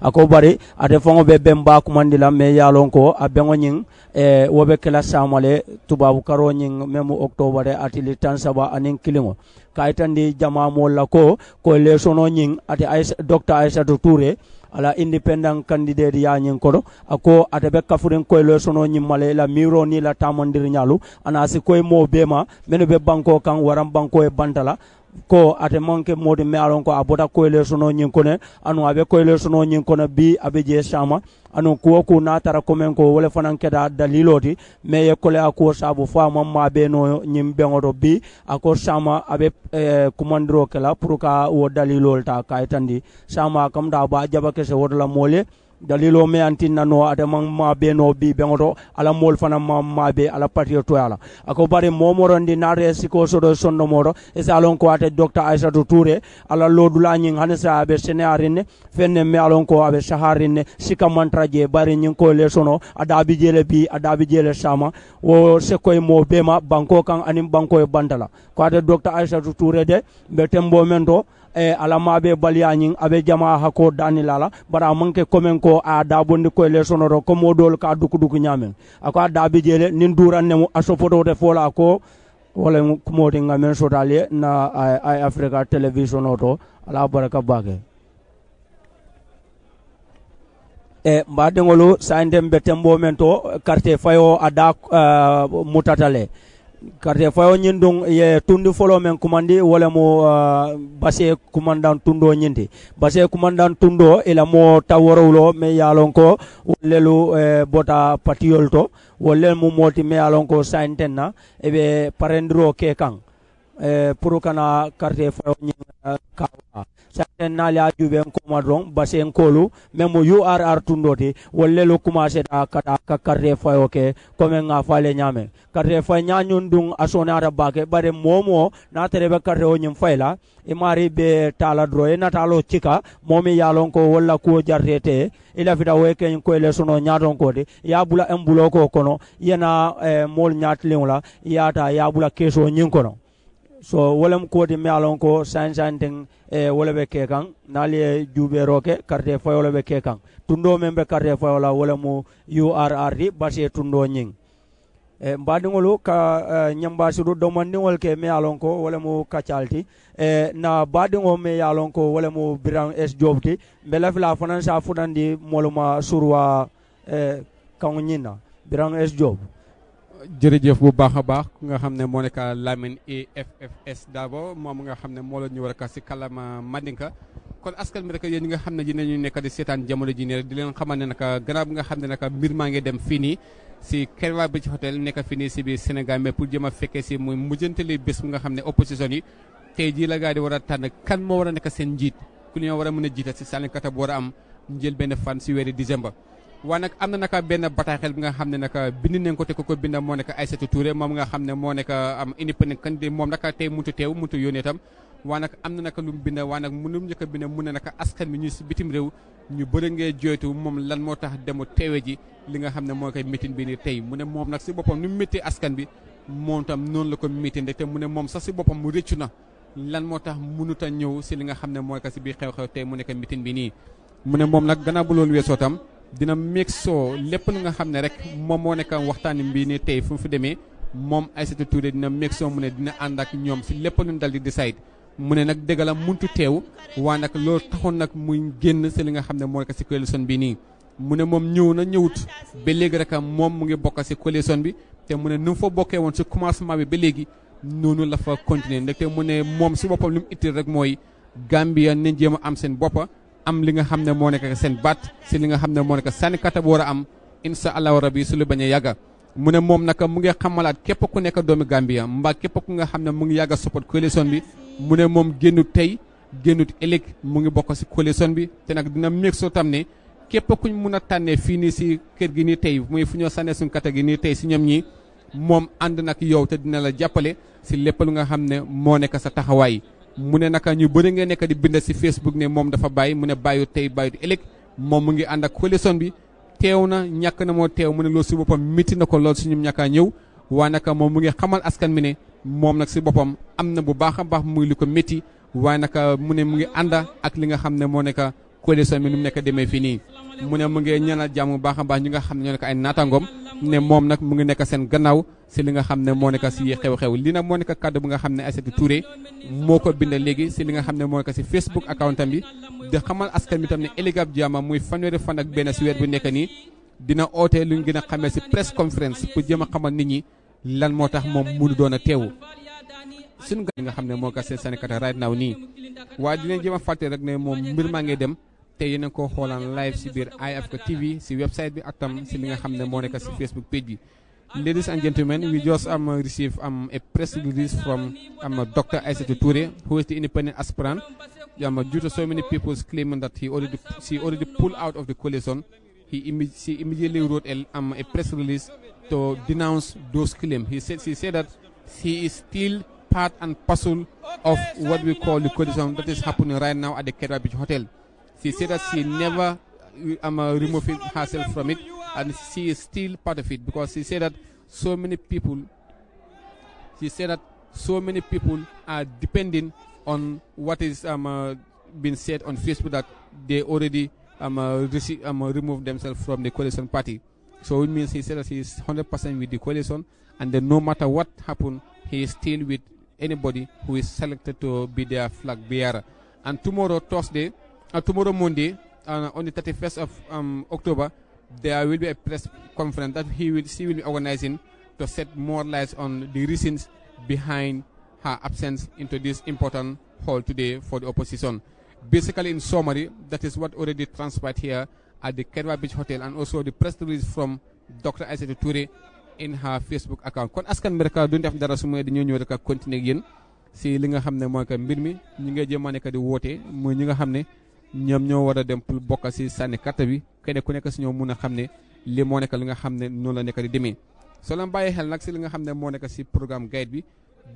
a ko bari ate faŋo be ɓen ba kumandi la me ye lon ko a ɓeŋo ñin e eh, woɓe kela samale tubabu karo ñin meme octobre atili tan saba anin kiliŋo kaitandi jama molla ko ko lesono nyin ate aisha dr aisha toure ala independent candidate ya nyin kodo ako ate be kafuren ko lesono nyin male la miro ni la tamondir nyalu si koy mo bema menu be banko kan waram banko e bantala ko ate manke modi me alon ko abota koyle sono nyin kone anu abe koyle sono nyin kone bi abe je chama anu kuwo ku na tara komen ko wala fanan keda daliloti me ye kole ko sabu fa mam ma be no nyim ngoro bi ako chama abe eh, kumandro kala pour ka wo dalilol ta tandi chama kam da ba jaba kese wodla mole dalilo me antinna no ate man maɓe no bi ɓegoto ala mool fana ma maɓe ala patio toyala ako bari momorondi naate siko soɗo sonnomoɗo e si alon ko ate docteur aissatou touré ala lodulañin hane sa aɓe sénéarinne fenne me alon ko aɓe saharinne sikamantra je bari ñin ko le sono a daabi jele bi a daabi jele sama wo sekkoye mo bema banko kan anin banko e bandala ko ate docteur aissatou touré de ɓe tembo men to eh, alama abe baliya ñiŋ abe jama hako dani lala bara a maŋ ke komen ko a daabondi ko le sonoro comme wo doolu ka dukuduku ñaameŋ a ko a daabi jele niŋ duran nemu a sofotote fo la ko wala kumoti ŋa meŋ sotaali na ay africa télévision o to ala baraka bake e eh, mbadeŋolu sayinten be tembo men to quartier fayo a da uh, mutata le quartier fayo ñin dun ye tundi folo men kumandi wala mo uh, base kumandan tundo ñindi base kumandan tundo ila e mo taworowlo me yalon ko wollelu eh, bota patiyol to wollel mu moti me yalon ko sainten na eɓe parendiro ke kan eh, pour kana quartier fayo ñin uh, kawa saten nali a jube en koma dron base en kolu memo urr tundoti wolle lo commencé da kata ka karre fayo ke comme nga fale nyame karre fay nyanyun dung asona ara bake bare momo na karre o nyim fayla e be tala dro e natalo chika momi yalon ko walla ko jarrete ila fita we ken ko ele sono nyaton ko de ya bula en ko kono yana eh, mol nyatlingola yata ya bula keso nyin kono so wolem kuwoti mi alon ko sansan teŋ eh, wole be ke kaŋ naali ye juubero ke quartier foyo le be ke tundo meŋ be quartier foyo la wole mu urr ti basi ye tundo ñiŋ eh, mbaadiŋolu ka eh, ñambasiru domondiŋol ke mi ye lon ko wole mu kacal ti eh, na baadiŋo mi ye lon ko wole mu biran s job ti mbe lafila fanaŋ sa futandi moolu ma surwa eh, kaŋo ñiŋ na biraŋ s job jërëjëf bu baax a baax ku nga xam ne moo nekk Lamine EFFS Dabo moom nga xam ne moo la ñu war a kas si kàllaama Mandinka kon askan bi rek yéen ñi nga xam ne dinañu nekk di seetaan jamono ji nii rek di leen xamal ne naka gannaaw bi nga xam ne naka mbir maa ngi dem fii nii si Kerwa Beach Hotel nekk fii nii si biir Sénégal mais pour jëm a fekkee si muy mujjantali bés bu nga xam ne opposition yi tey jii la gaa di war a tànn kan moo war a nekk seen njiit ku ñoo war a mën a jiital si sànni kata bu am njël benn fan si weeri décembre waaye nag am na naka benn bataaxel bi nga xam ne naka bind nañ ko te ko ko bind moo nekk Aïssatou Touré moom nga xam ne moo nekk uh, am indépendant candidat moom naka tey muntu teew muntu yónnee itam waa nag am na naka lu bind waa nag mënu njëkk a bind mun na naka askan bi ñu si bitim réew ñu bëri ngee joytu moom lan moo tax demu teewe ji li nga xam ne moo koy meeting bi ni tey mu ne moom nag si boppam nu mu méttee askan bi moom tam noonu la ko meeting rek te mu ne moom sax si boppam mu rëccu na lan moo tax mënut a ñëw si li nga xam ne mooy que si biir xew-xew tey mu nekk meeting bi nii mu ne moom nag gannaaw bu loolu weesoo tam dina mixoo lépp lu nga xam ne rek moom moo nekk waxtaan bi ni tey fu mu fi demee moom Aïssatou Touré dina mixoo mu ne dina ànd ak ñoom si lépp lu ñu dal di decide mu ne nag dëgg la muntu teew waaye nag loolu taxoon nag muy génn seen li nga xam ne moo nekk si coalition bi nii. mu ne moom ñëw na ñëwut ba léegi rek moom mu ngi bokk si coalition bi te mu ne nu mu fa bokkee woon si commencement bi ba léegi noonu la fa continuer ndaxte mu ne moom si boppam li mu itteel rek mooy Gambia nañ jéem a am seen boppa am li nga xam ne moo nekk seen baat si li nga xam ne moo nekk sànni kata bu war a am incha allahu rabi su lu bañ a yàgga mu ne moom naka mu ngi xamalaat képp ku nekk doomi Gambia mbaa képp ku nga xam ne mu ngi yàgg a support coalition bi mu ne moom génnut tey génnut ëllëg mu ngi bokk si coalition bi te nag dina meeg soo tam ne képp ku mun a tànnee fii nii si kër gi nii tey muy fu ñoo sànnee suñ kata gi nii tey si ñoom ñi moom ànd nag yow te dina la jàppale si lépp lu nga xam ne moo nekk sa taxawaay mu ne naka ñu bëri nga nekk di bindal si Facebook ne moom dafa bàyyi mu ne bàyyu tey bàyyu ëllëg moom mu ngi ànd ak coalition bi teew na ñàkk na moo teew mu ne loolu si boppam métti na ko lool suñu ñu a ñëw waaye naka moom mu ngi xamal askan mi ne moom nag si boppam am na bu baax a baax mu li ko métti waaye naka mu ne mu ngi ànd ak li nga xam ne moo nekk coalition bi nu mu nekk demee fii nii. mu ne mu ngi ñaanal jàmm bu baax a baax ñi nga xam ne ñoo nekk ay naataangoom ne moom nag mu ngi nekk seen gannaaw si li nga xam ne moo nekk si xew-xew li moo nekk kàddu bu nga xam ne Aïssatou Touré nga xam ne moo nekk si Facebook xamal askan bi tam ne Eligab Jammeh muy fanweeri fan ak benn si weer bu nekk nii dina oote lu ñu gën a xamee si press conference pour jéem a xamal nit ñi lan moo tax moom mënu doon a teewu. suñu nga xam ne moo nekk seen Sénégal right now nii waaye dinañ jéem a fàtte rek ne moom mbir maa ngi dem. te yéen a xoolaan live si biir IFK TV si website bi ak tam si li nga xam ne moo nekk si Facebook page bi. Ladies and gentlemen, we just um, received um, a press release from Dr. Aissatou Toure, who is the independent aspirant, due to so many people claiming that he already she already pulled out of the coalition. He she immediately wrote a, um, a press release to denounce those claims. He said she said that he is still part and parcel of what we call the coalition that is happening right now at the Kerala Beach Hotel. She said that she never um, uh, removed herself from it and she is still part of it because she said that so many people, she said that so many people are depending on what is um, uh, been said on Facebook that they already um, uh, um, uh, removed themselves from the coalition party. So it means he said that he is 100% with the coalition, and then no matter what happened, he is still with anybody who is selected to be their flag bearer. And tomorrow, Thursday, uh, tomorrow Monday, uh, on the 31st of um, October, there will be a press conference that he will, she will be organizing to set more light on the reasons behind her absence into this important hall today for the opposition. Basically, in summary, that is what already transpired here at the Kerwa Beach Hotel and also the press release from Dr. Isaac Touré in her Facebook account. kon askan mereka duñ def dara su ma dañoo ñëw rek continuer yéen si li nga xam ne mooy mbir mi ñi nga di ñi nga ñoom ñoo war dem pour bokk sànni carte bi ku nekk si mun a xam ne moo nekk li nga xam ne noonu la nekk di demee soo leen bàyyi xel nag si li nga xam ne moo nekk si programme guide bi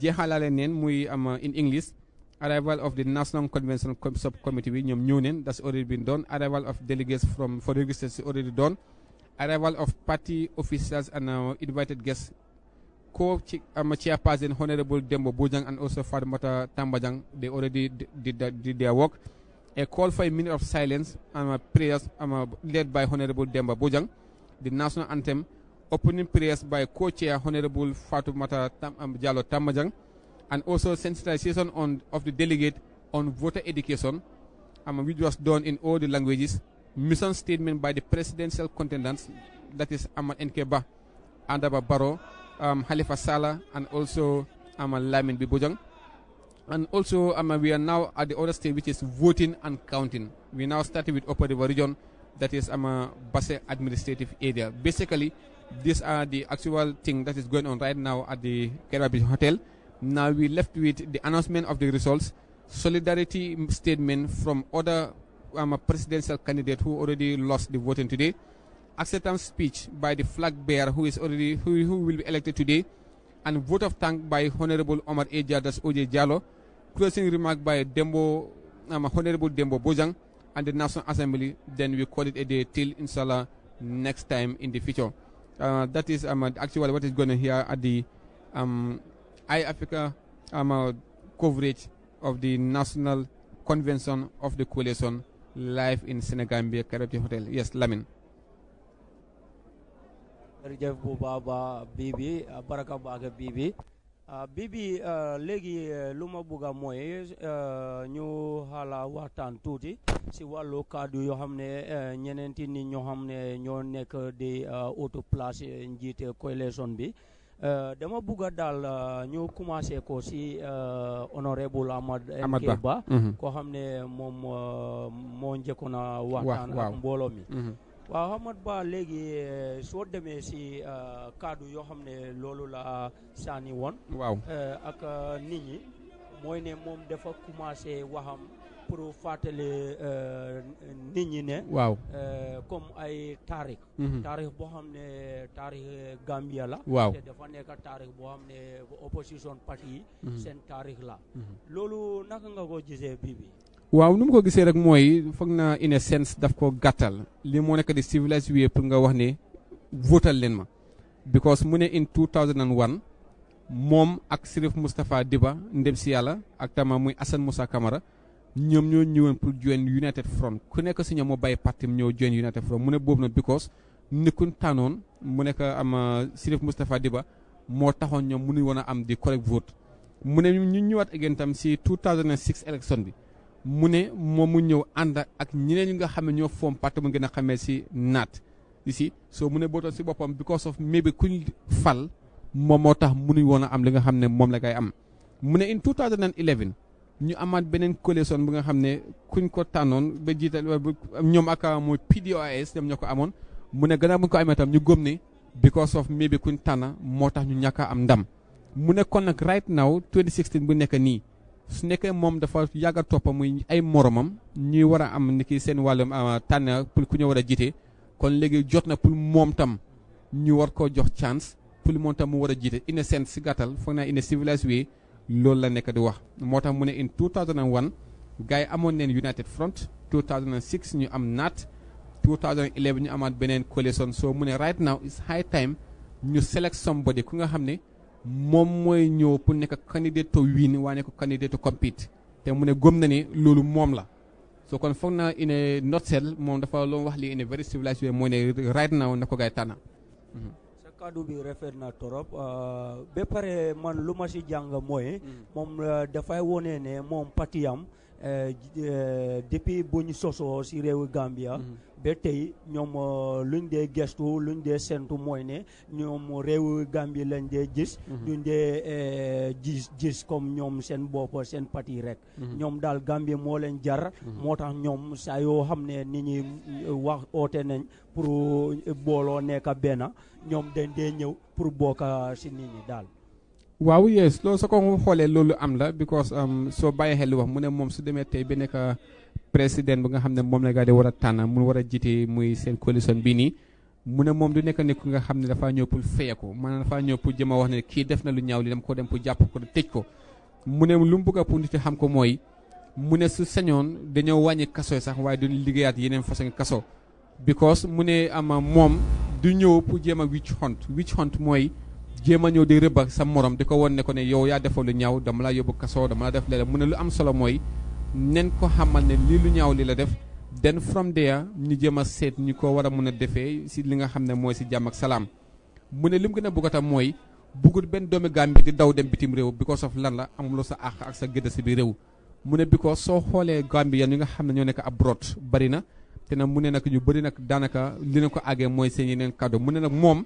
jeexalaale neen muy am uh, in English arrival of the National Convention sub committee bi ñoom ñëw neen that's already been done arrival of delegates from for registered already done arrival of party officials and uh, invited guests co-chairperson um, Honorable Dembo Bojang and also Fadmata Tambajang they already did their work a call for a minute of silence and my prayers um, led by Honorable Demba Bojang, the national anthem, opening prayers by co-chair Honorable Fatoumata Tam, um, Jalo Tamajang, and also sensitization on, of the delegate on voter education, um, which was done in all the languages, mission statement by the presidential contenders, that is Amal um, Nkeba, Andaba Baro, um, Halifa Sala, and also Amal um, Lamin Bibojang and also, um, we are now at the other stage, which is voting and counting. We now started with Upper River Region, that is um, Basse administrative area. Basically, these are the actual thing that is going on right now at the Kerabit Hotel. Now we left with the announcement of the results, solidarity statement from other um, presidential candidate who already lost the voting today, acceptance speech by the flag bearer who is already who, who will be elected today, and vote of thanks by Honorable Omar A. Jadas Oje Jalo closing remark by Dembo, um, Honorable Dembo Bojang and the National Assembly. Then we call it a day till, inshallah, next time in the future. Uh, that is um, actually what is going on here at the um, I Africa um, uh, coverage of the National Convention of the Coalition live in Senegambia Caribbean Hotel. Yes, Lamin. jërëjëf bu Baba a uh, baraka baax a Ah, bi bi ah, léegi eh, lu ma bugg a mooy eh, ñu xala waxtaan tuuti si wàllu kàddu yoo xam ne eh, ñeneenti nit ñoo xam ne ñoo nekk di auto place njiite coalition bi dama bugg a daal ñu commencé ko si honorable Amad Ba mhm. koo xam ne moom moo njëkkoon na waxtaan ak mbooloo mi mhm. waaw xam nga ba léegi euh, soo demee si euh, kaddu yoo xam ne loolu la saani woon. waaw euh, ak nit ñi mooy ne moom dafa commencé waxam pour fàttali nit ñi ne. waaw comme ay taarix. Mhm. taarix boo xam ne taarix Gambia la. waaw te dafa nekk taarix boo xam ne opposition parti yi. Mhm. seen taarix la. Mhm. loolu naka nga ko gisee bii bi waaw nu mu ko gisee rek mooy foog naa in essence daf ko gàttal li moo nekk di civilise wii pour nga wax ni votal leen ma because mu ne in 2001 moom ak Sirif Moustapha Diba ndem si yàlla ak tama muy Assane Moussa Camara ñoom ñoo ñëwoon pour join United Front ku nekk si ñoom mu bàyyi parti am ñëw join United Front mu ne boobu nag because nikkuñ tànnoon mu nekk am uh, Sirif Moustapha Diba moo taxoon ñoom mu mënuñ woon a am di correct vote mu ne ñu ñëwaat again tam si 2006 election bi. mu ne moom mu ñëw ànd ak ñeneen ñi nga xam ne ñoo foom parti mu gën a xamee si naat ici soo mu ne bootoon si boppam because of maybe kuñ fal moom moo tax mu mënuñ woon a am li nga xam ne moom la koy am. mu ne in 2011 ñu amaat beneen coalition bi nga xam ne kuñ ko tànnoon ba jiital bu ñoom ak uh, mooy PDOIS ñoom ñoo ko amoon mu ne gannaaw bu ko amee tam ñu gëm ne because of maybe kuñ tànn moo tax ñu ñàkk a am ndam mu ne kon nag right now 2016 bu nekk nii. su nekkee moom dafa yàgg a toppa muy ay moromam ñuy war a am ni ki seen wàllum euh, tànn pour ku ñu war a jiite kon léegi jot na pour moom tam ñu war koo jox chance pour moom tam mu war a jiite in a sense si gàttal foog naa in a civilized way loolu la nekk di wax moo tax mu ne in 2001 gars yi amoon neen United Front 2006 ñu am naat 2011 ñu amaat beneen coalition soo mu ne right now is high time ñu select somebody ku nga xam ne moom mooy ñëw pour nekk candidate to win waa nekk candidate to compete te mu ne gëm na ni loolu moom la so kon foog na in a nutshell moom dafa loo wax lii in a very civilized way mooy ne right now na ko gaay tànna mhm. kaddu bi rafet na torop euh, ba pare man lu ma si jàng mooy mhm. moom euh, dafay wone ne moom patiyam euh, depuis bu ñu sosoo si réewu Gambia mhm. ba tey ñoom euh, luñ dee gestu luñ dee sentu mooy ne ñoom réewu Gambie lañ dee gis. Mhm. duñ dee euh, gis gis comme ñoom seen bopp seen parti rek. Mhm. ñoom daal Gambie moo leen jar. Mhm. moo tax ñoom saa yoo xam ne nit ñi euh, wax oote nañ pour booloo nekk benn ñoom dañ dee ñëw pour bokk si nit ñi daal. waaw yes loolu soo ko xoolee loolu am la because um, soo bàyyi xel wax mu ne moom su demee tey ba nekk. président bi nga xam ne moom ne gaa di war a tànn mu war a jite muy seen coalition bii nii mu ne moom du nekk nekk nga xam ne dafaa ñëw pour feyeeku maanaam dafaa ñëw pour jëm a wax ne kii def na lu ñaw li dem ko dem pour jàpp ko tëj ko mu ne lu bëgg a pour nit xam ko mooy mu ne su sañoon dañoo wàññi kaso sax waaye duñ liggéeyaat yeneen façon kaso because mu ne ama moom du ñëw pour jéem a witch hunt witch hunt mooy jéem a ñëw di rëbba sa morom di ko won ne ko ne yow yaa defal lu ñaaw dama laa yóbbu kaso dama laa def léeg mu ne lu am solo mooy nen ko xamal ne lii lu ñaaw lii la def den from there ñu jëm a seet ñu ko war a mun a defee si li nga xam ne mooy si jàmm ak salaam mu ne li mu gën a bëgg a tam mooy bëggul benn doomi Gambie di daw dem bitim réew bi ko of lan la amuloo sa àq ak sa gëdd si biir réew mu ne bi ko soo xoolee Gambie yan yi nga xam ne ñoo nekk abroad bari na te na mu ne nag ñu bëri nag daanaka li na ko àggee mooy seen yeneen cadeau mu ne nag moom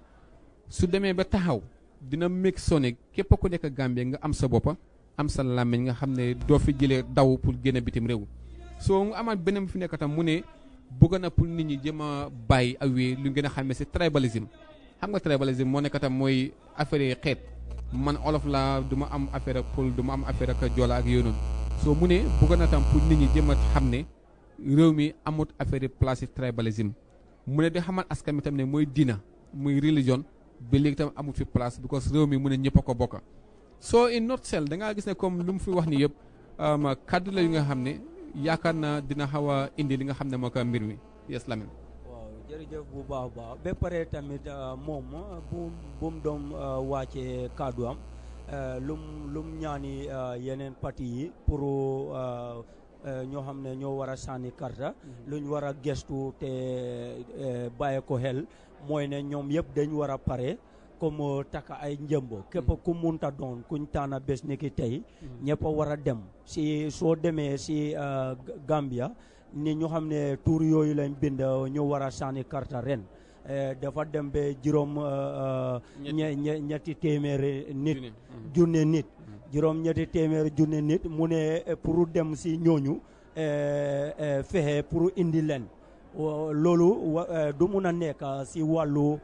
su demee ba taxaw dina meg sone képp ku nekk Gambie nga am sa boppa am sa làmmiñ nga xam ne doo fi jëlee daw pour génn bitim réew soo mu amaat beneen fi nekk tam mu ne bëgg na pour nit ñi jëm a bàyyi awee lu gën a xamee si tribalisme xam nga tribalisme moo nekkatam tam mooy affaire xeet man olof la du ma am affaire pour pël du ma am affaire ak joola ak yoonoon soo mu ne bëgg na tam pour nit ñi jëm xam ne réew mi amut affaire place tribalisme mu ne di xamal askan mi tam ne mooy diina muy religion ba léegi tam amut fi place because réew mi mu ne ñëpp a ko so in not sell da ngaa gis ne comme lu mu fi wax ni yëpp um, kàddu la yu nga xam ne yaakaar naa dina xaw a indi li nga xam ne moo ko mbir mi yes Lamin waaw jërëjëf bu baax baax ba pare tamit uh, moom uh, bu bu mu doon uh, wàccee kàddu am lum lum ñaani yeneen parti yi pour ñoo xam ne ñoo war a sànni karta mm-hmm. luñ war a gestu te bàyyi ko xel mooy ne ñoom yëpp dañ war a pare komo taka ay njëmbo kepo mm. ku munta doon kuñ taana bes ni ki tey mm. dem si so deme si euh, Gambia ni ñu xam ne benda yooyu lañ bind ñu war a sànni karta ren euh, dafa dem ba juróom euh, ñetti téeméeri nit junne mm-hmm. nit mm-hmm. juróom ñetti téeméeri junne nit mu ne pour dem si ñooñu fexe pour indi leen loolu du mun a nekk si wàllu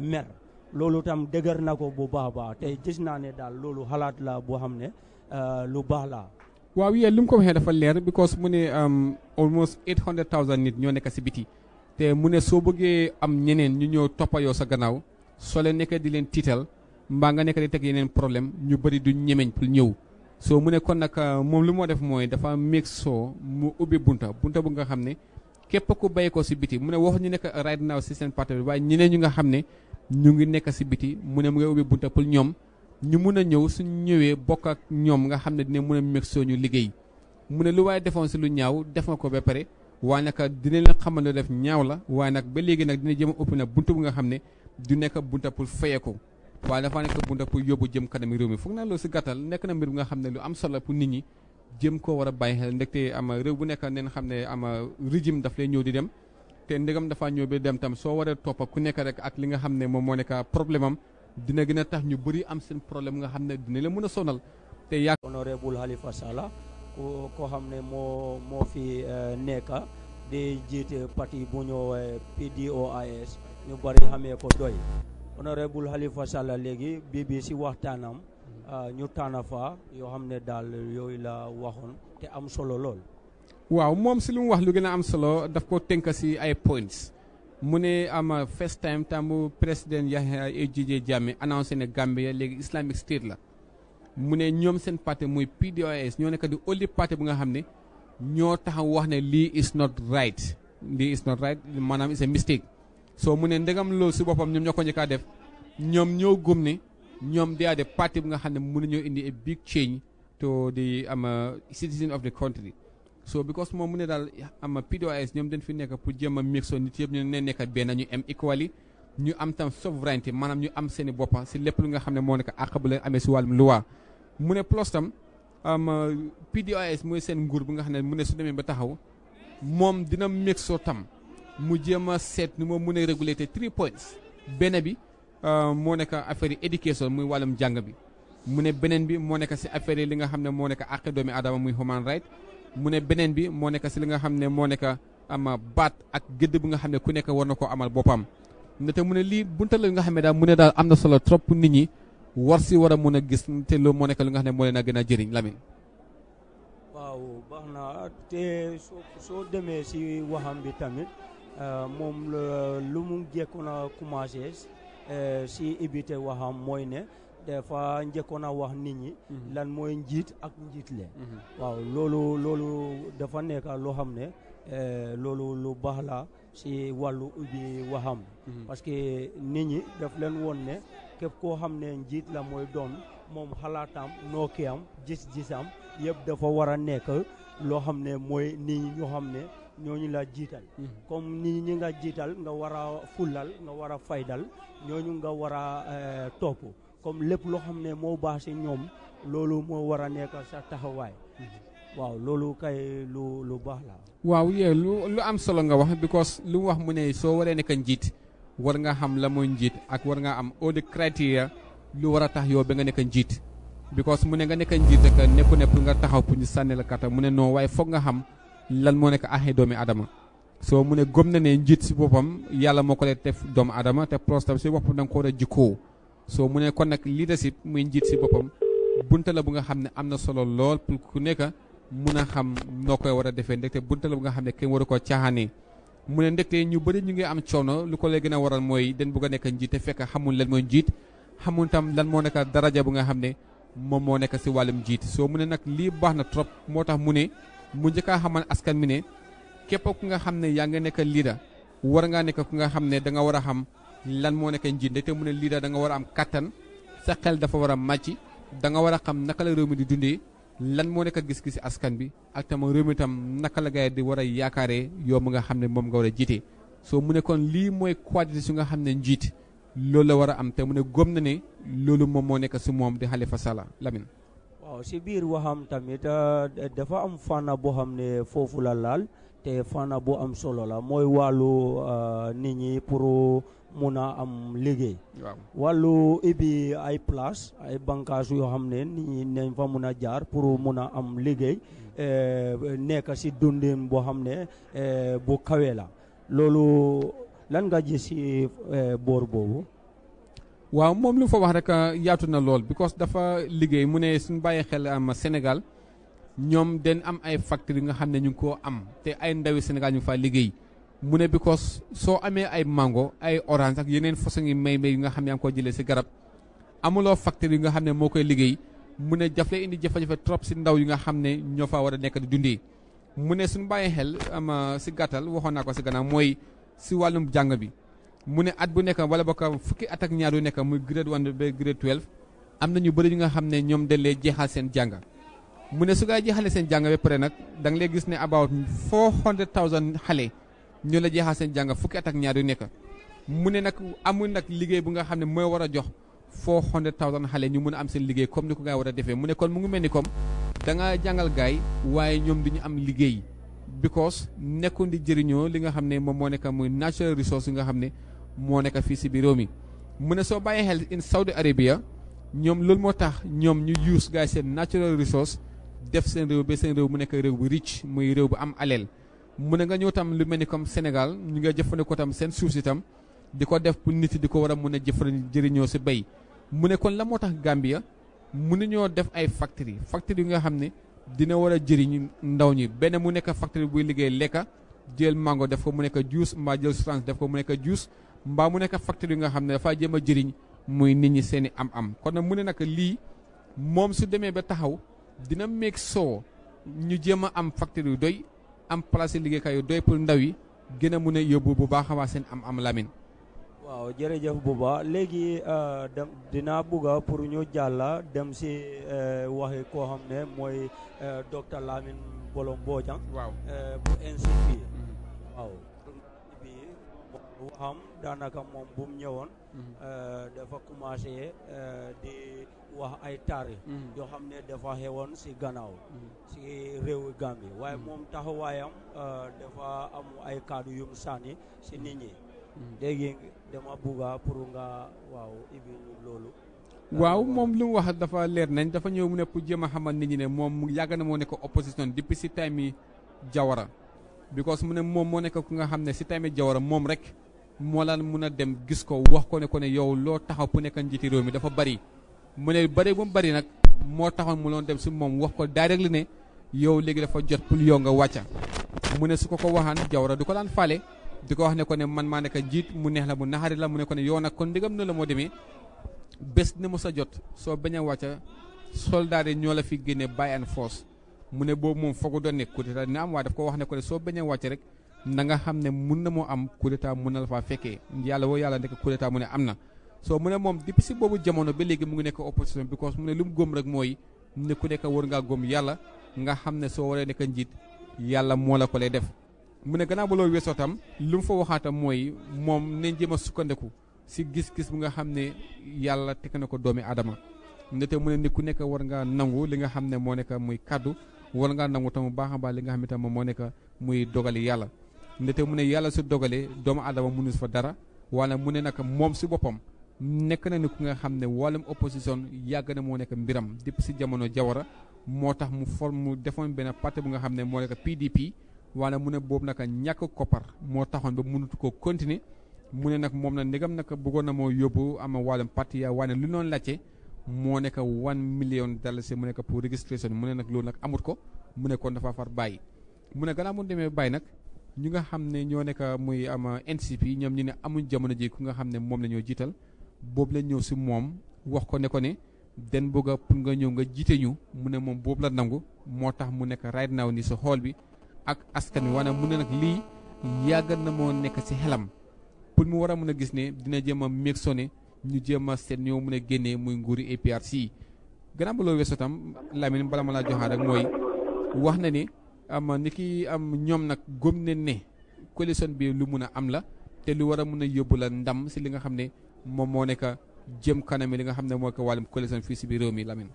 mer loolu tam dëgër na ko bu baax baax te gis naa ne daal loolu xalaat la boo xam ne euh, lu baax laa waaw yéen li mu ko waxee dafa leer because mu ne um, almost eight hundred thousand nit ñoo nekk si biti te mu ne soo bëggee am ñeneen ñu ñëw toppayoo sa gannaaw soo leen nekkee di leen tiital mbaa nga nekk di teg yeneen problème ñu bëri du ñemeñ pour ñëw soo mu ne kon nag euh, moom lu moo def mooy dafa meeg soo mu ubbi bunta bunta bu nga xam ne képp ku bàyyi ko si biti mu ne wax ñu nekk right now si seen parti bi ñeneen ñu nga xam ne ñu ngi nekk si biti mu ne mu ngi ubbi bunta pour ñoom ñu mun a ñëw suñ ñëwee bokk ak ñoom nga xam ne dina mun a meg sooñu liggéey mu ne lu waaye defoon si lu ñaaw def nga ko ba pare waaye nag dina leen xamal lu def ñaaw la waaye nag ba léegi nag dina jëm a na bunta bu nga xam ne di nekk bunta fayee ko waaye dafa nekk bunta pour yóbbu jëm kanam réew mi foog naa loolu si gàttal nekk na bu nga xam ne lu am solo pour nit ñi jëm koo war a bàyyi xel te ama réew bu nekk neen xam ne ama régime daf lay ñëw di dem te ndegam dafa ñëw bi dem tam soo waree toppa ku nekk rek ak li nga xam ne moom moo nekk problème am dina gën a tax ñu bëri am seen problème nga xam ne dina la mën a sonal te yaa honorable Halifa Sallah ku ko xam ne moo moo fi eh, nekka di jiite parti bu ñu PDOIS ñu bëri xamee ko doy honorable Halifa Sallah léegi bii bii si waxtaanam ah, ñu tànn fa yoo xam ne daal yooyu la waxoon te am solo lool waaw moom si lu mu wax lu gën a am solo daf ko tënk si ay points mu ne am first time tàmbu président Yahya AJJ Jammeh annoncé ne Gambia léegi Islamic State la mu ne ñoom seen parti muy PDOIS ñoo nekk di only parti bu nga xam ni ñoo taxaw wax ne lii is not right lii is not right maanaam is a mistake soo mu ne ndegam lool si boppam ñoom ñoo ko njëkk def ñoom ñoo gëm ni ñoom day de parti bi nga xam ne mënuñoo indi a big change to di am citizen of the country. so because moom mu ne daal ama PDOIS ñoom dañ fi nekk pour jéem a mixo nit yëpp ñu ne nekk benn ñu am equally ñu am tam souveraineté maanaam ñu am seeni boppa si lépp li nga xam ne moo nekk àq bu leen amee si wàllum loi mu ne plus tam PDOIS mooy seen nguur bi nga xam ne mu ne su demee ba taxaw moom dina mixo tam mu jéem a seet nu ma mun a réguler te three points benn euh, moo nekk affaire yi muy wàllum jàng bi mu ne beneen bi moo nekk si affaire li nga xam ne moo nekk àq doomi aadama muy human right mu ne beneen bi moo nekk si li nga xam ne moo nekk ama baat ak gëdd bu nga xam ne ku nekk war na ko amal boppam ne te mu ne lii bunta la nga xam ne daal mu ne daal am na solo trop nit ñi war si war a mën a gis te loolu moo nekk li nga xam ne moo leen a a jëriñ waaw baax na te soo soo demee si waxam bi tamit euh, moom lu mu jekkoon a commencé euh, si ibite waxam mooy ne dafa njëkkoon a wax nit ñi. Mhm. lan mooy njiit ak njiit le mhm. waaw loolu loolu dafa nekk loo xam ne eh, loolu lu baax si wàllu ubbi waxam. Mhm. parce que nit ñi daf leen woon ne képp koo xam ne njiit la mooy doon moom xalaatam nookiyam gis-gisam yëpp dafa war a nekk loo xam ne mooy nit ñi ñoo xam ne. ñooñu la jiital comme ni ñi nga jiital nga war a fulal nga war a faydal ñooñu nga war a eh, topp comme lépp loo xam ne moo baax si ñoom loolu moo war a nekk sa taxawaay waaw loolu kay lu lu baax la waaw yee lu lu am solo nga wax because lu mu wax mu ne soo waree nekk njiit war nga xam la mooy njiit ak war nga am all the criteria lu war a tax yoo bi nga nekk njiit because mu ne nga nekk njiit rek nekku ne pour nga taxaw pour ñu sànni la kata mu ne noo waaye foog nga xam lan moo nekk axe doomi adama soo mu ne gëm na ne njiit si boppam yàlla moo ko leen def doomu adama te prostam si boppam da nga a jikkoo soo mu ne kon nag leadership muy njiit si boppam bunta la bu nga xam ne am na solo lool pour ku nekk mun a xam noo koy war a defee ndekte bunta la bu nga xam ne kenn waru koo caaxaanee mu ne ndekte ñu bëri ñu ngi am coono lu ko lay gën a waral mooy den bugg a nekk njiit te fekk xamul lan mooy njiit xamul tam lan moo nekk daraja bu nga xam ne moom moo nekk si wàllum njiit soo mu ne nag lii baax na trop moo tax mu ne mu njëkk a xamal askan mi ne képp ku nga xam ne yaa nga nekk leader war ngaa nekk ku nga xam ne da nga war a xam lan moo nekk njiit te mu ne lii daal da nga war a am kattan sa xel dafa war a màcc da war a xam naka la réew mi di dundee lan moo nekk gis-gisi askan bi ak tam réew mi tam naka la gaay di war a yaakaaree yow mi nga xam ne moom nga war a jiite. soo mu ne kon lii mooy qualité su nga xam ne njiit loolu la war a am te mu ne gëm na ne loolu moom moo nekk si moom di Halifa Sallah Lamin waaw si biir waxam tamit euh, dafa am fànna boo xam ne foofu la laal te fànna bu am solo la mooy wàllu euh, nit ñi mun a am liggéey. waaw wàllu ibi ay place ay bànqaas yoo xam ne nii nañ fa mun a jaar pour mun a am liggéey eh, nekk si dundin boo xam ne eh, bu kawe la loolu lan nga ji si eh, boor boobu. waaw moom lu mu fa wax rek yaatu na lool because dafa liggéey mu ne suñu bàyyi xel am Sénégal ñoom den am ay facteurs yi nga xam ne ñu ngi koo am te ay ndawi Sénégal ñu fa liggéey. mu ne because soo amee ay mango ay orange ak yeneen façon may may yi nga xam ne yaa ngi koo jëlee si garab amuloo facteur yi nga xam ne moo koy liggéey mu ne jaf indi jafe-jafe trop si ndaw yi nga xam ne ñoo fa war a nekk di dundee mu ne suñu bàyyi xel am si gàttal waxoon naa ko si gannaaw mooy si wàllum jàng bi mu ne at bu nekk wala bokk fukki at ak ñaar yu nekk muy grade one ba grade am na ñu bëri yi nga xam ne ñoom dañ lay jeexal seen jàng mu ne su gaa jeexalee seen jàng ba nag da nga gis ne about four hundred thousand xale ñoo la jeexal seen jàng fukki at ak ñaar yu nekk mu ne nag amul nag liggéey bu nga xam ne mooy war a jox foo hundred thousand xale ñu mën a am seen liggéey comme ni ko gaa war a defee mu ne kon mu ngi mel ni comme da jàngal gaay waaye ñoom du ñu am liggéey because nekkoon di jëriñoo li nga xam ne moom moo nekk muy natural resource yi nga xam ne moo nekk fii si biir réew mi mu ne soo bàyyee xel in Saudi Arabia ñoom loolu moo tax ñoom ñu use gaay seen natural resource def seen ba seen mu nekk réew bu rich muy réew bu am alal mu ne nga ñëw tam lu mel ni comme Sénégal ñu ngay jëfandikoo tam seen suuf si tam di ko def pour nit di ko war a mun a jëfandikoo jëriñoo si bay mu ne kon la moo tax ya mu ne ñoo def ay factory factory yu nga xam ne dina war a jëriñ ndaw ñi benn mu nekk factory buy liggéey lekka jël mango def ko mu nekk juice mbaa jël strange def ko mu nekk juice mbaa mu nekk factory yu nga xam ne dafaa jéem a jëriñ muy nit ñi seen i am-am kon nag mu ne nag lii moom su demee ba taxaw dina meeg soo ñu jéem a am factory yu doy. am place liggéeykaay yu doy pour ndaw yi gën a mun bu baaxa wa seen am am lamin waaw jërëjëf buba léegi euh dina buga pour ñu jalla dem ci euh, waxi koo xam ne euh, docteur Lamin Bolom Bojang waaw euh, bu NCP mm-hmm. waaw bu am daanaka moom bu mu ñëwoon mm-hmm. euh, dafa commencé euh, di wax ay tari mm-hmm. yoo xam ne dafa xewoon si gannaaw si mm-hmm. réewu Gambie waaye moom taxawaayam euh, dafa am ay kaddu yum sànni si nit ñi léegi dama bugga pour nga waaw ibi loolu waaw moom lu mu wax dafa leer nañ dafa ñëw mu nepp pour jéem a xamal nit ñi ne moom yàgg na moo nekk opposition depuis si time yi Jawara because mu ne moom moo nekk ku nga xam ne si time yi Jawara moom rek moo munadem mun dem gis ko wax ko ne ko ne yow lo taxaw pour nekkan jiti rew mi dafa bari mu ne bari bu bari nak mo taxoon mu lon dem si mom wax ko direct li ne yow legui dafa jot pour yow nga wàcca mu ne su ko ko waxan jawra du ko lan falé di ko wax ne ko ne man ma nek jitt mu neex la mu nahari la mu ne ko ne yow nak kon digam na la mo demé bes ne mu sa jot so baña soldat fi bay and force mu ne boobu moom foogu doon ne coup am wa daf ko wax ne ko so baña rek na nga xam ne mun na moo am coup d'état mun na la faa fekkee yàlla woo yàlla nekk coup mu ne am na soo mu ne moom depuis si boobu jamono ba léegi mu ngi nekk opposition because mu ne lu mu góom rek mooy ne ku nekk war ngaa góom yàlla nga xam ne soo waree nekk njiit yàlla moo la ko lay def mu ne gannaaw ba loolu weesoo tam lu mu fa waxaatam mooy moom nañ jéem a sukkandeku si gis-gis bu nga xam ne yàlla teg na ko doomi aadama ndete mu ne nit ku nekk war ngaa nangu li xam ne moo nekk muy kàddu war ngaa nangu bu baax a baax li nga xam ne tam moo nekk muy dogali yàlla ndete mu ne yàlla su dogalee doomu aadama mënu fa dara wala mu ne nag moom si boppam nekk na ni ku nga xam ne wàllum opposition yàgg na moo nekk mbiram depuis si jamono jawara moo tax mu form mu defoon benn parti bu nga xam ne moo nekk PDP wala mu ne boobu nag ñàkk koppar moo taxoon ba mënut ko continuer mu ne nag moom na ndegam nag bëggoon na moo yóbbu ama wàllum parti yaa ne lu noonu laajte moo nekk one million dalasi mu nekk pour registration mu ne nag loolu nag amut ko mu ne kon dafa far bàyyi mu ne gannaaw mu demee bàyyi nag ñu nga xam ne ñoo nekk muy am NCP ñoom ñu ne amuñ jamono ji ku nga xam ne moom la ñoo jiital boobu la ñëw si moom wax ko ne ko ne den bëgg a pour nga ñëw nga jiite ñu mu ne moom boobu la nangu moo tax mu nekk right now ni si xool bi ak askan wi waane mu ne nag lii yàgg na moo nekk si xelam pour mu war a mën a gis ne dina jéem a sonne sone ñu jéem a seet ñoo mën a génnee muy nguuri APRC sii ba loo weesoo tam Lamine bala ma laa joxaat rek mooy wax na ne. am ni ki am ñoom nag gëm ne ne coalition bi lu mun a am la te lu war a mun a yóbbu la ndam si li nga xam ne moom moo nekk jëm kanam li nga xam ne moo ko wàllum coalition fii si biir mi Lamin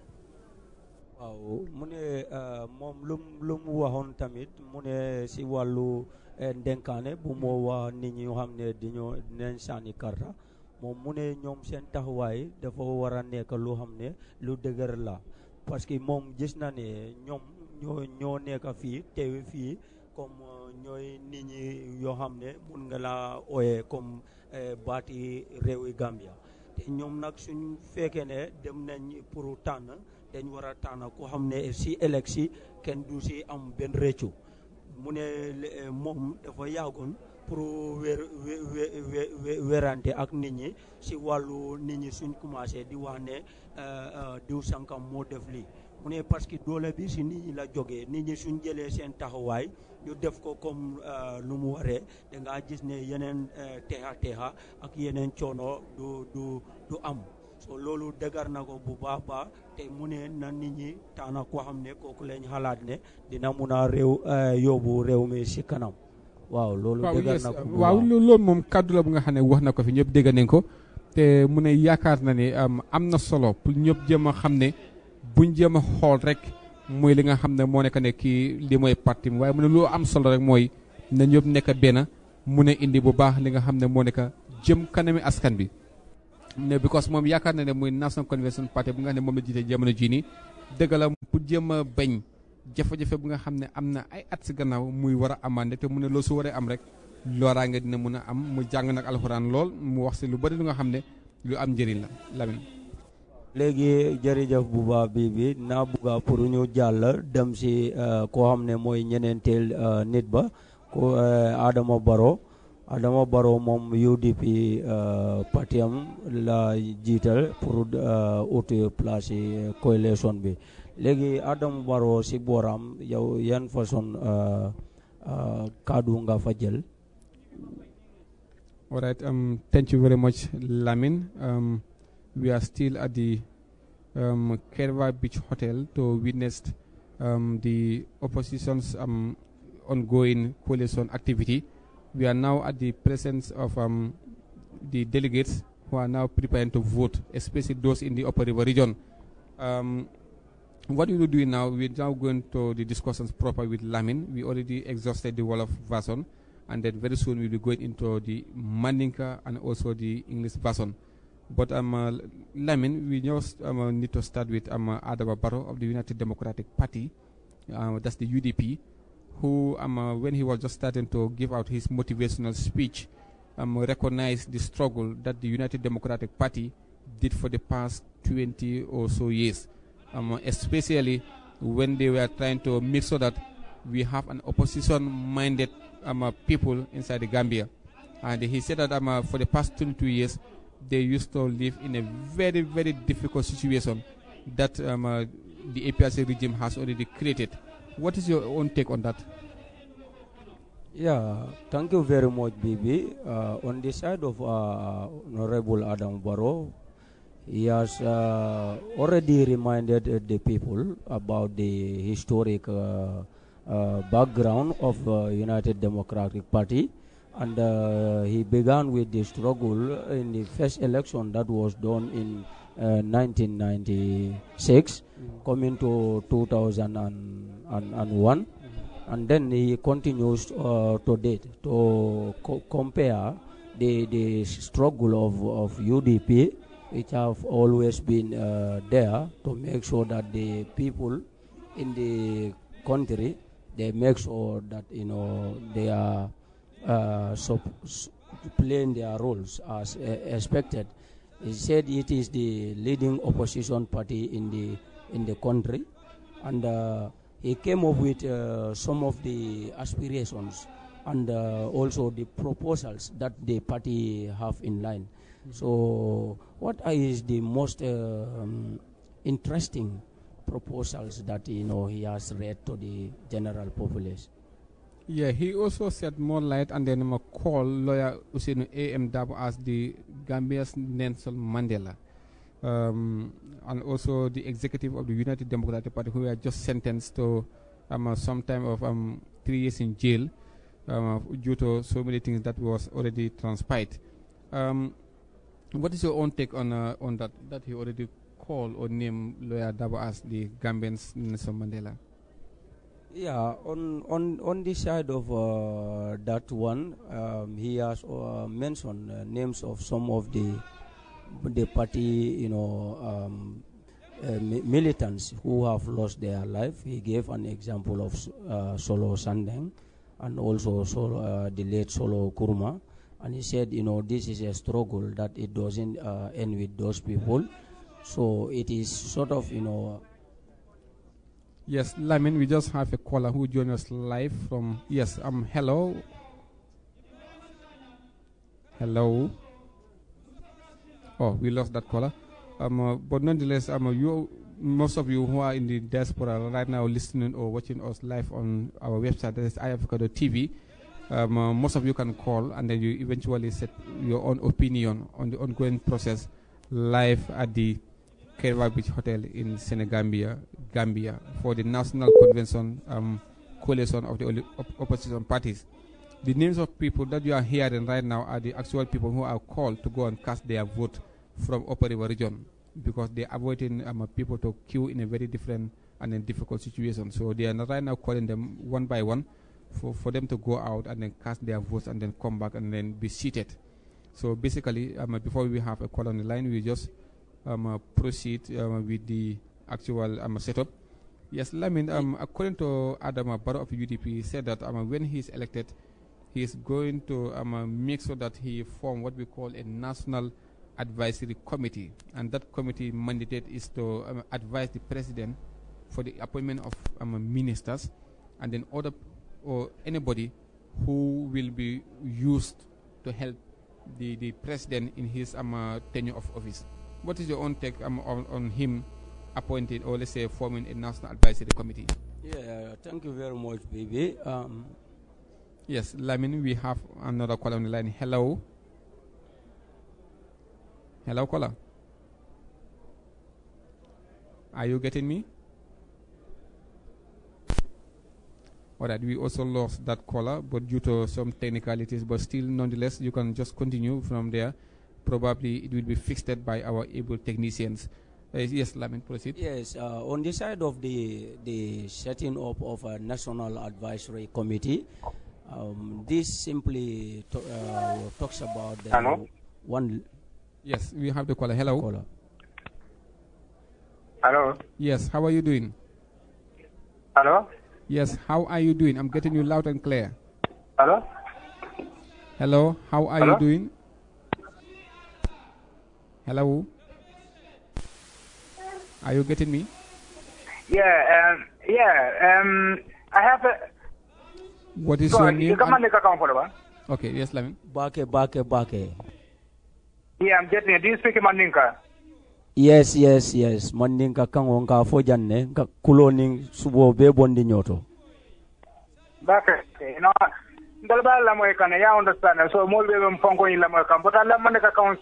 ne euh, moom lu mu waxoon tamit mu ne si wàllu euh, ndenkaane bu moo wax nit ñi xam ne dañoo dinañ sànni karta moom mu ne ñoom seen taxawaay dafa war a nekk lu xam ne lu dëgër la parce que moom gis na ne ñoom ñoo ñoo nekk fii teew fii comme euh, ñooy nit ñi yoo xam ne mun nga laa ooyee comme euh, baati réewi Gambia te ñoom nag suñ fekkee ne dem nañ pour tànn dañ war a tànn ku xam ne si élection kenn du si am benn réccu mu ne euh, moom dafa yàggoon pour wér wérante ak nit ñi si wàllu nit ñi suñ commencé di wax ne diw sànkam moo def lii mu ne parce que doole bi si nit ñi la jógee nit ñi suñ jëlee seen taxawaay ñu def ko comme euh, nu mu waree da gis ne yeneen euh, teexa teexa ak yeneen coono du du du am so loolu dëgër na ko bu baax baax te mu ne na nit ñi taana koo xam ne kooku lañ xalaat ne dina mun a réew euh, yóbbu réew mi si kanam waaw loolu dëgër na ko waaw loolu loolu moom kàddu la bu nga xam ne wax na ko fi ñëpp dégg nañ ko te mu ne yaakaar na ne am na solo pour ñëpp jëm a xam ne buñ jéem xool rek muy li nga xam ne moo nekk ne kii li mooy parti mi waaye mu ne lu am solo rek mooy na ñëpp nekk benn mu ne indi bu baax li nga xam ne moo nekk jëm kanami askan bi. ne because moom yaakaar na ne muy National Convention Party bu nga xam ne moom la jiite jamono jii nii dëgg la pour jéem a bañ jafe-jafe bu nga xam ne am na ay at si gannaaw muy war a amande te mu ne loo su waree am rek. looraange dina mun a am mu jàng nag alxuraan lool mu wax si lu bëri lu nga xam ne lu am njëriñ la Lamine léegi jërëjëf bu baax bii bi naa bugga pour ñu jàll dem si euh, koo xam ne mooy ñeneenteel euh, nit ba ko euh, Adama Barrow Adama Barrow moom UDP partiyam la jiital pour uti place yi coalition bi léegi Adama Barrow si booram yow yan façon kàddu nga fa jël all um, thank you very much Lamin um, we are still at the um, Kerva Beach Hotel to witness um, the opposition's um, ongoing coalition activity. We are now at the presence of um, the delegates who are now preparing to vote, especially those in the Upper River region. Um, what we will do now, we're now going to the discussions proper with Lamin. We already exhausted the wall of Vason, and then very soon we'll be going into the Mandinka and also the English Vason. But um, uh, Lamin, we just um, uh, need to start with um, uh, Adaba Barrow of the United Democratic Party, uh, that's the UDP, who, um, uh, when he was just starting to give out his motivational speech, um, recognized the struggle that the United Democratic Party did for the past 20 or so years, um, uh, especially when they were trying to make sure that we have an opposition-minded um, people inside the Gambia. And he said that um, for the past 22 years, they used to live in a very, very difficult situation that um, uh, the APRC regime has already created. What is your own take on that? Yeah, thank you very much, Bibi. Uh, on the side of uh, Honorable Adam Barrow, he has uh, already reminded uh, the people about the historic uh, background of United Democratic Party and uh, he began with the struggle in the first election that was done in uh, 1996, mm-hmm. coming to 2001, mm-hmm. and then he continues uh, to date to co- compare the the struggle of, of UDP, which have always been uh, there to make sure that the people in the country they make sure that you know they are uh, so, so playing their roles as uh, expected. He said it is the leading opposition party in the in the country, and uh, he came up with uh, some of the aspirations and uh, also the proposals that the party have in line. Mm -hmm. So, what is the most uh, um, interesting proposals that you know he has read to the general populace? Yeah, he also shed more light on the name of call lawyer Usenu AMW as the Gambia's Nelson Mandela. Um, and also the executive of the United Democratic Party, who were just sentenced to um, uh, some time of um, three years in jail um, uh, due to so many things that was already transpired. Um, what is your own take on uh, on that? That he already called or named lawyer Dabo as the Gambian's Nelson Mandela. Yeah, on on on the side of uh, that one, um, he has uh, mentioned uh, names of some of the the party, you know, um, uh, militants who have lost their life. He gave an example of uh, Solo Sandeng and also Solo, uh, the late Solo Kurma, and he said, you know, this is a struggle that it doesn't end with those people. So it is sort of, you know Yes, Lamin, we just have a caller who joined us live from. Yes, um, hello. Hello. Oh, we lost that caller. Um, uh, but nonetheless, um, uh, you, most of you who are in the diaspora right now listening or watching us live on our website, that is iafrica.tv, um, uh, most of you can call and then you eventually set your own opinion on the ongoing process live at the Kerwa Beach Hotel in Senegambia, Gambia, for the National Convention um, Coalition of the Opposition Parties. The names of people that you are hearing right now are the actual people who are called to go and cast their vote from Upper River region because they are avoiding um, people to queue in a very different and a difficult situation. So they are right now calling them one by one for, for them to go out and then cast their votes and then come back and then be seated. So basically, um, before we have a call on the line, we just um, uh, proceed um, with the actual um, setup. Yes, Lamin, um, according to Adam uh, Barrow of UDP, said that when he is elected, he is going to uh, make sure that he form what we call a national advisory committee, and that committee mandate is to um, advise the president for the appointment of um, ministers, and then other or anybody who will be used to help the, the president in his um, uh, tenure of office. What is your own take um, on, on him appointed or let's say forming a national advisory committee? Yeah, thank you very much, baby. Um, yes, Lamin, we have another caller on the line. Hello. Hello, caller. Are you getting me? All right, we also lost that caller, but due to some technicalities, but still, nonetheless, you can just continue from there probably it will be fixed by our able technicians. Uh, yes, Lamin, proceed. Yes, uh, on the side of the the setting up of a national advisory committee, um, this simply uh, talks about the Hello? one. Yes, we have the caller. Hello. Caller. Hello. Yes, how are you doing? Hello. Yes, how are you doing? I'm getting you loud and clear. Hello. Hello, how are Hello? you doing? Hello. Are you getting me? Yeah, um, yeah. Um, I have a. What is so, your name? You come and make account for one. Okay, yes, Lamin. Bake, bake, bake. Yeah, I'm getting it. Do you speak in Mandinka? Yes, yes, yes. Mandinka kango nka fojanne, nka kuloni subo be bondi nyoto. Bake, you know, Dalba la moyekana, ya understand. So, mo be mpongo ni la moyekana. But I la mandinka kango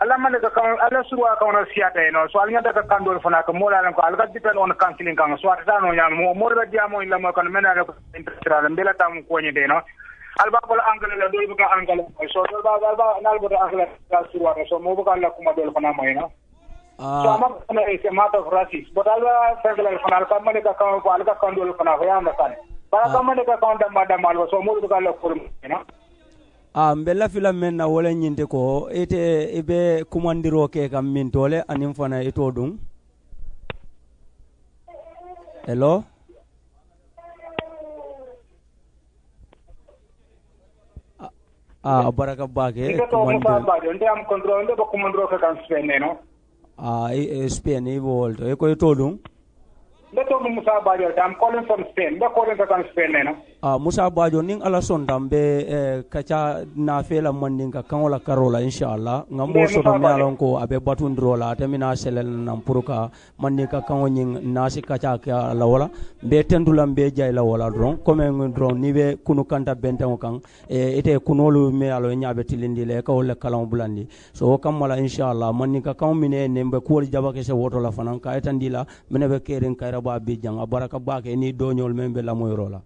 ala mane ka kan ala surwa ka ona siata eno so alnya daga kan dol fana ka mola lan ko alga dipen on kansilin kan so ata no nyam mo mo da dia illa mo kan mena ko intra lan bela tam ko nyi deno alba ko angale la dol buka angale so dol ba ba ba nal go angale ka surwa so mo buka la kuma dol fana mo eno eh, ah. so ama kana eh, is a matter of rasis but alba fegla fana alga mane ka kan ko alga kan dol fana ya ma ah. kan ba ka mane ka kan da ma da mal so mo buka la kurma eno n ah, bɛ lafila mɛn na wole ɲin tɛ kɔ i be eh, i ke komandiro min tɔlɛ ani fana ito t'o dun hello a baraka bake spain i wolto i koy to dun nde to dum musa badio tam calling from spain nde calling from spain neno a ah, musa bajo nin ala sonta n bɛ eh, kaca nafela mandinka mandin ka kaŋo la karo la inshallah nka mo soto me alon ko a bɛ batun la ate mina selel pour ka mandin kaŋo ñiŋ nasi kaca ke la wala n bɛ tentu la la wala doron comme doron ni bɛ kunu kanta benteŋo kaŋ eh, ite kunolu me alo ña tilindi la ka wo le kalaŋo bulandi so wo kamma la inshallah mandin kaŋo mine nin bɛ kuwolu jabakese woto la fanaŋ ka itandi la mine bɛ kerin kayira bo bi jaŋ a baraka ba ni doñol meŋ bɛ lamoyoro la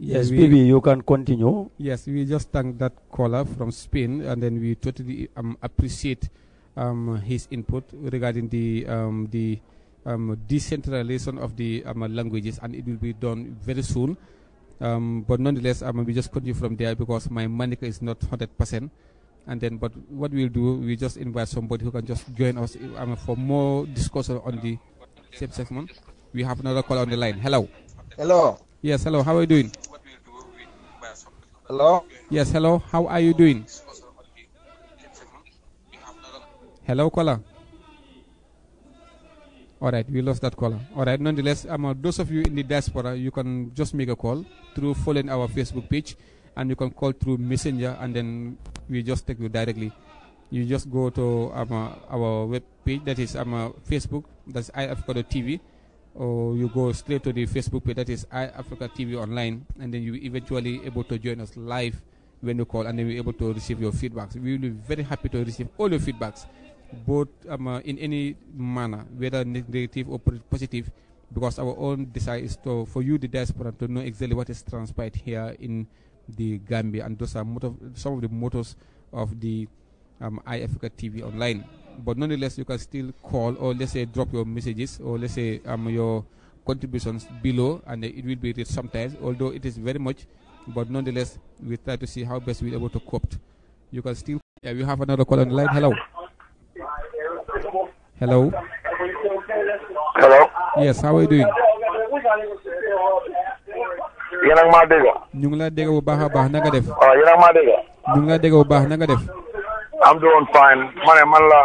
Yes, we, BB, you can continue. Yes, we just thank that caller from Spain, and then we totally um, appreciate um, his input regarding the um, the um, decentralization of the um, languages, and it will be done very soon. Um, but nonetheless, um, we just continue from there because my manica is not hundred percent. And then, but what we'll do, we just invite somebody who can just join us for more discussion on the same segment. We have another call on the line. Hello. Hello. Yes, hello. How are you doing? Hello. Yes, hello. How are you doing? Hello, caller. All right, we lost that caller. All right, nonetheless, um, uh, those of you in the diaspora, you can just make a call through following our Facebook page, and you can call through Messenger, and then we just take you directly. You just go to um, uh, our web page, that is um, uh, Facebook, that's TV or you go straight to the Facebook page that is Africa TV Online, and then you eventually able to join us live when you call, and then we're able to receive your feedbacks. We will be very happy to receive all your feedbacks, both um, uh, in any manner, whether negative or positive, because our own desire is to, for you, the diaspora, to know exactly what is transpired here in the Gambia, and those are motor, some of the motors of the um, iAfrica TV Online but nonetheless, you can still call or let's say drop your messages or let's say um, your contributions below and it will be read sometimes, although it is very much, but nonetheless, we try to see how best we're able to cope. You can still, yeah, we have another call on the line. Hello. Hello. Hello. Yes, how are you doing? yéen ak maa dégg. ñu ngi laa dégg bu baax a baax na nga def. waaw ah, yéen ak maa ñu ngi bu baax na nga def. I'm doing fine. ma man la.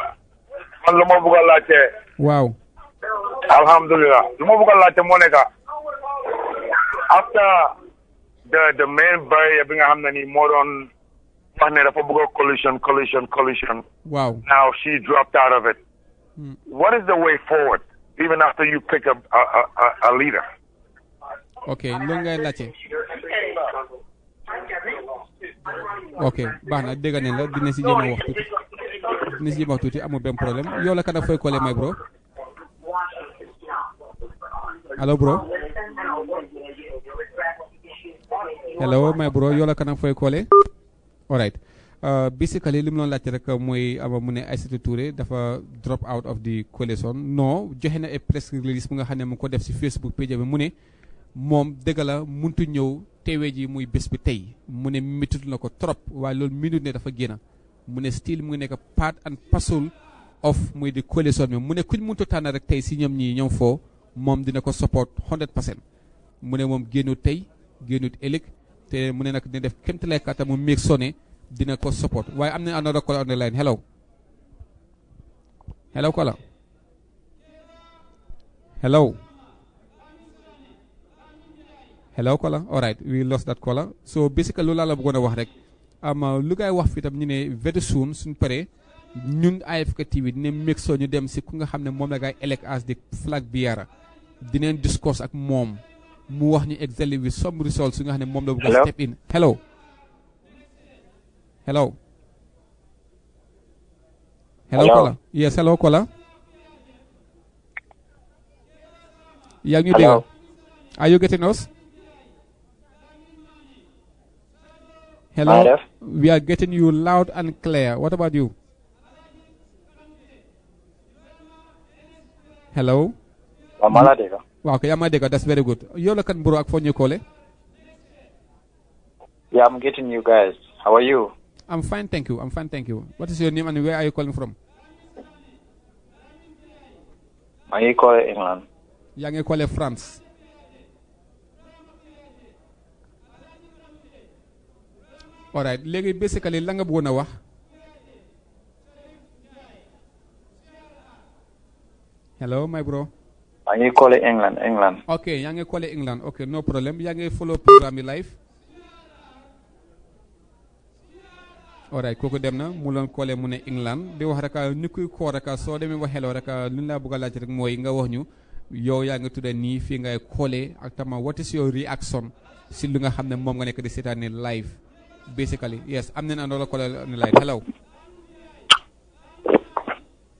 Lɔnbugu ka lajɛ waaw alihamdulila Lɔnbugu ka lajɛ mɔnɛ kan after the the main barrier being Hamdani more on Pan Republican collision, collision, collision. Wow. Now she dropped out of it. Mm. What is the way forward, even after you pick a, a, a, a leader? Okay, Lunga Lache. Okay, Bana, Deganella, didn't see you ni si wax tuuti amul benn problème yow la kan ak fooy collé may bro allo euh, li mu doon laajte rek mooy ama mu ne Aïssatou Touré dafa drop out of the coalition non joxe na ay press release mu nga xam ne mu ko def si Facebook page bi mu ne moom dëgg la muntu ñëw teewee ji muy bés bi tey mu ne métut na ko trop waaye loolu minute ne dafa génn mu ne still mu ngi nekk part and parcel of muy di coalition bi mu ne kuñ mënut a rek tey si ñoom ñii ñëw foo moom dina ko support 100 percent mu ne moom génnut tey génnut ëllëg te mu ne nag dina def kéem tolluwaay mu méeg sonné dina ko support waaye am na another caller on the line hello hello caller hello hello caller all right we lost that caller so basically loolu laa la bëggoon a wax rek. am euh, lu kaay wax fi tam ñu ne very soon suñ paree ñun AFK TV dina mixoo ñu dem si ku nga xam ne moom la ngay elect as di flag bearer dineen discourse ak moom mu wax ñu exactly with some results su nga xam ne moom la ko a step in hello hello hello kola yes hello yaa ngi ñu dégg are you getting us Hello. Hi, we are getting you loud and clear. What about you? Hello. Am I okay, am That's very good. You're looking bro, for phone call eh? Yeah, I'm getting you guys. How are you? I'm fine, thank you. I'm fine, thank you. What is your name and where are you calling from? I call England. Yeah, I call France. alright léegi basically la nga bëggoon a wax hello my bro maa ngi collé England England ok yaa ngi collé England ok no problem yaa ngi follow programme yi live alright kooku dem na mu loon collé mu ne England di wax rek ni kuy koo rek soo demee wax hello rek lu ñu laa bëgg a laaj rek mooy nga wax ñu yow yaa ngi tudda nii fii ngay collé ak tama what is your reaction si lu nga xam ne moom nga nekk di seetaani live basically. Yes, I'm in another caller on the line. Hello.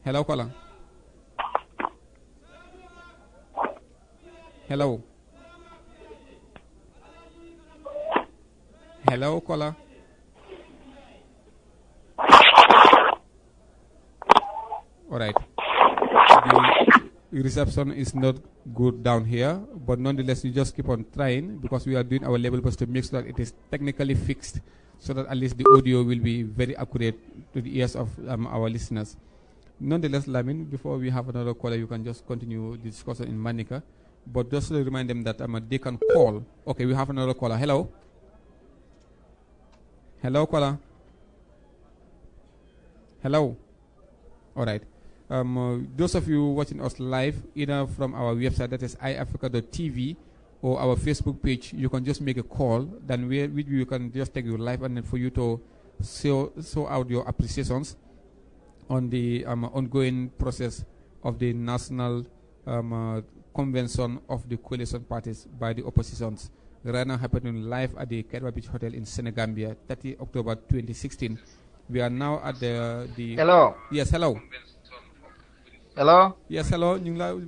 Hello, caller. Hello. Hello, caller. All right. The reception is not go down here but nonetheless you just keep on trying because we are doing our level best to make sure that it is technically fixed so that at least the audio will be very accurate to the ears of um, our listeners nonetheless Lamin before we have another caller you can just continue the discussion in Manica but just to remind them that um, they can call okay we have another caller hello hello caller hello all right um, uh, those of you watching us live, either from our website, that is iafrica.tv, or our Facebook page, you can just make a call. Then we, we can just take your live and then for you to show, show out your appreciations on the um, ongoing process of the national um, uh, convention of the coalition parties by the oppositions. Right now happening live at the Kerwa Beach Hotel in Senegambia, 30 October 2016. We are now at the... the hello. Yes, hello. Convention. Hello. Yes, hello.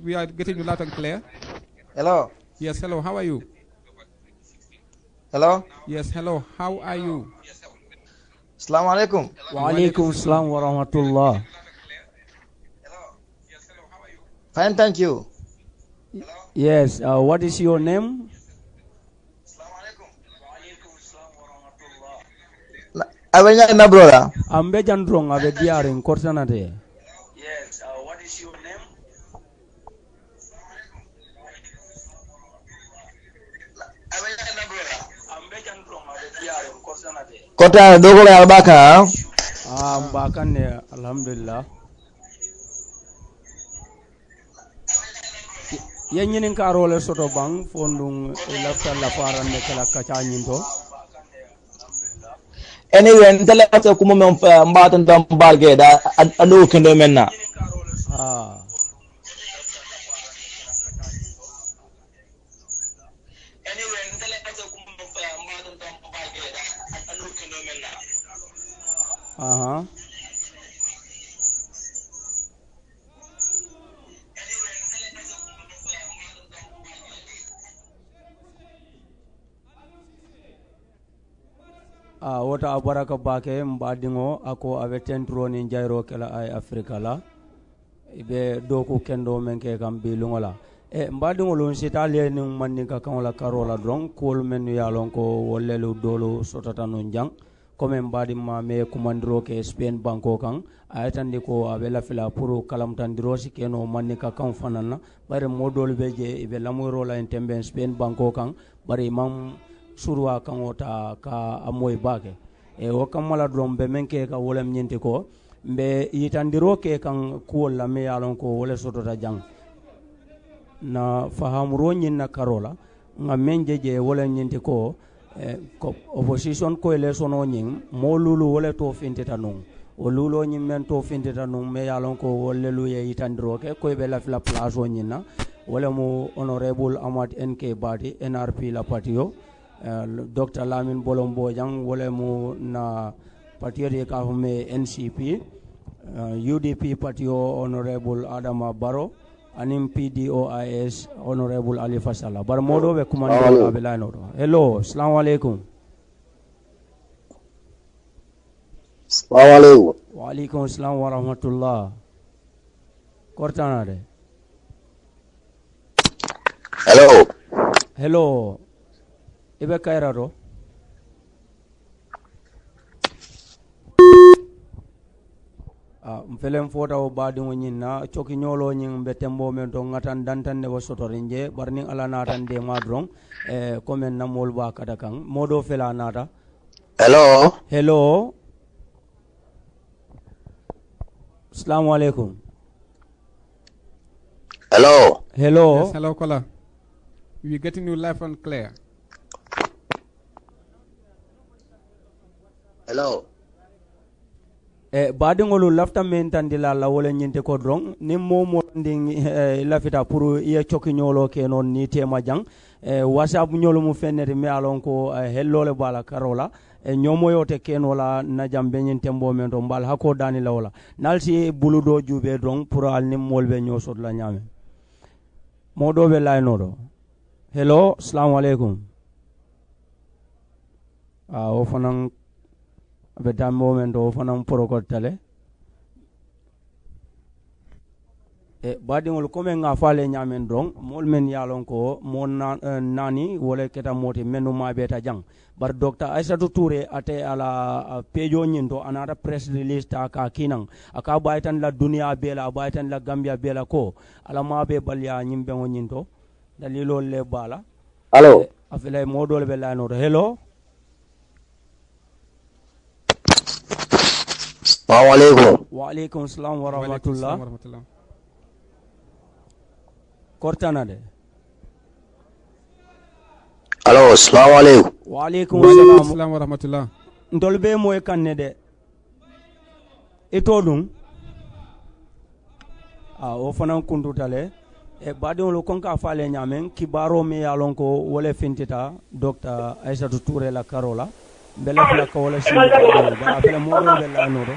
We are getting you loud and clear. Hello. Yes, hello. How are you? Hello. Yes, hello. How are you? Assalamu alaikum. Wa alaikum salam wa rahmatullah. Fine, thank you. Yes, uh, what is your name? Abenya my brother. Ambe jandrong abe diarin korsanate. కొట్ట దూకుడు అలబాక బాగానే అల్హమ్దుల్లా yeñinin ka role soto bang fondung lafta la faran ne kala ka chanyin to anyway ntele ko kuma mba tan dam balge da anu kendo menna ah Aha. a ah, wota a baraka ka baake mba a ko a be tenturo niŋ jayiro ke la a ye afirika la i be dooku kendo meŋ ke kaŋ biluŋo la e mba diŋo luŋ sita ali ye niŋ mandinka kaŋo la karoo la doroŋ kuwolu mennu ye a loŋ ko wolu lelu doolu sotota nuŋ jaŋ komi mbaɗimma me kumandiro ke spain banko kan a yetandi ko a ɓe lafila pour kalamtandiro si keno manni ka kan fananna bari bari modol be je ɓe lamurola en tembe spain banko kan bari imam surwa kanŋo ta ka a moyi bake e wo kammala doron ɓe men ke ka wolem ñinti ko mbe yitandiro ke kan kuwol la mi ye a lon ko wole sotota jang na fahamuro ñin na karola nga men je je wolem ñinti ko Eh, opposition coalition sono nyin mo lulu wole to fintita nung o lulu nyin men to fintita nung me yalon ko wole lu ye itandro ke koy be la fla place o ñina wole mo honorable amad nk badi nrp la patio eh, docteur lamin bolom jang wole mo na patio de ka me ncp eh, udp patio honorable adama baro ani PDOIS honorable Ali Fasala. Bar modo be kumando abela no. Hello, assalamu alaikum. Assalamu alaikum. Wa alaikum assalam wa rahmatullah. Cortana de. Hello. Hello. Ibe kairaro. mfelen fota o baadiŋo ñiŋ na cokiñolo ñiŋ be tembo men to ŋatan dantan ne wo sotorin je bari niŋ alla naatan deema doroŋ e, komen na moolu be a kata kaŋ moo fela naata hello hello salamu aleykum hello hello yes, kola we getting you live and clear hello e baadiŋolu lafita meŋ tandi la la wo le ñinti ko doroŋ niŋ moo moo landiŋ e, eh, lafita pour i ye cokiñoolo ke noon niŋ teema jaŋ e, eh, wasaab ñolu mu feŋ neti mi ye a loŋ ko helloo le baa la karo la e, ñoomoyo te keno la najaŋ be ñiŋ tenboo meŋ to mbaal hakkoo daani la wo la naŋ si bulu doo juubee doroŋ pour ali niŋ moolu be ñoo soto la ñaameŋ moo doo be laayinoo to helo salaamualeykum a wo fanaŋ ɓe dammo e, men ɗo fana porokottale e baɗiŋol kome ŋa faale ñamen dron moolu men ye lon ko mo naani wole keta moti mennu maɓeta jaŋ bari docteur aissatou touré ate ala peejo ñin to anata press release ta ka kinan aka bayitan la duniya bee la a bayitan la gambia bee la ko ala maɓe balya ñin beŋo ñin to le baala alo e, a filay moɗol ɓe laynoto hello salaamaaleykum. waaleykum salaam wa rahmatulah. kortana de. alo salaamaaleykum. waaleykum salaam wa rahmatulah. ntolu bee mooy e kan ne de. i e t'o dun. a o fana kuntuta le. e baadiŋolu koŋ ka fo ale ñaameŋ kibaaroo miŋ ko wole fintita docta aissatou touré la karo la mbe lafula ka wo le sinita a fele mooloo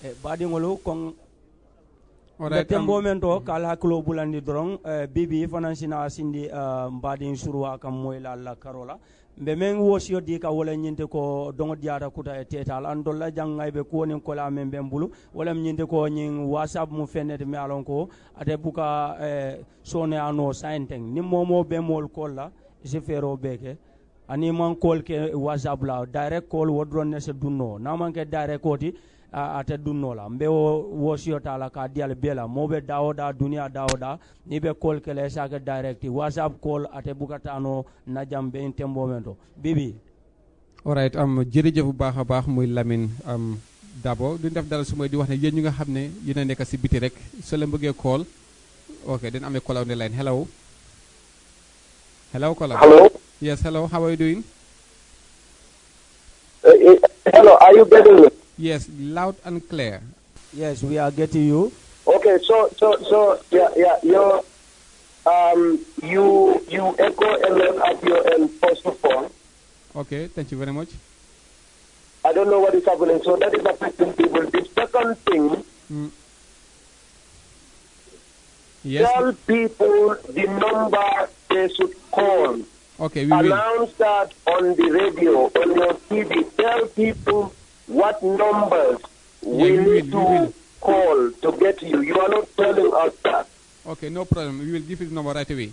e eh, baadiŋolu koŋ nte meŋ to ka ala hakkiloo bulandi doroŋ eh, bibi fanaŋ sina sindi eh, mbaadiŋ suruwa kaŋ moyi la la karo la mbe meŋ wosio di ka wo ñinti ko doŋo diyaata kuta e teetaal an dolla jaŋŋa i be kuwo kola meŋ beŋ bulu wo lem ñinti ko ñiŋ whatsapp mu feŋ ne ti miŋ a loŋ ko ate buka sooneya noo sayin teŋ niŋ moomoo be moolu koolu la si feeroo bee ke aniŋ maŋ koolu ke whatsapp la direct koolu wo doroŋ ne si dunnoo naŋ maŋ ke direct kooti ate dunno la n be wo wosiyota la k'a diyal bee la moo be daa wo daa duniya daa wo daa kele i se a ke directi whatsapp kol ate buka taa noo na jam be n tenboo men to bibi alright am jërëjëf bu baax baax muy Lamine am d'abord duñ def dara su di wax ne yéen ñu nga xam yéen a nekk biti rek soo leen bëggee call ok dañ amee caller on the line hello hello caller hello yes hello how are you doing eh, eh, hello are you better Yes, loud and clear. Yes, we are getting you. Okay, so so so yeah yeah you um you you echo LM at your end first of all. Okay, thank you very much. I don't know what is happening, so that is affecting people. The second thing. Mm. Yes. Tell people the number they should call. Okay, we Announce will. that on the radio, on your TV. Tell people what numbers we need will, to call to get you. You are not telling us that. Okay, no problem. We will give the number right away.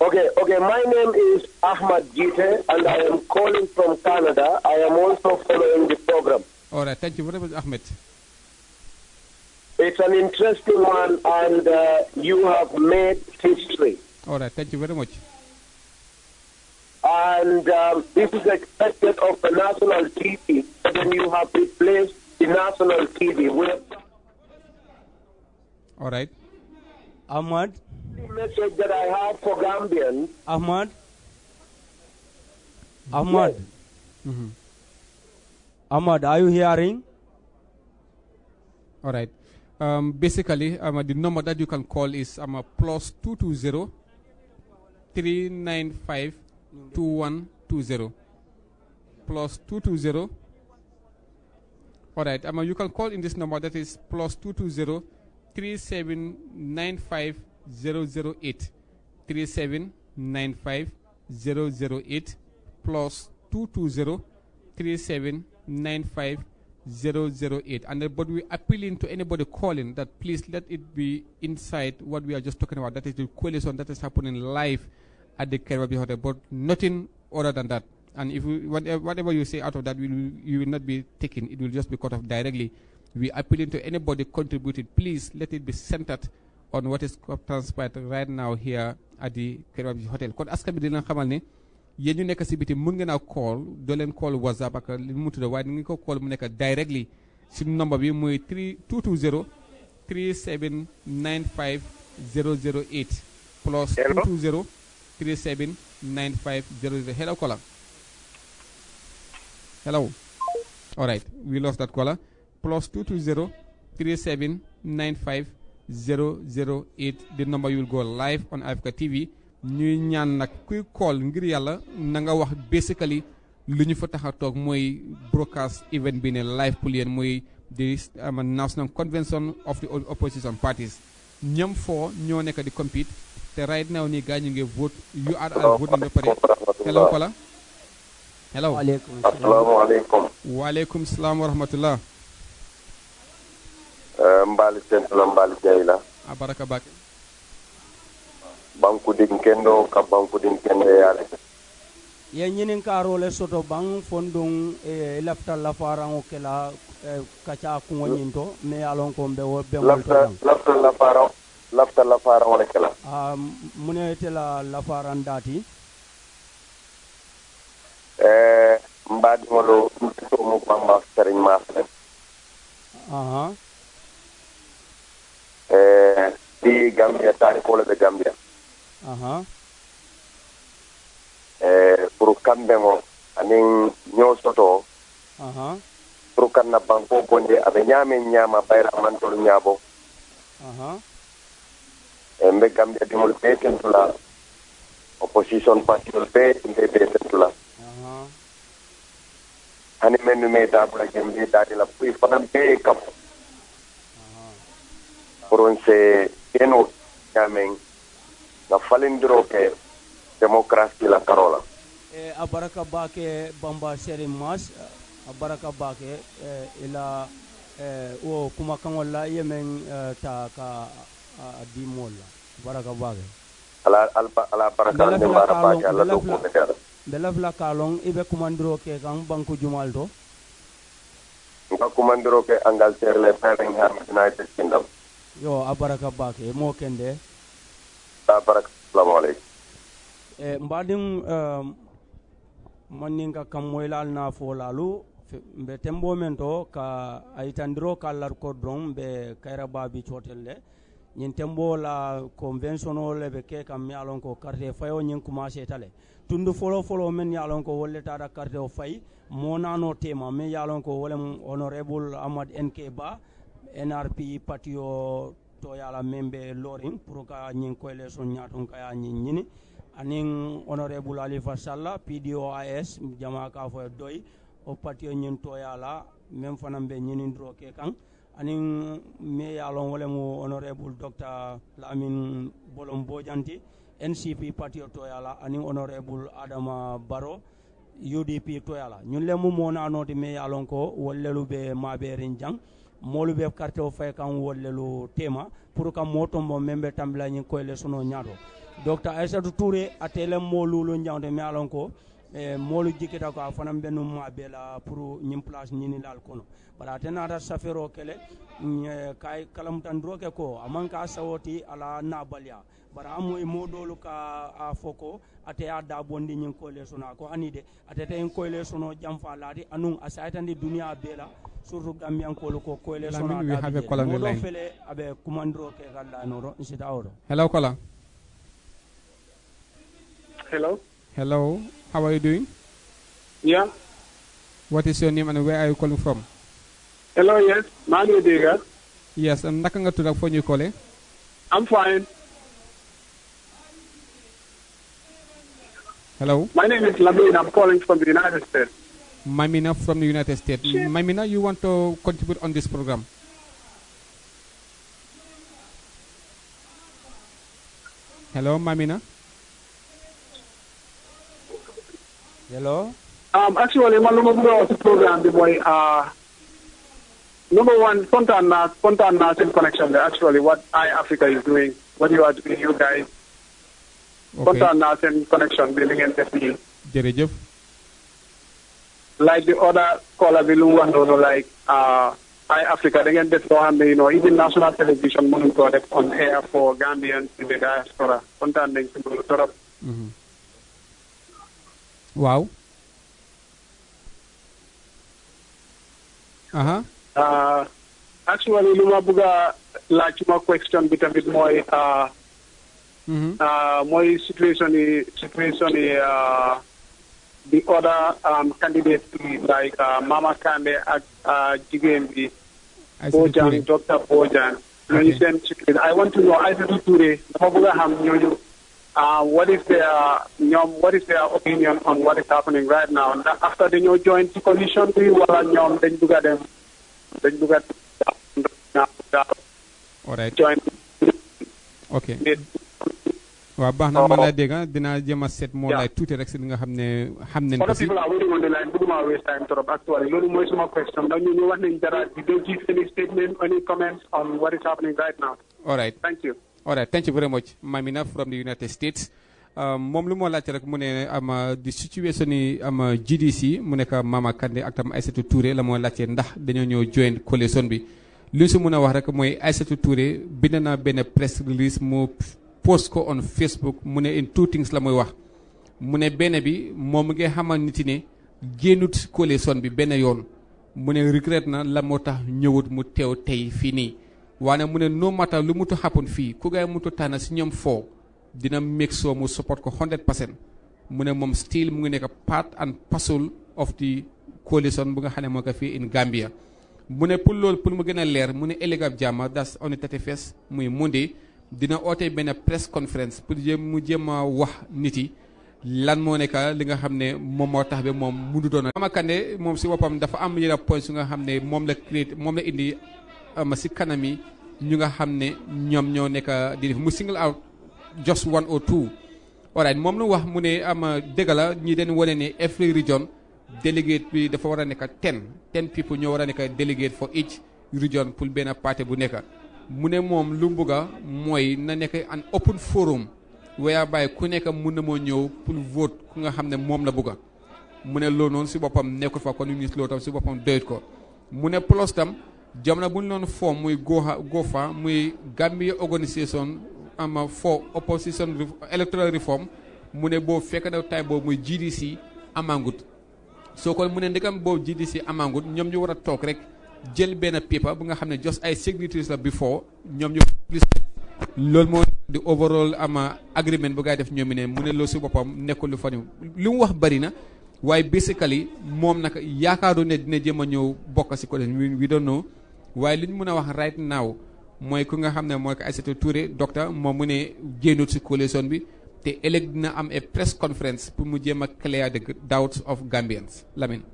Okay, okay. My name is Ahmad Gite, and I am calling from Canada. I am also following the program. All right, thank you very much, Ahmed. It's an interesting one, and uh, you have made history. All right, thank you very much. And um, this is expected of the national TV Then you have replaced the national TV. With All right. Ahmad. message that I have for Gambians. Ahmad. Ahmad. Yes. Mm-hmm. Ahmad, are you hearing? All right. Um, basically, um, the number that you can call is um, plus 220 395 2120 plus 220. All right, I mean you can call in this number that is plus 220 3795008. 3795008 plus 220 3795008. and but we appealing to anybody calling that please let it be inside what we are just talking about that is the coalition that is happening live at the Kerala Hotel, but nothing other than that. And if we, whatever you say out of that, will, you will not be taken. It will just be cut off directly. We appealing to anybody contributed. Please let it be centered on what is transpired right now here at the Kerala Hotel. kon askan bi dinañ xamal ne yéen ñu nekk biti mun ngeen call doo leen call WhatsApp ak li mu tudd waaye ni nga ko call mu nekk directly si number bi mooy 3 220 220 379500 hello caller hello all right we lost that caller plus Plus two two zero three seven nine five zero zero eight. 008 the number you will go live on Africa TV ñuy ñaan nag kuy call ngir yàlla na nga wax basically lu ñu fa tax a toog mooy broadcast event bi ne live pour yéen mooy di um, national convention of the opposition parties ñam foo ñoo nekk di compete te right now ni gaañu nge vote you are are voting ba pare hello kola hello waaleykum salaam waaleykum salaam wa rahmatullah euh, mbaali sentula mbaali jayla a baraka bake bankudin kendo ka bankudin kende yaale ye ñinin kaaro le soto baŋ fondon e lafita lafaraŋo kela e, kaca kuŋo ñin to mais ye a ko mbe wo beŋol to lafita lafaraŋo lafta lafara wala kala um, mune tela lafaran ndati eh mbadiŋolu mbeto mu bamba serigne mafle aha eh di gambia tarikolo be gambia aha eh pour kambeŋo aniŋ ñoo soto aha pour kanna banko bonde abe ñaameŋ ñaama bayra amantolu ñaabo aha yimɓe gambia demol be tentula opposition partiol be yimɓe be tentula hani men nu mee daabulake mbi daadila puy fana be e kam koron se eno ñaamen na falindiro ke démocratie la karola e a baraka baake bamba seri mas a baraka baake ila eh, wo kumakaŋol la eh, yemen eh, ta ka a di mool la baraka baake mbe lafila ka i e be kumandiro ke kan banku jumal to nka kumandiro ke angleterre le birmingham united kingdom yo a baraka baake moo kende e mbaadiŋ manniŋ ka kammoyla al naa fo laalu mbe tembo men to ka a yitandiro ka lar ko doroŋ mbe kayra baabi cootel le ñiŋ tenboo la conventiono le be ke kaŋ miŋ ye a loŋ ko karite fayo ñiŋ kumaseeta le tundu folo folo meŋ ye a loŋ ko wolu le taata kariteo fayi moo naanoo teema meŋ ye a loŋ ko wo lemu honorable amad nk ba nrp patio toya la meŋ be lorin pour ka ñiŋ coalition ñaatoŋ ka ye ñiŋ ñini aniŋ honorable alifa salla pdoas jama ka fo ye doyi wo patio ñiŋ toya la meŋ fanaŋ be ñinin ke kaŋ anin meyalon mu honorable docteur lamin bolom bojanti ncp patio o toyala ani honorable adama baro udp toyala ñun le mu monanoti lon ko wollelu ɓe maɓerin jang moolu ɓe carte o fay kan wollelu tema pour kam mo tombo men be tambilañin koyle sono ñaato docteur aissatou touré atelen mo lulo jawde lon ko Eh, moolu jikita ko a fana be num ma bee la pour ñim place ñinilal kono bara ate naata safero kele kay kalamutandiro ke ko aman ka sawoti ala nabaliya bara amu e moo doolu ka a fo ko ate a dabondi ñin koyle sono a ko ani de atete en koyle sono jamfa laati anun a saytandi duniya be la surtout gambiyankolu ko koyle sono modo fele aɓe kumandiro ke kallanoro sita oɗo hello kola hello hello How are you doing? Yeah. What is your name and where are you calling from? Hello, yes. My name Yes, I'm not going to the phone you calling. Eh? I'm fine. Hello. My name is Lamina. I'm calling from the United States. Mamina from the United States. Yes. Mamina, you want to contribute on this program? Hello, Mamina. Hello? Um, actually, my number one program, the boy, uh, number one, Fontana, Fontana Connection, actually, what I Africa is doing, what you are doing, you guys. Okay. Fontana Connection, building and testing. Like the other caller below, and also like, uh, I Africa, they get this for you know, even national television, monitor on air for Gambians in the diaspora. Fontana, mm-hmm. Wow. Uh-huh. Uh, actually, lumabuga lachima question bit a bit more. Uh, Mm -hmm. uh, my situation is situation is uh, the other um, candidates like uh, Mama Kande at uh, GMB, Bojan, Dr. Bojan. Okay. I want to know, I said to know. Uh, what is their you know, what is their opinion on what is happening right now after dañoo join ci coalition wala ñoom dañ bugg a dem dañ bugg a join ok waaw baax na ma laa dégg ah, dinaa jéem a seet moo lay tuuti rek si li nga xam ne xam nañ ko si bëgguma waste time trop loolu mooy suma question ndax ñu ñu wax nañ dara di doo give any statement any comments on what is happening right now all All right, thank you very much. Mamina from the United States. Um, moom lu moo laajte rek mu ne am uh, di situation yi am uh, GDC mu nekk Mama Kandeh ak tam Aïssatou Touré la moo laajte ndax dañoo ñëw join coalition bi li su mën a wax rek mooy Aïssatou Touré bind na benn press release mu post ko on Facebook mu ne in two things la muy wax mu ne benn bi moom nga xamal nit ne génnut coalition bi benn yoon mu ne regret na la moo tax ñëwut mu teew tey fii nii. waa waane mu ne no matter lu mutu xappoon fii ku gaay mutu tànn si ñoom foo dina make sure mu support ko 100 percent mu ne moom still mu ngi nekk part and parcel of the coalition bu nga xam ne moo ko fii in Gambia mu ne pour loolu pour mu gën a leer mu ne ëllëg ab jàmm das on the muy mundi dina oote benn press conference pour mu jéem wax nit yi lan moo nekka li nga xam ne moom moo tax ba moom mënu doon. Mama Kandeh moom si boppam dafa am yenn point su nga xam ne moom la créé moom la indi. Euh, ma si yi ñu nga xam ne ñoom ñoo nekk di def mu single out just one or two alright moom lu wax mu ne am dëgg la ñi den wane ne every region delegate bi dafa war a nekk ten ten people ñoo war a nekk delegate for each region pour benn parti bu nekk mu ne moom lu mu bëgga mooy na nekk an open forum whereby ku nekk mun na moo ñëw pour vote ku nga xam ne moom la bëgga mu ne loolu noonu si boppam nekkul fa kon loolu tam si boppam doyut ko Jamuna bu form doon fo muy Goxa Gofa muy Gambia organisation ama fo opposition electoral reform mu ne boobu fekk na tay boobu muy GDC amangut so kon mu ne ndegam GDC amangut ñoom ñu war a rek jël benn paper bu nga xam just ay signatures la before ñoom ñu loolu moo di overall ama agreement bu ngay def ñoom ne mu ne loolu si nekkul lu fa ñu wax bari na waaye basically moom nag yaakaaru ne dina jéem ñëw bokk si collège we don't know waaye li ñu mën a wax right now mooy ku nga xam ne mooy ko Aïssatou Touré docteur moom mu ne si coalition bi te ëllëg dina am a press conference pour mu jéem a clear the doubts of Gambians Lamine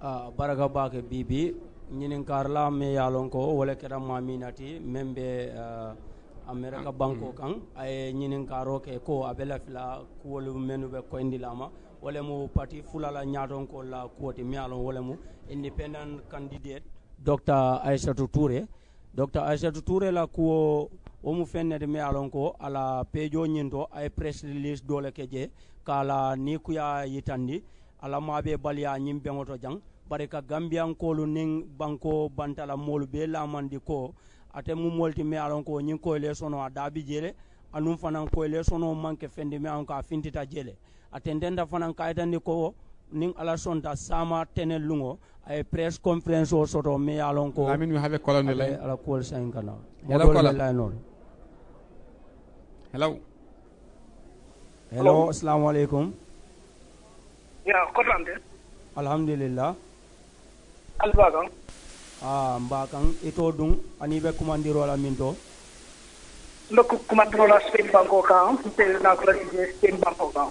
ah baraka baake bibi ñininkaar la me yaalon ko wala kera maminati même be ah, america banko mm-hmm. kan ay ñininkaaro ke ko abela fila kuwolu menu be ko lama wala mu parti fulala ñaaton ko la kuwoti mi yaalon wala mu independent candidate Dr Aisha Tuture Dr Aisha Tuture la kuwo wo mu fennede me alonko ala pejo nyindo ay press release dole ke kala ni kuya yitandi ala mabe baliya nyimbe ngoto jang bari ka gambiyankolu ning banko bantala moolu be lamandi ko ate mu molti me alon ko le sono a daabi jele anum fanan le sono manke fendi me anka fintita jele atendenda fanan kayitandi ko ning ala sonta sama tene lungo a ye press conference o soto min ye a lon ko amin we have a call on the line ala call sign kana hello caller hello hello assalamu alaikum ya kotante eh? alhamdulillah alba kan ah mba kan ito dun ani be kumandiro la min to mbe kumandiro la spain banko kan mbe na kula spain banko kan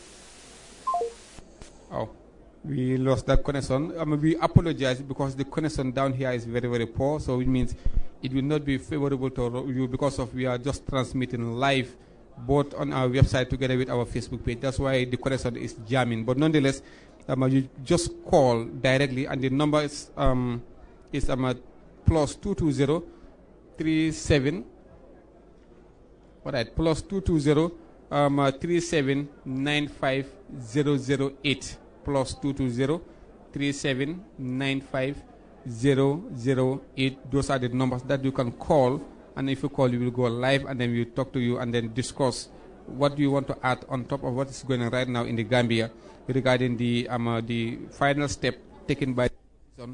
we lost that connection. I mean, we apologize because the connection down here is very, very poor. So it means it will not be favorable to you because of we are just transmitting live both on our website together with our Facebook page. That's why the connection is jamming. But nonetheless, um, you just call directly and the number is um, is um, at plus 220 37 all right plus 220 um, uh, 37 plus 220 Those are the numbers that you can call. And if you call, we will go live and then we'll talk to you and then discuss what do you want to add on top of what is going on right now in the Gambia regarding the, um, uh, the final step taken by the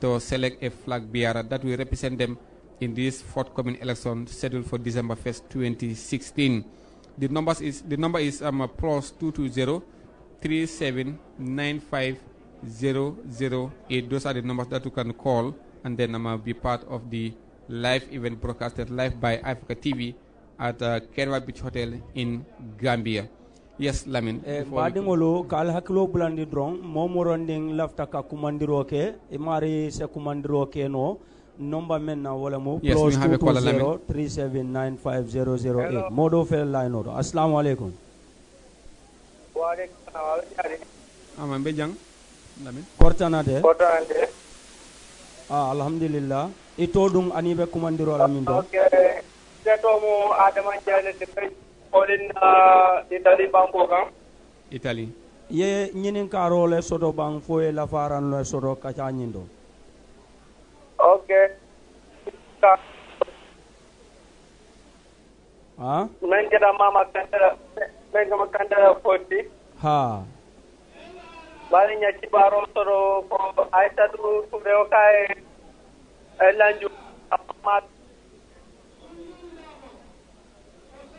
to select a flag bearer that will represent them in this forthcoming election scheduled for December 1st, 2016. The numbers is the number is um, uh, plus 220 Three seven nine five zero zero eight. Those are the numbers that you can call and then I'm um, be part of the live event broadcasted live by Africa TV at uh, Kerwa Beach Hotel in Gambia. Yes, Lamin. Eh, Badingolo kal hakilo bulandi drong momoronding lafta ka kumandiro ke imari se kumandiro ke no number men na wala mo yes, plus 220 Modo fel line odo. Assalamu alaikum. Wa alaikum ama ah, mbe jang lamin kortanade kortanade ah alhamdulillah ito dum ani be kumandiro la min do okay to mo adama jale de pe olin itali ah, banko kan itali ye ñinin karo le soto bang fo ye lafaran le soto kaca ñin do okay Ka ha ah? men kada mama kandara men kama kandara 40 ha mbaani ñacci ɓaarom soɗo ko aytatu tuɓe o ka e e lanju a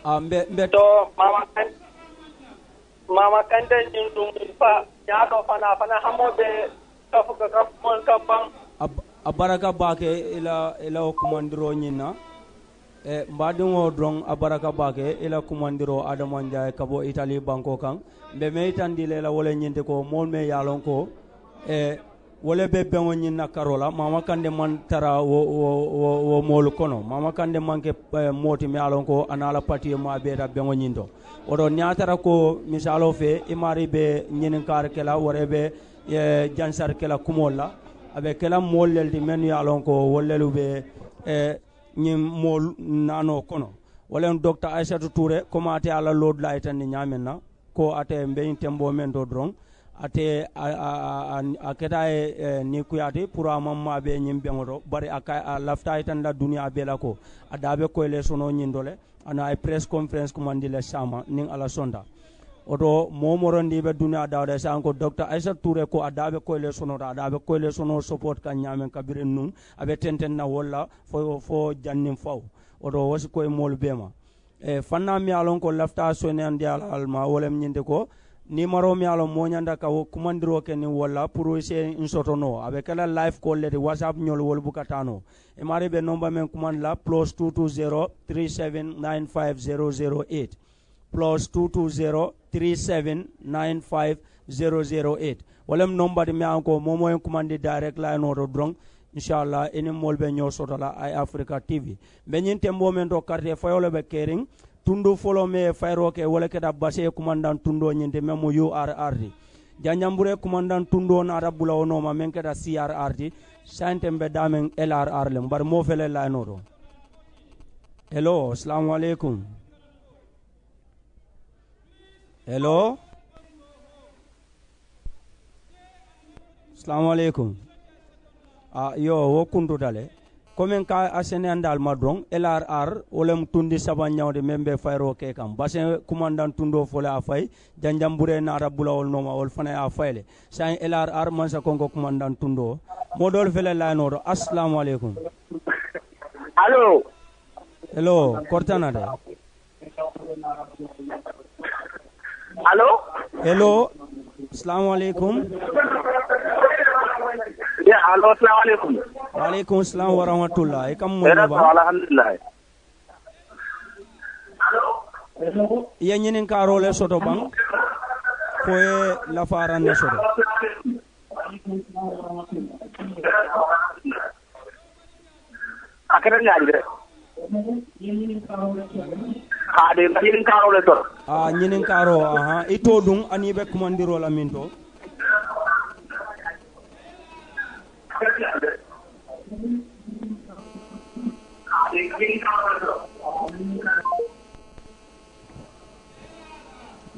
ah, mbe mbe to mama kan mama kande ñin ɗum fa ñaaɗo fana fana hamoɓe kafuka kafumon kam bam a baraka bake ila ila o commandiro ñinna e eh, mbaɗum o dong a baraka bake ila commandiro adama ndiaye kabo italie banko kan mbe meyitandi lela wole ñinte ko mool me yalon ko e wole be beŋo ñin na karola mama kande man tara wo, wo, wo, wo moolu kono mama kande manke eh, mooti mi alon ko anala patiye ma beeta beŋo ñin to oto ni a tara ko misalo fe i maari be ñininkaari kela wore be eh, jansar kela kumol la abe kela mool lelti men yalon alon ko wollelu be eh, ñin mool nano kono wolen docteur aissatou touré commenté ala loodula itandi ñamen na ko ate mbeyin tembo men do dron ate a a, a, keta e, e ni kuyate pour a mamma be nyim be ngoro bari a lafta e tan la dunia be la ko a dabe e le sono nyindole ana ay press conference kumandi le sama nin ala sonda oto ndi be duniya dawde san ko docteur aissa touré ko adabe ko le sono adabe ko le sono support ka nyame ka kabiren nun aɓe tenten na wala fo fo jannim faw oto wasi ko e mol bema e fanna mi alon ko lafta sone andi alma wolem nyinde ko nimaro mi alon mo nyanda ka wo kumandiro ke ni wala pour se insotono abe kala live call le whatsapp nyol wol bukatano e mari be nomba men kuman la plus 220 3795008 plus 220 3795008 wolem nomba de mi ko momo en kumandi direct line oto drong inchallah ene molbe be ñoo soto la ay africa tv be ñiŋ tembo men to karite fayoo be kering tundu folo me fayro ke wo le keta basee kumandaŋ tundoo memo ti ar mu urr ti tundo na tundoo wono bulawo men ke keta crr ti sante be damen lrr lem bari moo fele la to hello assalam alaikum hello assalamu alaikum a ah, yo wo kundutale komin ka aseneyandal ma don lrr wolem tundi saba ñawde men be fayro ke kam bassin commandant tundo fole a fay janjambure naata bulawol nooma wol fana a fayle sayin man sa konko commandant tundo modol fele laynoto assalamu aleykum allo hello kortanade allo hello assalamu aleykum alo assalamu alaikum wa alaikum assalam wa rahmatullah e kam mo ba alhamdulillah ye ñinin karo le soto bang fo ye lafaran ne soto akere ñaaji de ha de ñinin karo le soto ah ñinin karo aha ito dum ani be kumandiro la min to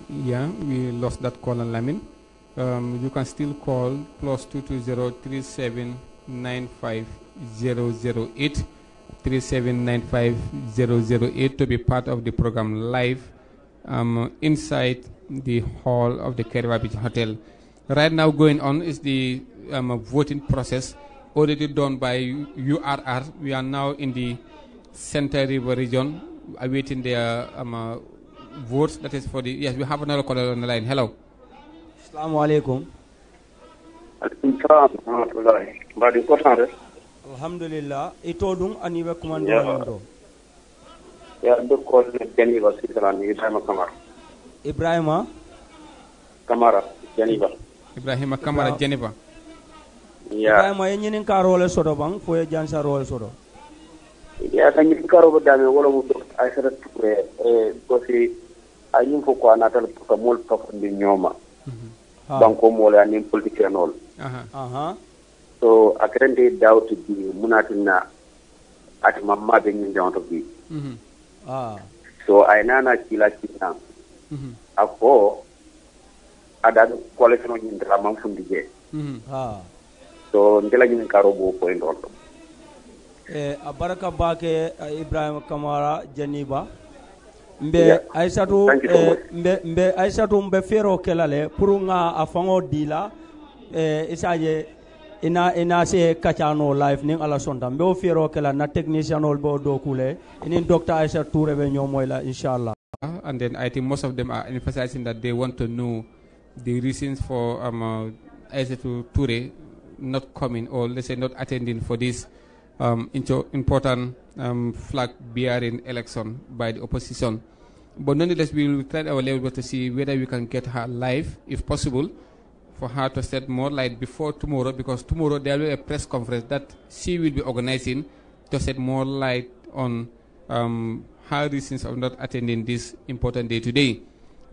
Yeah, we lost that call on Lamin. Um, you can still call plus 8 3795-008 to be part of the program live um, inside the hall of the Keriwa Beach Hotel. Right now going on is the um, voting process already done by URR. We are now in the center region awaiting their um, uh, votes. That is for the yes. We have another caller on the line. Hello. Assalamu alaikum. Alhamdulillah. Ito dum anibe kumando ando. Ya do call Geneva Ibrahim Ibrahima Kamara. Ibrahim Kamara Geneva. Ibrahima Kamara Geneva. Yeah. Ibrahima yenyenin ka role sodo bang fo jansa role Kan karo bɛ daminɛ wolo a sera parce a yin fɔ ko ah, a mm-hmm. ah, n'a ka ka mori ka di ɲɔgɔn ma banko mɔgɔya ni poli kɛ nɔ la a kɛra de da tɛ bi munna tɛ na a tuma maa bɛ min dɔn to bi so a ye n'a ci la ci tan a ko a da kɔlɛs mam fundi man so n ɲini karo b'o ko in eh, Eh, eh, kamara janiba eh, se ala na b'o ni aisha toure la inshallah and then i think most of them are emphasizing that they want to know the reasons for um, uh, aisha toure not coming or let's say not attending for this um, into important um, flag bearing election by the opposition. But nonetheless, we will try our level to see whether we can get her live, if possible, for her to shed more light before tomorrow, because tomorrow there will be a press conference that she will be organizing to shed more light on um, her reasons of not attending this important day today.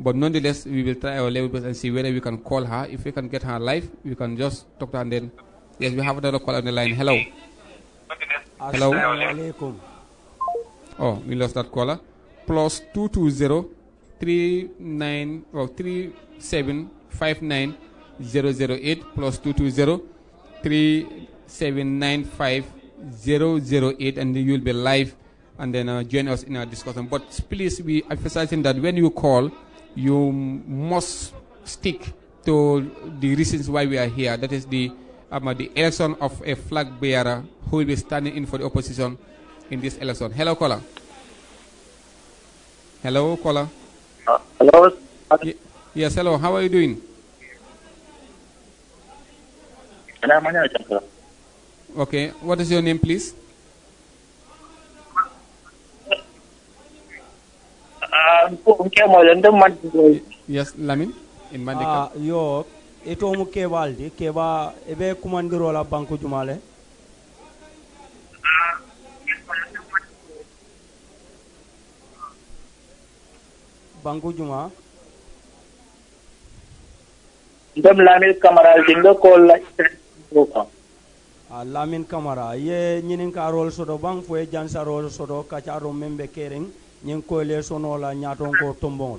But nonetheless, we will try our level best and see whether we can call her. If we can get her live, we can just talk to her and then. Yes, we have another call on the line. Hello. Hello. Oh, we lost that caller. Plus 220 39 or 3759008 plus 220 3795008 and you'll be live and then uh, join us in our discussion. But please, we emphasizing that when you call, you must stick to the reasons why we are here. That is the um, the election of a flag bearer who will be standing in for the opposition in this election. Hello, caller. Hello, caller. Uh, hello. Y yes, hello. How are you doing? Okay. What is your name, please? Uh, yes, Lamin in Mandika. Uh, York. itomu kebal di keba ebe kumandiro la banku juma le banku juma ndem lamin kamara jinga ko la a ah, lamin kamara ye ñinin ka rol sodo bang fo ye jansa rol sodo kaca ro membe kering ñin ko le sono la ñaton ko tombon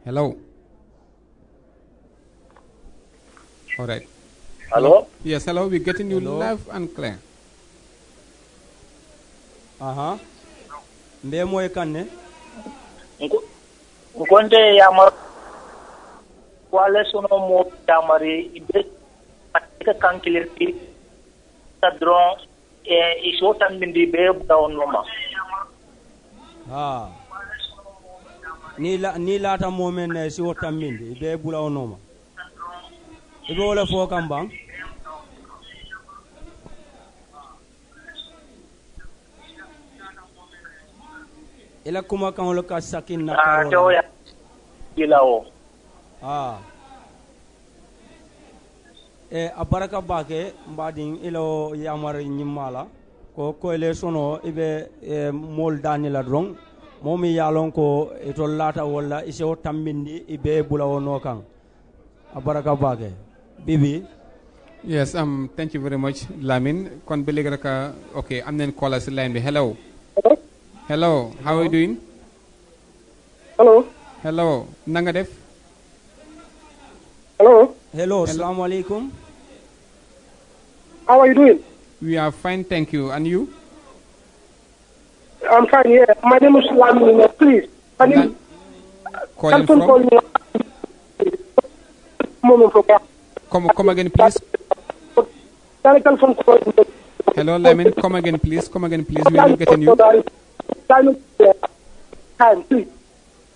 Hello. All right. Hello? Yes, hello. We're getting you hello. live and clear. Aha. Ndiye moye kanne? Nkonde ya mar wale suno mo tamari ibe ka kankilir ti tadron e iso tan bindi be down noma. Ah. ni la ni laata momen na si wotam minde be bula onoma ibe wala fo kam ila kuma kan wala ka sakin na karo ah, ila o ah e a baraka bake mbadin ila o yamar nyimala ko ko le sono ibe e, mol la drong momi ye a ko itol laata walla isewo tammindi i be bulawo no kan a baraka baake bibi yes um, thank you very much lamin kon ba léegi rek ok am nañ caller si line bi hello hello how def hello hello salaamaaleykum how are you doing we are fine thank you and you I'm fine, yeah. My name is Lamine, please. My name is... Where you from? me. Come, come again, please. Hello, Lamin. Come again, please. Come again, please. We are not getting you. Time, please.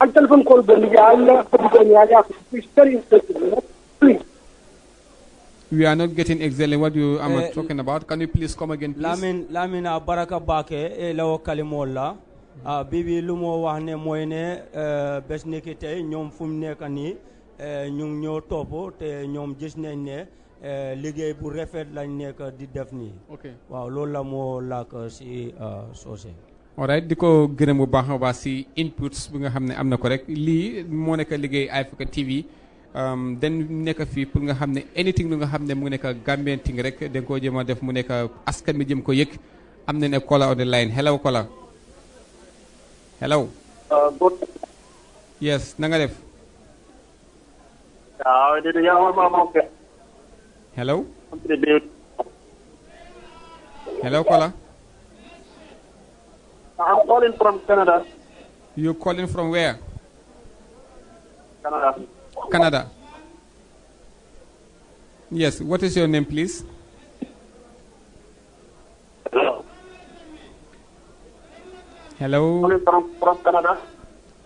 I'll telephone call Benny. i am I'll, I'll, I'll, I'll, i we are not getting exactly what you am uh, eh, talking about. Can you please come again, please? Lamin eh, ah, bibi lumo wahne moyne eh, te di ok waaw loolu la moo si ah, alright diko ko gërëm inputs bunga hamne amna ne li na ko Africa TV. Um, dañ nekk fii pour nga xam ne anything lu nga xam ne mu nekk Gambian thing rek da nga koo jëm a def mu nekk askan bi jëm ko yëg am na ne caller on the line hello caller hello. Uh, yes na nga def. hello. hello caller. Uh, I'm calling from Canada. you calling from where? Canada. Canada. Yes, what is your name, please? Hello. Hello. from, from Canada.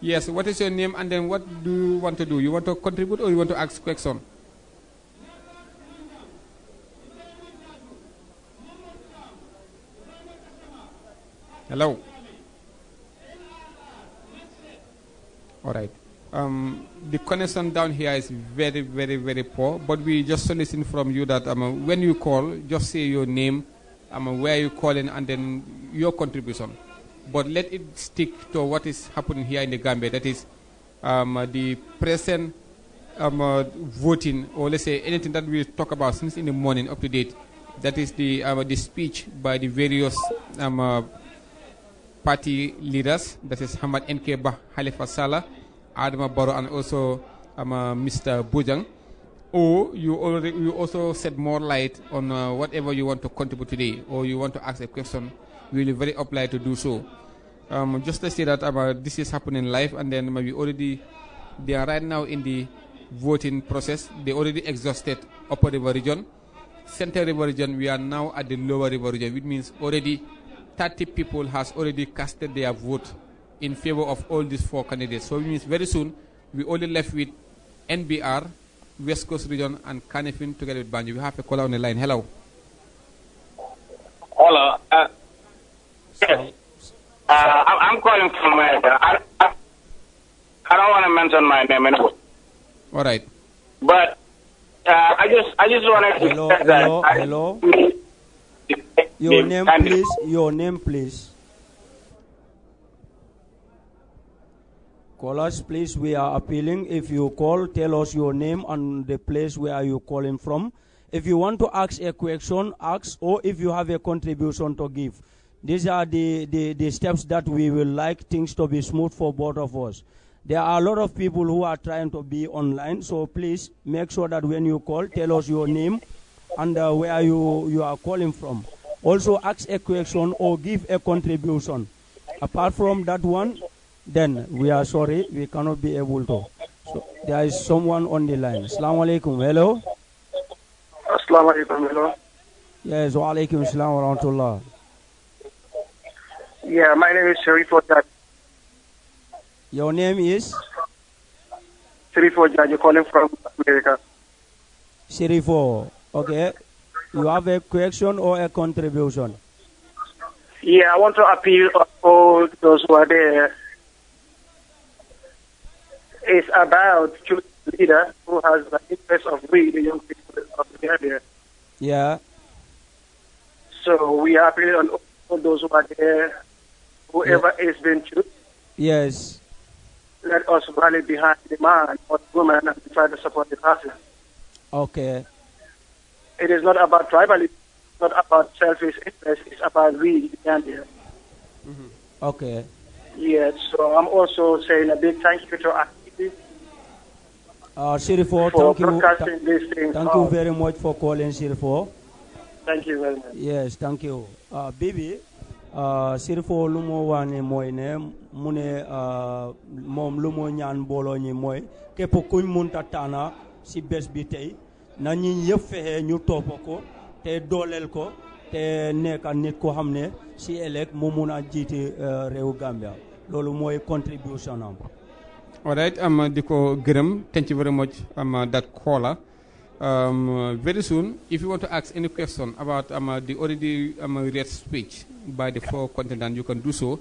Yes, what is your name and then what do you want to do? You want to contribute or you want to ask question? Hello. All right. Um, the connection down here is very, very, very poor. But we just soliciting from you that um, when you call, just say your name, um, where you are calling, and then your contribution. But let it stick to what is happening here in the Gambia. That is um, the present um, uh, voting, or let's say anything that we talk about since in the morning up to date. That is the um, the speech by the various um, uh, party leaders. That is Hamad Nkeba Halifa Salah. Adama Baro and also um, uh, Mr. Bojang. Or you already you also shed more light on uh, whatever you want to contribute today, or you want to ask a question, we will be very obliged to do so. Um, just to say that um, uh, this is happening live, and then maybe um, already they are right now in the voting process. They already exhausted Upper River Region, Central River Region. We are now at the Lower River Region, which means already 30 people has already casted their vote in favor of all these four candidates. So it means very soon we only left with NBR, West Coast Region, and Canifin together with Banjo. We have a caller on the line. Hello. Hello. Uh, yes. Uh, I'm calling from America. I, I, I don't want to mention my name anymore. All right. But uh, I just I just wanted to hello, say hello, that hello. I, your name, please. Your name, please. Callers, please, we are appealing. If you call, tell us your name and the place where you are calling from. If you want to ask a question, ask, or if you have a contribution to give. These are the, the, the steps that we will like things to be smooth for both of us. There are a lot of people who are trying to be online, so please make sure that when you call, tell us your name and uh, where you, you are calling from. Also, ask a question or give a contribution. Apart from that one, then we are sorry, we cannot be able to. So there is someone on the line. Assalamu alaikum. Hello. Assalamu alaikum. Hello. Yes, wa alaikum assalam wa rahmatullah. Yeah, my name is Sharif Ojad. Your name is? Sharif Ojad. You're calling from America. Sharif oh, Okay. You have a question or a contribution? Yeah, I want to appeal to all those who are there is about choosing a leader who has the interest of we, the young people of Nigeria. Yeah. So we are appealing on all those who are there, whoever yeah. is being chosen. Yes. Let us rally behind the man or the woman and try to support the person. Okay. It is not about tribalism, not about selfish interest, it's about we, the Gambia. Mm-hmm. Okay. Yes, so I'm also saying a big thank you to uh, Shirifo, thank you. These thank you very much for calling, Sirifo. Thank you very much. Yes, thank you. Uh, Bibi, uh, Shirifo lumo wane moine, mune uh, mom lumo nyan bolo nye moy, ke pokuy munta tana si bes bi tey, na ñi te dooleel te neka nit hamne si elek mumuna jiti a jiiti uh, réew Gambia loolu mooy contribution am Alright, I'm um, Diko Grim. Thank you very much, I'm um, that caller. Um, very soon, if you want to ask any question about um, the already um, read speech by the four contestants, you can do so,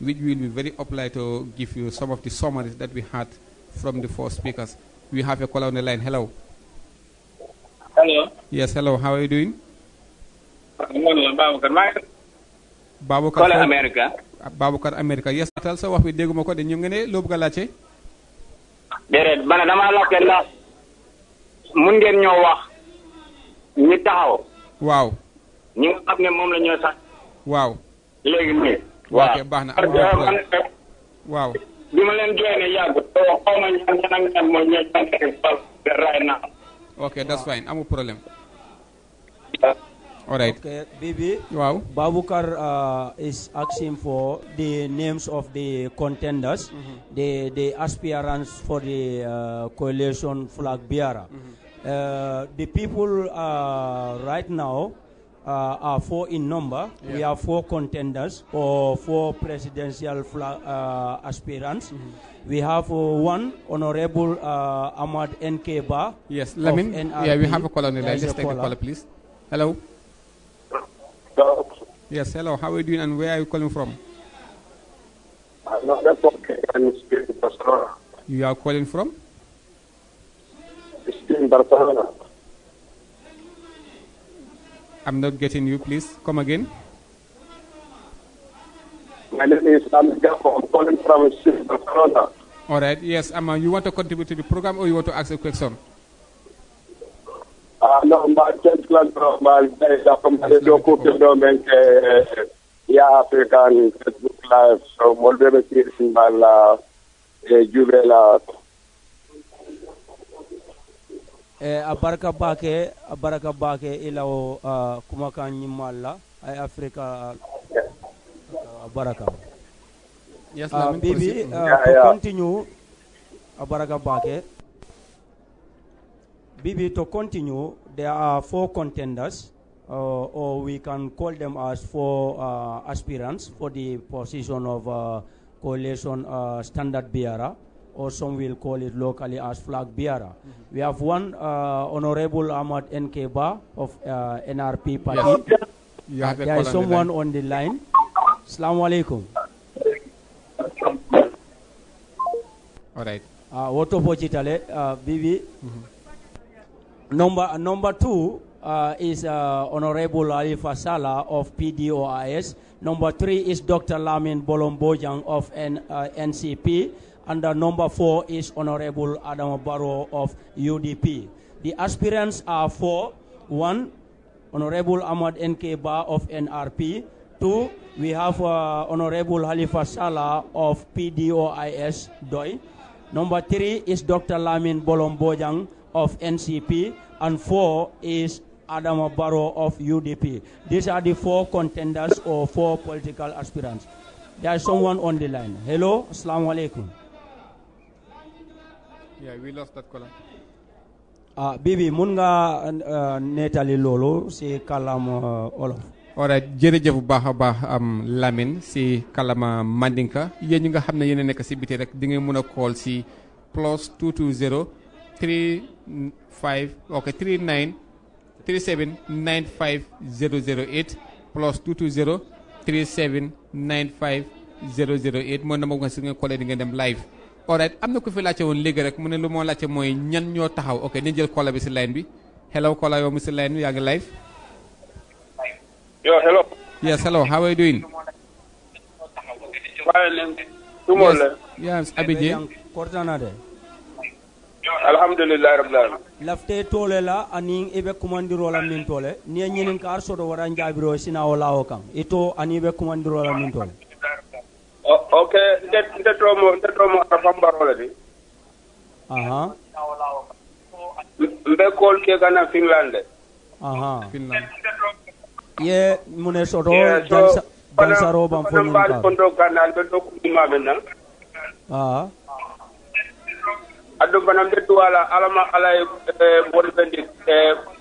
we will be very obliged to give you some of the summaries that we had from the four speakers. We have a caller on the line. Hello. Hello. Yes, hello. How are you doing? Babu Babukar America. Babukar America. Yes, tell us what we did. What did you déedéet ba ne damaa laajte ndax mun ngeen ñoo wax ñi taxaw. waaw. ñi nga xam moom la ñoo sax. waaw. léegi nii. waaw baax na waaw. bi ma leen joxee ne yàgg xaw ma ñaan ñaan ak ñaan mooy ñooy sant ak raay naa. ok that's fine amul problème. All right. Okay, Bibi. Wow. Babukar uh, is asking for the names of the contenders, mm -hmm. the the aspirants for the uh, coalition flag bearer. Mm -hmm. uh, the people uh, right now uh, are four in number. Yeah. We have four contenders or four presidential flag, uh, aspirants. Mm -hmm. We have uh, one Honorable uh, Ahmad N.K. Yes, Yes, Lamin. Yeah, we have a caller Let's take caller. the caller, please. Hello. Yes, hello. How are you doing and where are you calling from? I'm not that Barcelona. You are calling from? in Barcelona. I'm not getting you, please. Come again. My name is I'm calling from Barcelona. All right. Yes, Amma, you want to contribute to the program or you want to ask a question? Uh, no, mbaɗ kelkilanɗo mbaɗ ɓeyda comme aɗa ɗo kuftel ɗo men ke ya african facebook live so molɓe ɓe sirtin mballa e juɓela e a eh, eh, barka bake a barka bake ilawo e uh, kumakan ñimmalla ay africa a baraka yes, uh, bibi uh, yeah, yeah. continue a barka bake Bibi, to continue, there are four contenders, uh, or we can call them as four uh, aspirants for the position of uh, coalition uh, standard bearer, or some will call it locally as flag bearer. Mm -hmm. We have one uh, Honorable Ahmad Nkeba of uh, NRP party. Yes. There is someone on the line. Assalamu alaikum. All right. Uh, Woto Pochitale, Bibi. Mm -hmm. Number, uh, number two uh, is uh, Honorable Ali Fasala of PDOIS. Number three is Dr. Lamin Bolombojang of N, uh, NCP. And uh, number four is Honorable Adam Barrow of UDP. The aspirants are four. One, Honorable Ahmad N.K. of NRP. Two, we have uh, Honorable Halifa Salah of PDOIS, DOI. Number three is Dr. Lamin Bolombojang of NCP, and four is Adam Barrow of UDP. These are the four contenders or four political aspirants. There is someone on the line. Hello, Assalamu alaikum. Yeah, we lost that caller. Uh, Bibi, mun nga eh, netali lolo si kalam eh, Olaf. Ora jërëjëf bu baax baax am Lamine si kalama eh, Mandinka yéen ñi nga xam ne yéen a nekk si biti rek di zero. call si plus 220 three five okay three nine three seven nine five zero zero eight plus two two zero three seven nine five zero zero eight mooy numéro nga si nga collé di nga dem live. alright am na ko fi laajte woon léegi rek mu ne lu moo laajte mooy ñan ñoo taxaw ok nañ jël kola bi si line bi hello kola yow mi si line yaa ngi live. yo hello. yes hello how are you doing. alhamdulillahi rabbil lafte tole la ani i be kumandiro la min tole ni ye ɲininkar soto wara jaabiro sina wo lawo wo kan i to ani i be kumandiro la min tole ok nte tomo nte tomo arafan baro le di aha mbe kol ke kana finland de aha finland ye mune soto dansaro ban fo ɲininkar kondo kana albe do kuma maintenant aha addu banam de wala alama alay e, e, moli bendi e,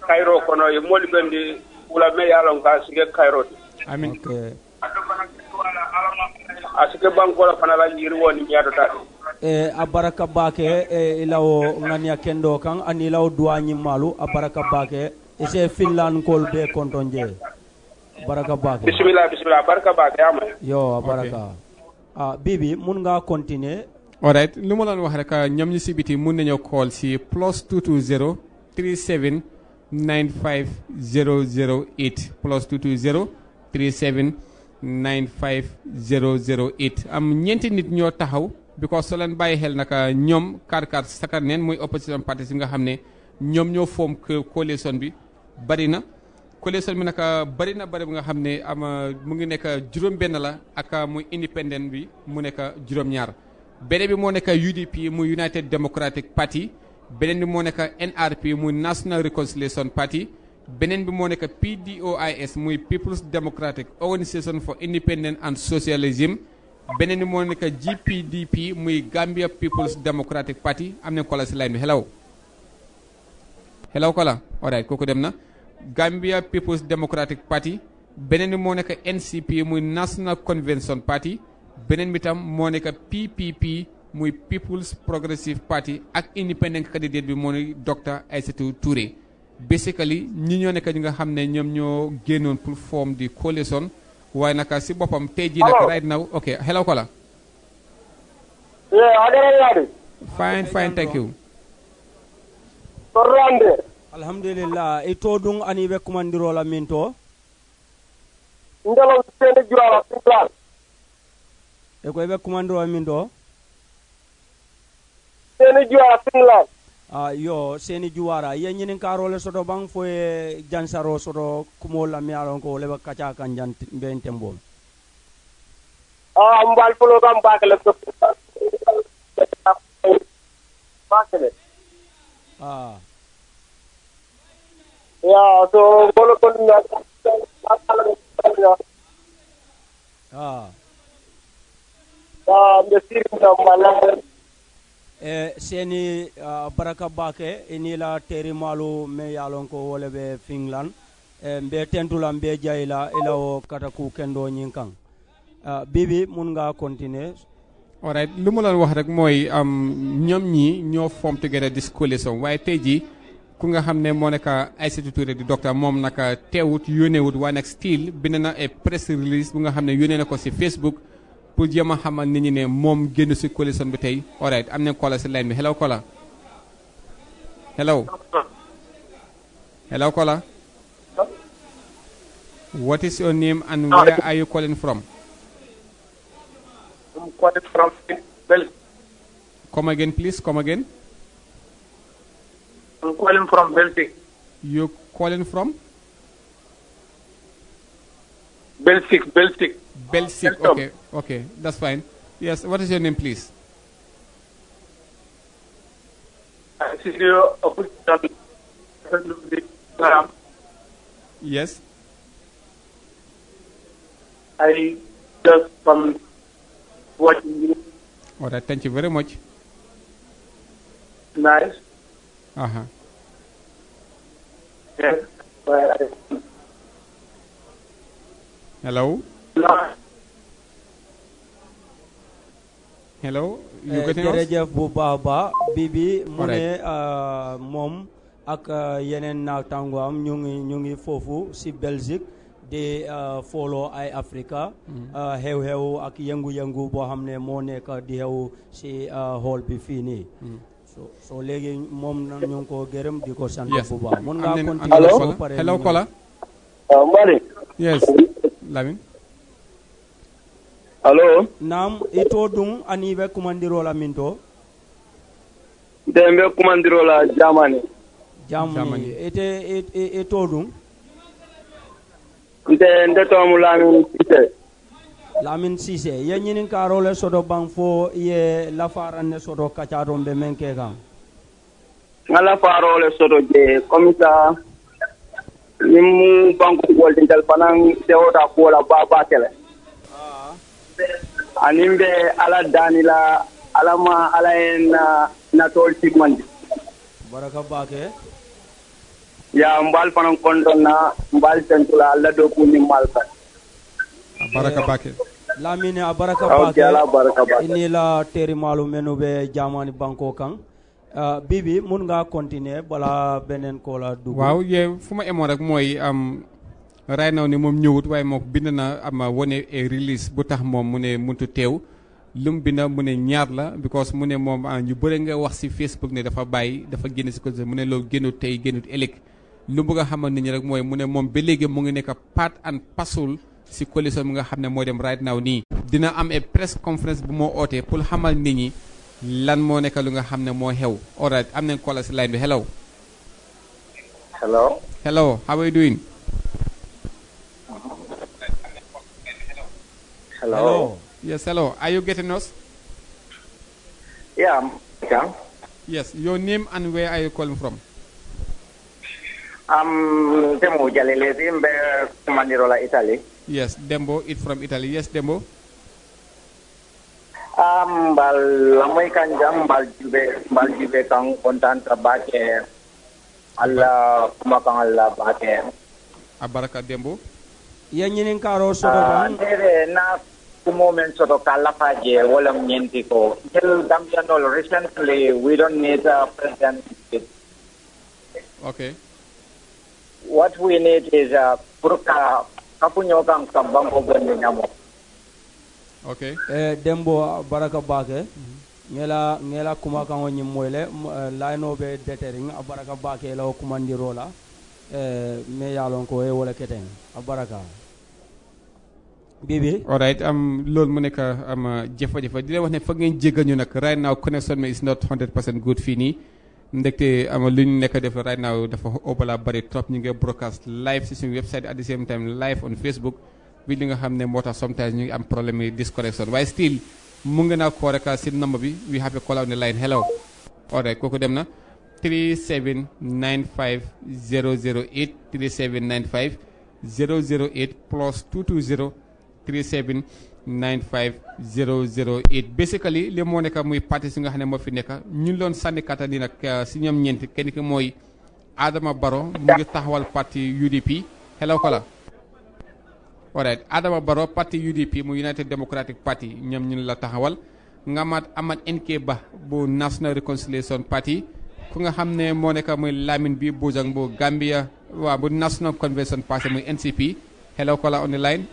kairo kono ye moli ndi wula me yalon ka sige kairo di amin a sike bankola la fana la yiri woni miyato ta e a baraka bake e ilawo ŋaniya kendo kan ani ilawo duwa ñimmalu a baraka bake ise finlankol be konton je baraka bake bisimila bisimila baraka bake ama yo a baraka okay. a ah, bibi mun ga continue alright lu ma doon wax rek ah, ñoom ñu si biti mun nañoo call si plus 220 37 95 008 plus 220 37 95 008 am ñeenti nit ñoo taxaw because soo leen bàyyi xel naka ah, ñoom karkar sakar neen muy opposition parties yi nga xam ne ñoom ñoo foom coalition bi bari na coalition bi naka ah, bari na bari bi nga xam ne am mu ngi nekk juróom benn la ak muy independent bi mu nekk juróom-ñaar beneen bi moo nekk UDP muy United Democratic Party beneen bi moo nekk NRP muy National Reconciliation Party beneen bi moo nekk PDOIS muy People's Democratic Organisation for Independence and Socialism beneen bi moo nekk GPDP muy Gambia People's Democratic Party am nañu kola si line bi hello hello kola alright kooku dem na Gambia People's Democratic Party beneen bi moo nekk NCP muy National Convention Party Benen bi tam moo nekk PPP muy People's Progressive Party ak independent candidate bi moo ni Dr Aissatou Touré basically ñi ñoo nekk ñi nga xam ne ñoom ñoo génnoon pour forme di coalition waaye naka si boppam tey jii nag right now ok hello kola yeah agarayadi fine fine thank you torrande alhamdulillah ito dung ani be kumandirola min to ndalaw sene jurala e ko i be kumandiro min do seni juwara finland a ah, yo seni juwara ye ɲininkaro le soto baŋ fo ye jansaro soto kumo lami a ko wo le be kaca kan jan be n tembo a ah, n bal folo ka bakele bakele a ah. ya so bolo ko ni ya ah Ah, e, seni ah, baraka bake ini la teri malu me yalon ko wole be Finland eh, mbe tentula mbe jayla ila o kata ku kendo nyinkan uh, ah, bibi mun nga continuer right lu ma lan wax rek mooy ñoom ñi ñoo form together this coalition waaye tey jii ku nga xam ne moo neka Aïssatou Touré di docteur moom naka teewut yónneewut waa nag still bind na a press release bu nga xam ne yónnee na ko si Facebook pour jéem a xamal nit ñi ne moom génn si coalition bi tey alright am nañ kola si line bi hello kola hello hello kola what is your name and where are you calling from I'm calling from Belgium come again please come again I'm calling from Belgium you calling from Belgium Belgium Belsik. Okay, okay, that's fine. Yes, what is your name, please? Yes. I just from watching you. All right, thank you very much. Nice. Uh huh. Yes. Hello. hello you getting us jërëjëf bu baax baax bi bi mu ne moom ak yeneen naataangoom ñu ngi ñu ngi foofu si Belgique di follow Eye Africa xew-xew ak yëngu-yëngu boo xam ne moo nekk di xew si hall bi fii nii so léegi moom na ñu ngi ko gërëm di ko sant bu baax mun nga continuer hello hello Kola Mbali yes Lamin alo naam ito t'o dun ani i bɛ kumandir'o la min to nte n bɛ kumandir'o la jamani jamani i tɛ i t'o dun nte n tɛ tɔmu lamin sise lamin sise i ye ɲininkaro le sɔdɔ ban fo i ye lafara ne sɔdɔ ka ca dɔn bɛ mɛn kɛ kan le sɔdɔ je comme ça ni mu banko wɔldental fana n tɛ o da kuwo la baa baa kɛlɛ ani bɛ ala dani la ala ma ala ye na natɔli ci man baraka b'a kɛ ya n b'al fana kɔntɔn na n b'al tɛntu la ala dɔ k'u ni m'al fɛ a baraka b'a kɛ lamini a baraka b'a kɛ i ni la teri maalu minnu bɛ jama ni banko kan Uh, bibi mun nga continuer bala benen ko la dugu waaw ye fuma emore moy am um, ray naw ni moom ñëwut waaye moom bind na am wane et release bu tax moom mu ne muntu teew lu bi na mu ne ñaar la because mu ne moom ah, ñu bëri nga wax si Facebook ne dafa bàyyi dafa génn si côté mu ne loolu génnut tey génnut ëllëg lu mu nga xamal nit ñi rek mooy mu ne moom ba léegi mu ngi nekk part and parcel si coalition bi nga xam ne moo dem right now nii. dina am e press conference bu moo ootee pour xamal nit ñi lan moo nekk lu nga xam ne moo xew all am nañ kola si line bi hello. Hello. hello. Yes, hello. Are you getting us? Yeah, I'm Yes, your name and where are you calling from? Um, Dembo Jalele, Dembo Manirola, Italy. Yes, Dembo, it from Italy. Yes, Dembo. Um, bal lamoy jam bal jube bal jube kang kontan trabake Allah kumakangal Allah bake. Abaraka Dembo. ye ñinin karo soto ban na kumo men soto kala faje wala ñenti ko jel damjanol recently we don't need a uh, president okay what we need is a uh, purka kapunyo kan kabango bonde nyamo okay eh dembo baraka bake ngela ngela kuma kan wonyi moyle eh, layno be detering baraka bake la kumandiro la Eh, me ya am um, loolu Monica. i am um, a jafe di leen wax ne fa ngeen jéggal right now connection is not 100 percent good Fini. nii i am um, lu ñu nekk def right now dafa obala bari trop ñu ngi broadcast live si website at the same time live on Facebook We don't have ne water. sometimes ñu have problem with this connection. Why still Mungana ngi naa ah, number we have a call on the line hello alright kooku Demna. 3795 008 3795 008 plus 220 3795 008 basically li moo nekk muy parti si nga xam ne moo fi nekk ñu loon sànni kàttan yi nag euh, si ñoom ñeenti kenn ki mooy Adama Barrow mu ngi taxawal parti UDP hello ko la alright Adama Barrow parti UDP mu United Democratic Party ñoom ñun la taxawal nga maat Amad NK Bah bu National Reconciliation Party ku nga xam ne moo nekk muy bi bu Gambia bu National Convention passé muy NCP hello caller on the line.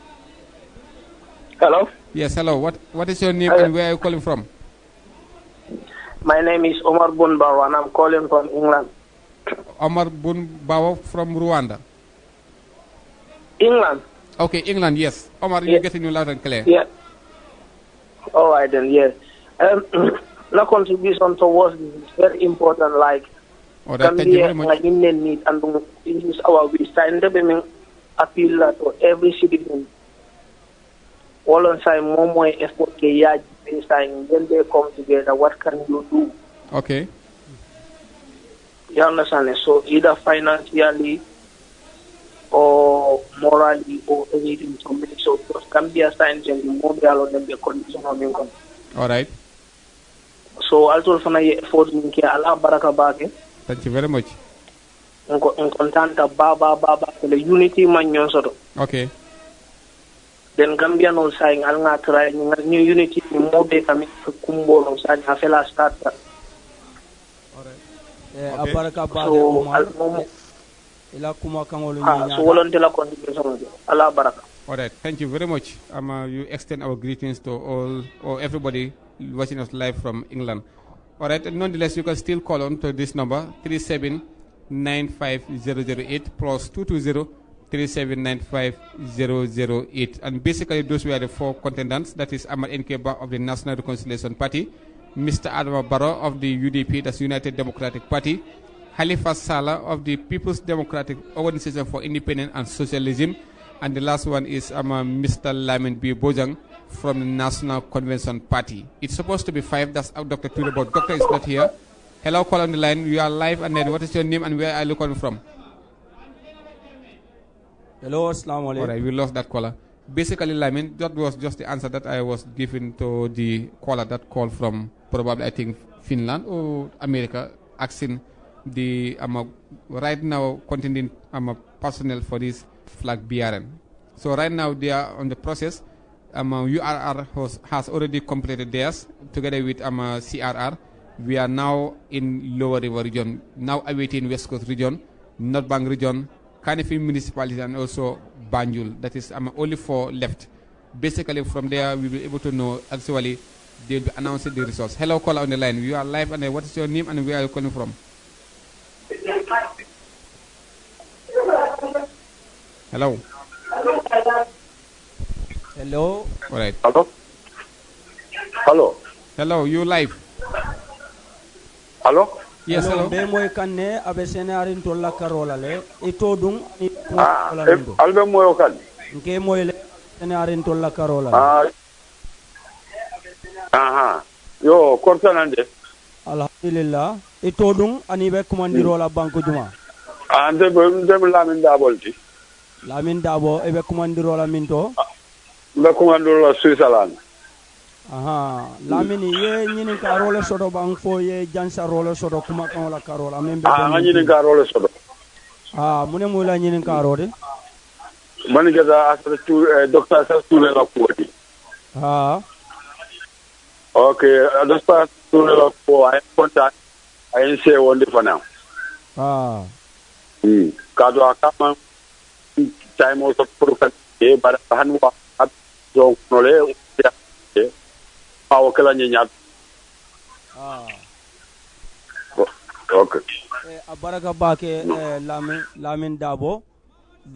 hello. yes hello what what is your name and where are you calling from. my name is Omar Bunbawa and I'm calling from England. Omar Bunbawa from Rwanda. England. Okay, England, yes. Omar, you're getting you loud and clear. Yeah. All right, then, yes. Um, la contribution towards this is very important. Like, oh, that, thank you very much. need and use our visa. And the I appeal to every citizen. All on time, one way effort, they are when they come together, what can you do? Okay. You understand? So either financially or morally or anything So make sure those can be assigned and the mobile or a condition of income. All right so altol fana ye effort min ke ala baraka baake thank you very much nko kontanta ba ba ba ba le unity man nyon soto okay den gambia non sai ngal nga try ngal new unity ni mobe kami kumbo non sai ha fela start alright okay. Eh, so, al ila kuma kangolu nyanya so wolonte la contribution ala baraka alright thank you very much i um, uh, you extend our greetings to all or everybody watching us live from England. All right, nonetheless, you can still call on to this number 3795008 plus 220 And basically, those were the four contenders that is Amar Nkeba of the National Reconciliation Party, Mr. Adam Barrow of the UDP, that's United Democratic Party, Halifa Salah of the People's Democratic Organization for Independence and Socialism, and the last one is um, Mr. Lamin B. Bojang from the National Convention Party. It's supposed to be five. That's out Dr. Tule, but Doctor is not here. Hello, call on the line. You are live and then what is your name and where are you calling from? Hello, Assalamu alaikum. All right, we lost that caller. Basically, I mean, that was just the answer that I was giving to the caller that called from probably, I think, Finland or America, asking the, I'm a, right now, contending I'm a personnel for this flag BRN. So right now they are on the process um, URR has, has, already completed theirs together with um, uh, CRR. We are now in Lower River region, now awaiting West Coast region, North Bank region, Kanifing municipality, and also Banjul. That is um, only four left. Basically, from there, we will be able to know actually they'll be announcing the results. Hello, caller on the line. You are live, and what is your name and where are you calling from? Hello. Hello. All right. Hello. Hello. Hello. You live. Hello. Yes, hello. Be moy kanne abe senarin to karola le ito e dum e ah, ni ko Albe moy kan. Nke moy le senarin to la karola. Ah. Aha. Yo, kortanande. Alhamdulillah. Ito e dum ani be kumandiro la banko juma. Ah, ndem ndem lamin dabolti. Lamin dabo ebe kumandiro la minto. Ah n bɛ kɔngɔ la suisalan aha lamini ye ɲini ka role sɔdɔ b'an fo ye jansa role soto kumakan la karo la min bɛ ah, an ka ɲini ka role sɔdɔ aa ah, mun ne la ɲini ka role mani ka da asar tu eh, doctor asar tu la ko di ha okay doctor tu la ko ay contact ay se fana ah mm ka do akama time also e eh, bara hanwa donc nole awo ah, kala nyenya ah okay eh, abaraka bake no. eh, lamin lamin dabo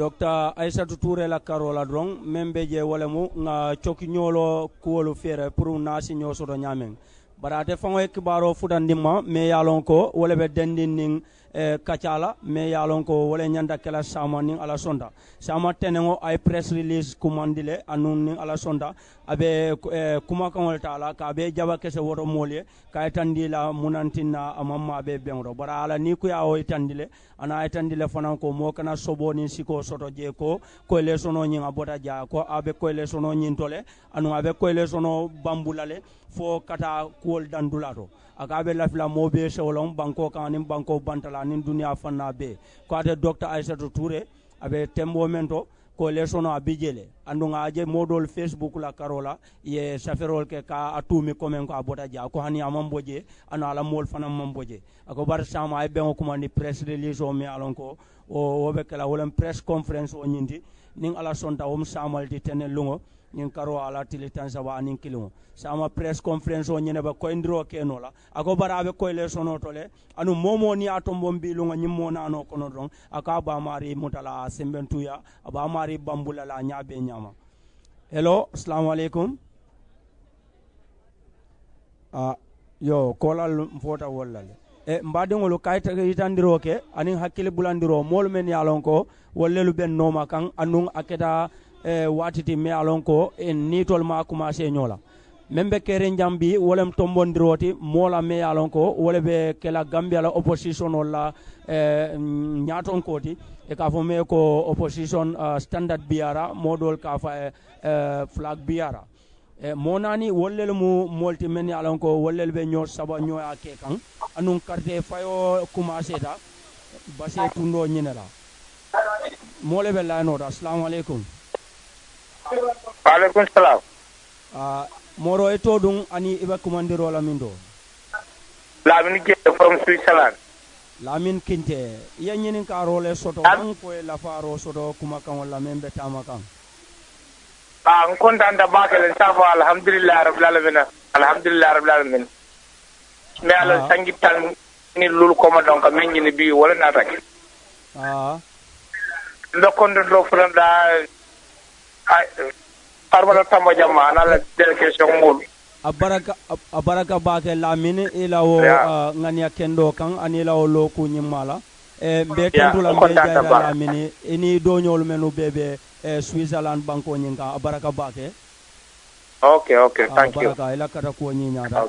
docteur aissatou touré la karola dron membe je wolemu nga coki ñolo kuwolu fere pour na si ñosoto ñamen barate fangoy kibaro fudandimma mais yalon ko wala be dendin ning eh, la mais ya lon ko wala ñanda kala sama nin ala sonda sama tenengo ay press release commandile anun nin ala sonda abe eh, kuma kanol taala ka be jaba kese woto molye ka etandila munantina amamma be benro bara ala ni ku ya o etandile ana etandile fanan ko mo kana sobo ni siko soto je ko ko le sono nyinga bota ja ko abe ko le sono nyintole anu abe ko le sono bambulale fo kata kuol dandulato aka ka be lafila moo bee sewola n banko kan ani banko bantala aniŋ duniya fanna bee ko ate docteur aissatou touré a be tembo men to ko lesono a bije le anduŋa a je moodol facebook la karo la ye safirol ke ka a tuumi komen ko a bota dia ko hani a maŋ je ano ala mool fana maŋ bo je a ko bari saama a ye beŋo kumandi presse release o mi a ko wo be kela wo len presse conférence o ñindi niŋ ala sonta wom samalti tene luŋo ñiŋ karo ala tili tan saba aniŋ kiliŋo saama presse conference o ñene be koyindiroo ke noo la a ko bari a be koyi le sono to le anu moomoo niŋ a tombon biiluŋo ñiŋ moo naano kono doroŋ a ka a baamaari mutala a sembentuya a ba maari bambula la a ñaa bee ñaama hello assalamu aleykum a ah, yo koolal fota wolla le e mbaadiŋolu ka yitandiroo ke aniŋ hakkili bulandiroo moolu men ye a loŋ ko wollelu ben nooma kaŋ anuŋ a keta waatiti eh, watiti me alon ko en eh, nitol ma commencé ñola même be kere jambi wolem tombondiroti mola me alon ko wole be kela gambia la opposition la eh, ñaton koti e ka fo me ko opposition uh, standard biara modol ka fa eh, eh, flag biara e monani wollel mu molti men yalan ko wollel be ñoo saba ñoya ke kan anun carte fayo commencé da basé tundo ñinela mole be lanoda assalamu alaikum aleykum salam a ah, moro e to ɗum ani eɓe kumandirola min ɗo laamin jeeɗe from switzerland lamin kinte yañinin ka role soto an koye lafaro soto kuma kan walla min ɓe tama kan a ah, n contanta bakelen safo alhamdulillah rabilalamina alamina alhamdulillah rabbil alamina mi ala ah. sangitan ni lul koma min ñini bi wala natake a ndokkondotoo fulanɗa Armata Tamba Jama ana délégation momi a baraka a baraka bake lamini ila e wo ngani akendo kan ani wo lo ku e eh, mbe kentula yeah. lamini ini e doñolu menu bebe eh, switzerland banko nyinga a baraka bake ok ok thank baraka, ila e kata kuwo ñiñada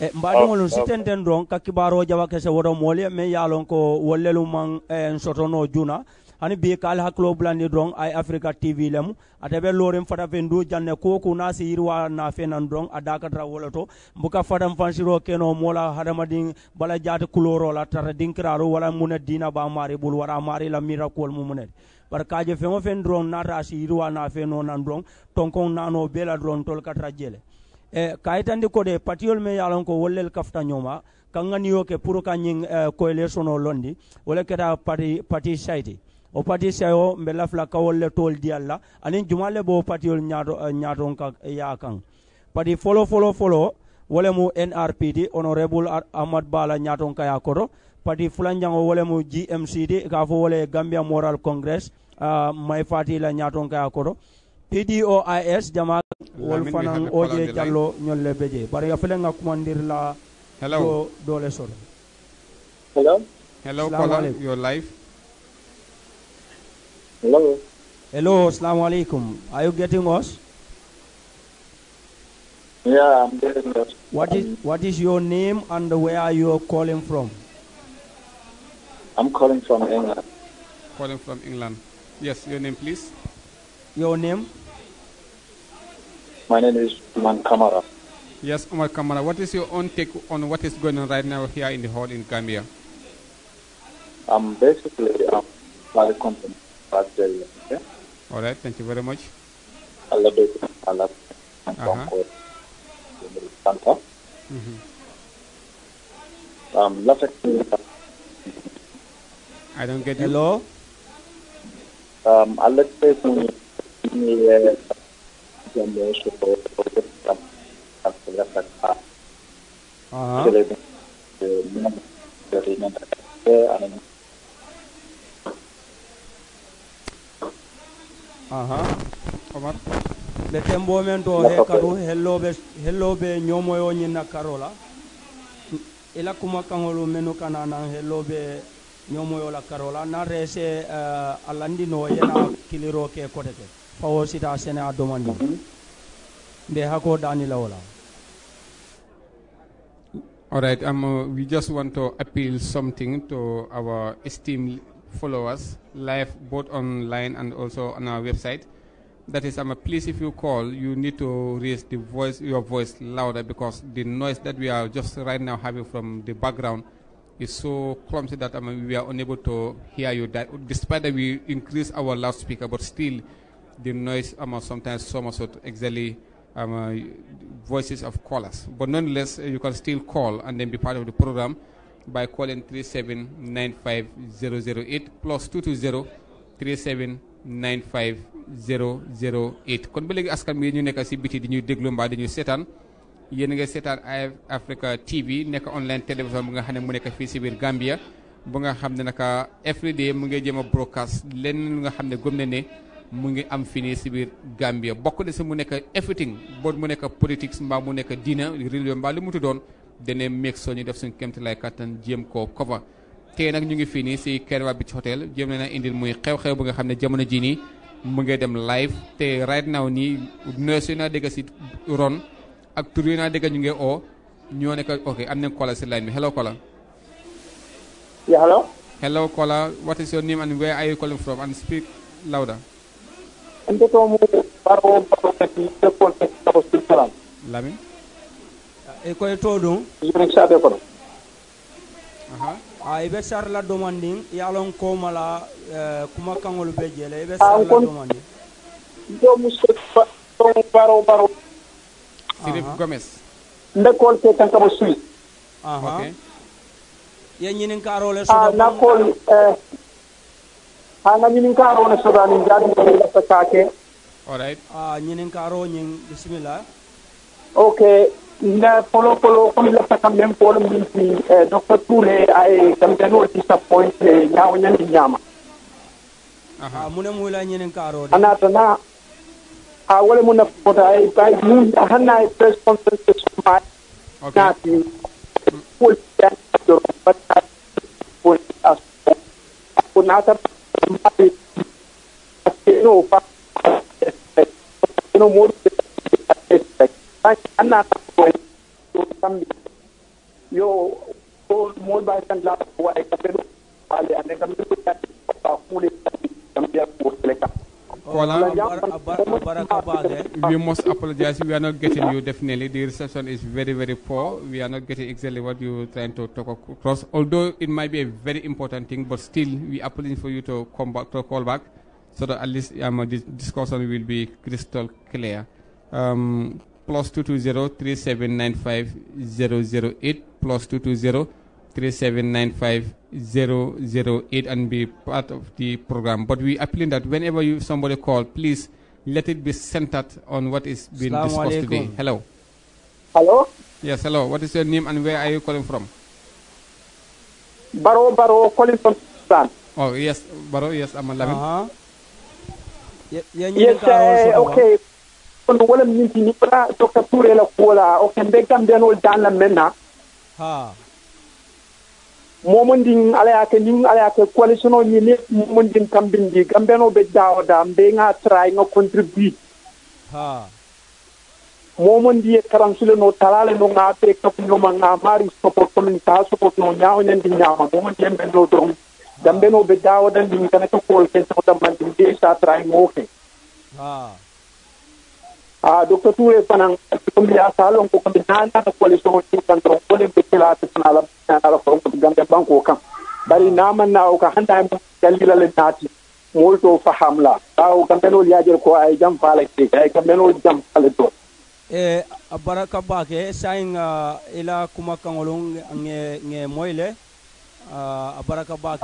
e mbaɗiŋolu okay. sitenten don ka kibaro jawa kese woto moolu ye meŋ ye a lon ko wollelu maŋ eh, sotono juna ani bi kal hakkilo bulandi dɔrɔn ay africa tv lemu ate be lorin fata fen du janne ko ko n'a si yiriwa nafe nan dɔrɔn a dakatara woloto buka fatan fansiro keno mola hadamadin bala jati kuloro la tara dinkiraro wala mune dina ba mari bul wara mari la miracle mu mune bari kaje feŋ wo feŋ doroŋ naata a si yiriwa no nan doroŋ tonkoŋ nano bee la tol katara jele eh, ka kode patiyol me ye ko wollel kafta ñoma kaŋ ke pour ka ñiŋ eh, koyle sono londi wo keta pati, pati sayti o pati sayo mbe lafila kawol le tool diyal la aniŋ juma le bo patiyol ñaaton eh, ka ya kaŋ pati folo folo folo wo le mu nrpd honorable ahmad bala ñaaton ka yaa koto pati fulanjaŋo wo le mu gmcd ka fo wo gambia moral congress uh, may fati la ñaaton ka yaa koto pdois jama wol fanaŋ o je jallo ñol le be bari a fele ŋa kumandir la do, do soto hello hello kola your life Hello. Hello, Assalamu alaikum. Are you getting us? Yeah, I'm getting us. What is what is your name and where are you calling from? I'm calling from England. Calling from England. Yes, your name please. Your name? My name is Man Kamara. Yes, Omar Kamara. What is your own take on what is going on right now here in the hall in Gambia? I'm basically um, by the company. All right, thank you very much. A a lot Um, last I don't get Hello? Um, i uh-huh. aha omar ɓe tembo to he kadu helloɓe helloɓe ñomoyo ñinna karola ila kuma kaŋolu menu kana nan helloɓe ñomoyola karola na rese uh, eh, alandino yena kiliro ke kote ke fawo sita sene a domandi nde hako dani la All right, um, we just want to appeal something to our esteemed Follow us live both online and also on our website. That is, is, a please, if you call, you need to raise the voice, your voice louder because the noise that we are just right now having from the background is so clumsy that I mean, we are unable to hear you. That, despite that we increase our loudspeaker, but still the noise um, sometimes so much exactly um, uh, voices of callers. But nonetheless, you can still call and then be part of the program by calling 3795008 plus 220 3795008 kon ba léegi askan mi ñu nekk si biti di ñuy déglu mbaa di ñu seetaan yéen nga seetaan AF Africa TV nekk online télévision bu nga xam ne mu nekk fii si biir Gambia bu nga xam ne naka everyday mu ngi jéem a broadcast lenn lu nga xam ne gëm na ne mu ngi am fii nii si biir Gambia bokk na si mu nekk everything boot mu nekk politics mbaa mu nekk diina réew mbaa li mu tuddoon. dene mek so ñu def suñu kemti lay katan jëm ko kofa té nak ñu ngi fini ci Kerwa Beach Hotel jëm na indil muy xew xew bu nga xamné jamono ji ni mu ngi dem live té right now ni nurse na dégg ci ron ak turina na dégg ñu ngi o ñoo nek ok am nañ kola ci line bi hello kola yeah hello hello kola what is your name and where are you calling from and speak louder ante to mu baro baro ci ko ko ko ci salam lamin e koye to ɗum yonek saabe kono aha a ibe domanding. Ya e yalon ko mala e, kuma kangol be jele ibe la domandin do to paro paro sirif nda kol te kankamo suyi aha okay. ye ñinin kaarole ah, soda eh, ah, nakol hanga ñinin kaarone sodani jaadi lafta kaake alright a ah, ka role ñin bismillah ok No, por polo मिल सकता por mi मिल थी Ture, también आए company और तीसरा point है यहाँ वन्यन दियामा aha muna mula nyin karo ana a wale no ai mun hanna press conference no, no, na ti full no, as no no more अन्ना यो वो we must apologize. We are not getting you definitely. The reception is very, very poor. We are not getting exactly what you're trying to talk across. Although it might be a very important thing, but still we are pleading for you to come back to call back so that at least um, discussion will be crystal clear. Um, plus 220 3795 008 plus 220 3795 008 and be part of the program. But we appealing that whenever you somebody call, please let it be centered on what is being Salaam discussed alaikum. today. Hello. Hello. Yes, hello. What is your name and where are you calling from? Baro Baro calling from Sudan. Oh yes, Baro. Yes, I'm uh-huh. a uh -huh. Yes, uh, okay. kono wala min tini ɓra docteur touré la kuola o kembe gambenol danla menna momondin ke nin alayake coalition o ñi les momondin tambindi gambeno ɓe dawoda mbeynga tray nga contribue momondi e karansule no talale no nga pe kapuñoma nga mari support commune ka support no ñahoñandi ñama momondi e mbenno dong gambeno ɓe dawoda ndin kana ke kool ken sohdamandin de sa tray ngoke Ah, docteur touré fanan ko mbiya salon ko ko mbi naanata coalition o tintan ton kolen ɓe kelata tan ala ala gambe banque kan bari namanna o ka hannda mo jallilale naati molto fahamla ɓawo kamɓenol yajel ko ay jam faalake ay kamɓenol jam faale to e baraka bake eh, sayin ila eh, kuma kaŋolon ŋe moyle ala baraka baake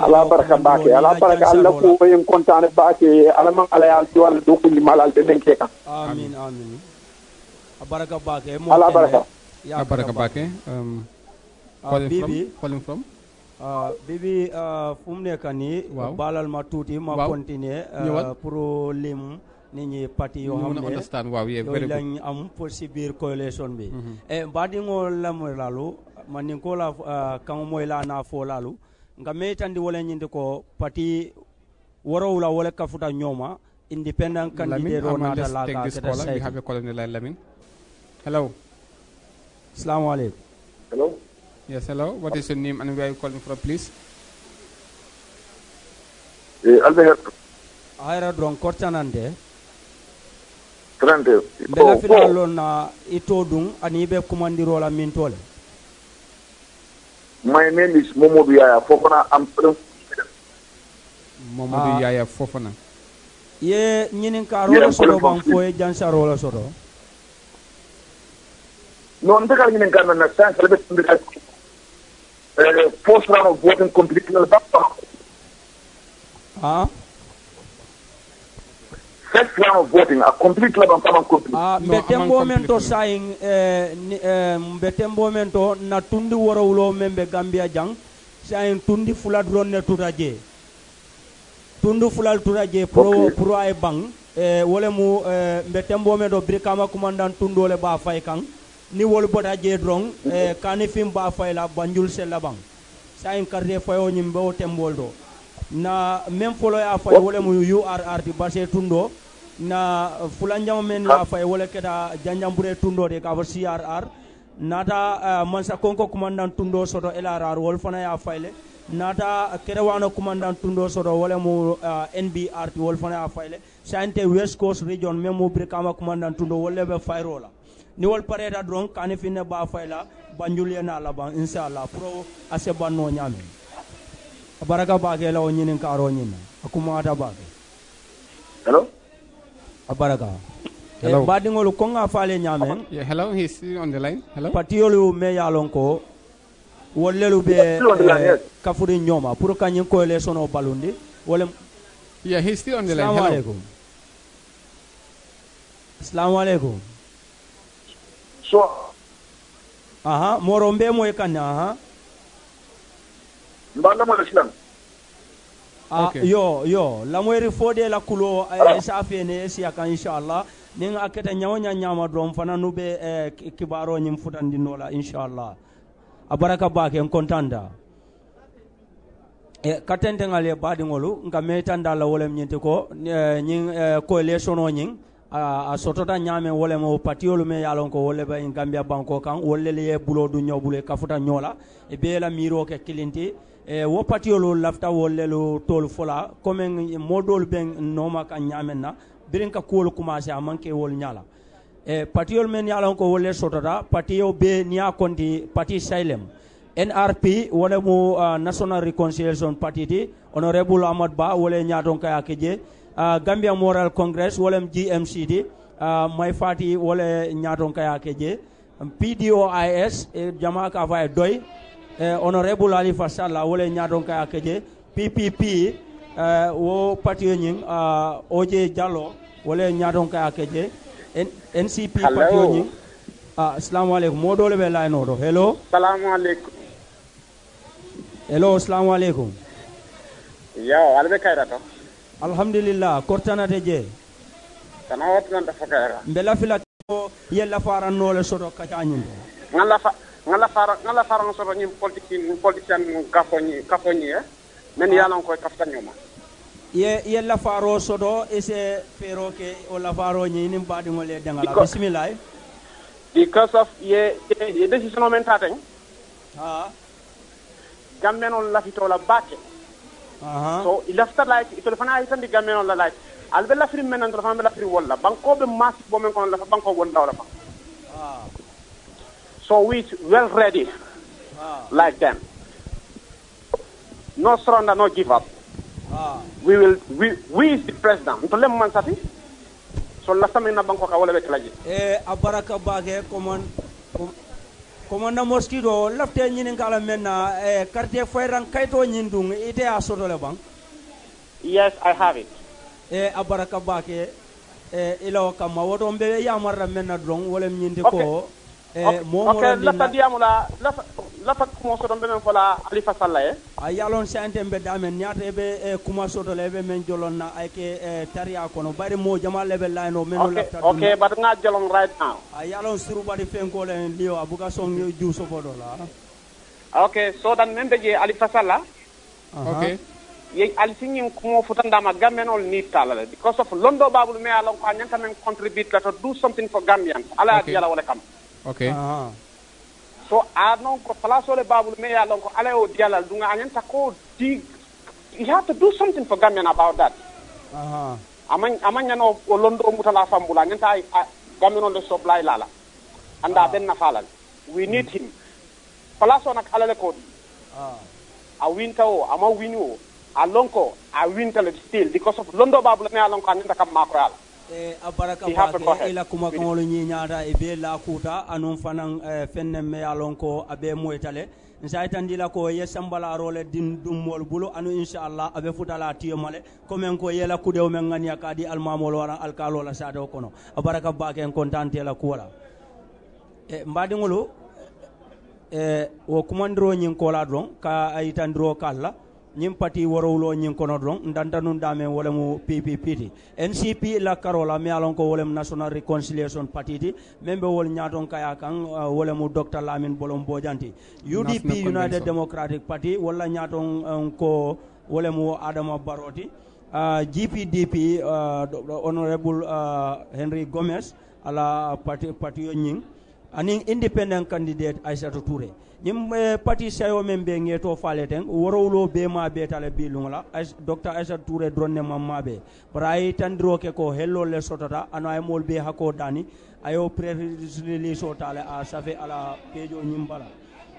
ala baraka allah ko oyen contane baake alaman alayal jo allah dow kulli malal ɓe ɓen ke kan amin amin a baraka baake ala baraka a baraka baake bibi calling from bibi fum ne kani balal ma tuuti ma continuer pour lim nit ñi parti yoo xam ne understand waaw yooyu lañ am pour si biir coalition bi mm-hmm. e eh, mbaadiŋo lamu laalu mandinko la ah, kaŋo moyi la naa fo laalu nga me tandi wole ñindi ko parti worow la wole kafuta ñooma independent candidate o naata laa ka keta saytu hello assalamu alaikum hello yes hello what is your name and where are you calling from please eh, albert hayra don kortanande trente bela lon na i to dun ani i be kumandiro la min to le my name is momodu yaya fofana am momodu ah. yaya fofana ye ɲininkaro la sɔrɔ ban fo ye jansaro la sɔrɔ non n tɛ ka ɲininkar na na san kɛlɛ bɛ tun bɛ ka fo siran o voting compliqué la ba ah first round of voting a complete level ah, no, eh, eh, na tundi worowlo wolo membe gambia jang saying tundi fula drone ne turaje. tundu fulal turaje pro okay. pro ay bang eh, wole mu eh, mbete brikama kumandan tundole ba fay kan ni wol bota je kane eh, kani fim ba fay la banjul sel la bang sayin karde fayo o do na même folo ya fay wolé mu are di basé tundo na fulanjamo men la fay e wala keta janjambure tundo de ka fo CRR nata eh, mansa konko commandant tundo soto LRR wol fana ya fayle nata kerewano commandant tundo soto wala mu uh, eh, NBRT wol fana ya fayle sante west coast region même mu brikama commandant tundo wala be fayrola ni wol pareta dron kani finne ba fayla banjul yana laban inshallah pro ase banno nyame baraka bage la o nyinin karo nyina akumata bage hello abaraka eh, hello badiŋolu ko ŋa faale ñaameŋ hello he's on the line hello patiyolu me ye a loŋ ko wollelu be kafuri ñooma pour ka ñiŋ koyole sono balundi wolem yeah he's still on the line eh, hello assalamu alaikum so aha moro mbe moy kan aha mballa Ah, okay. yo yo lamoyri fode la kulo safene siyaka inchallah nin a keta ñawo ña ñama doom fana nu be eh, ah. eh kibaro ñin inshallah inchallah a baraka bake n contanta eh, katentengal ye baadiŋolu nka metanda la wolem ñinti ko ñin eh, coalitiono eh, ñin a, ah, a sotota ñaame wolem o patiyolu me ye lon ko wolle ba in gambia banko kan wolle le ye bulo du ñobulo kafuta futa ñola e bee la miiro ke kilinti e wo patiyolu lafita wolle tolu fola comme modolu ben noma ka ñamen na birin ka kuwolu commencé a manke wol ñala e eh, patiyol men yalon ko wolle sotota patiyo be niya konti pati saylem nrp wone mu uh, national reconciliation party ti honorable amad ba wole ñaton kaya keje uh, gambia moral congress wolem gmc ti uh, may fati wole ñaton kaya keje pdois e, eh, jama ka fa doy eh, honorable ali fasalla wole ñadon kaya keje ppp eh, wo patio ñing uh, eh, oje diallo wole ñadon kaya keje N ncp hello. patio ñing ah, assalamu aleykum mo dole ɓe laynoɗo hello salamu aleykum hello assalamu aleykum yo alaɓe kayra to alhamdulillah kortanate je kana wotinanta fo kayra mbe lafila ko yella farannole soto kacañinte ngalafa ngala fara ngala fara so ni politician politician kafonyi kafonyi eh men ah. yalan ko kaftanyoma ye ye la faro sodo e se fero ke o la faro ni ni badi ngole dangala bismillah because of ye ye decision men taten ha gammen on la fito la aha so il after like ito fana ay tan di gammen on la like albe la firi men la firi wala banko be mas bo men kon la banko wala wala ah So we well ready, ah. like them. No surrender, no give up. Ah. We will, we, we is the president. Ntole mmansafi, so last time in Bangkok, I will be kalaji. Eh, abaraka baghe, common, common mosquito, left hand in Kalamena, eh, quartier fire and kaito nindung, ite asoto le bang. Yes, I have it. Eh, abaraka baghe, eh, ilo kama, wadombe yamarra mena drong, wale mnyindi ko. Okay. Eh, ok lafandiyamula lafa kumo soton ɓe men fola alifa salla e eh? a yalon si ante mbedde amen kono bari mo jama leɓe layno ok bat right now a yalon surubadi fenkole en liyo ok sodan men ɓe ok ye alisiñin kumo futandama gammenol nittalale because of londo babulu me alon ko a ñanta do something for gambians ala okay. yala okay uh -huh. so a noon ko place ole babul me ya lon ko ala o dialal dunga anyanta ko di you have to do something for gambian about that uh -huh. aman aman no o londo mutala fambula anyanta gambian on le soblay lala anda uh -huh. ben we need him place onak ala le ko uh uh-huh. a winter o oh, ama wini o a oh. lonko oh, a winter le still because of londo babul me ya lon ko anyanta kam makro yala eh, abaraka bake ila kumakaŋolu ñiñata e be lakuta anun fanaŋ eh, fennen meya lon ko abe moytale nsaytandila ko ye sembalarole din dummol bulu anu inchallah abe futala tiyomale commen ko yela kudew men ganiya kadi almamol wara alkalola sade o kono abaraka bake en contantela kuwala e eh, mbadiŋolu eh, wo kumandiro ñin kola don ka ayitandiro kalla ñiŋ pati worowulo ñiŋ kono doroŋ ndanta nuŋ daameŋ wo lemu ppp ti ncp la karo la miŋ ye loŋ ko wo national reconciliation party ti meŋ be wolu ñaatoŋ kaya kaŋ uh, wo docteur lamin bolom bojanti udp united democratic party walla ñaatoŋ um, ko wo adama baro ti uh, gpdp uh, honorable uh, henry gomez ala pati patiyo ñiŋ aniŋ independent candidate aissatou touré ñim patisya yo men be ngeto fale ten worowlo be ma be tala bi lungola docteur aisha touré dronne mam ma be bara ay ke ko hello le sotota ano ay mol be hako dani ayo pré release o a safe ala pejo ñim bala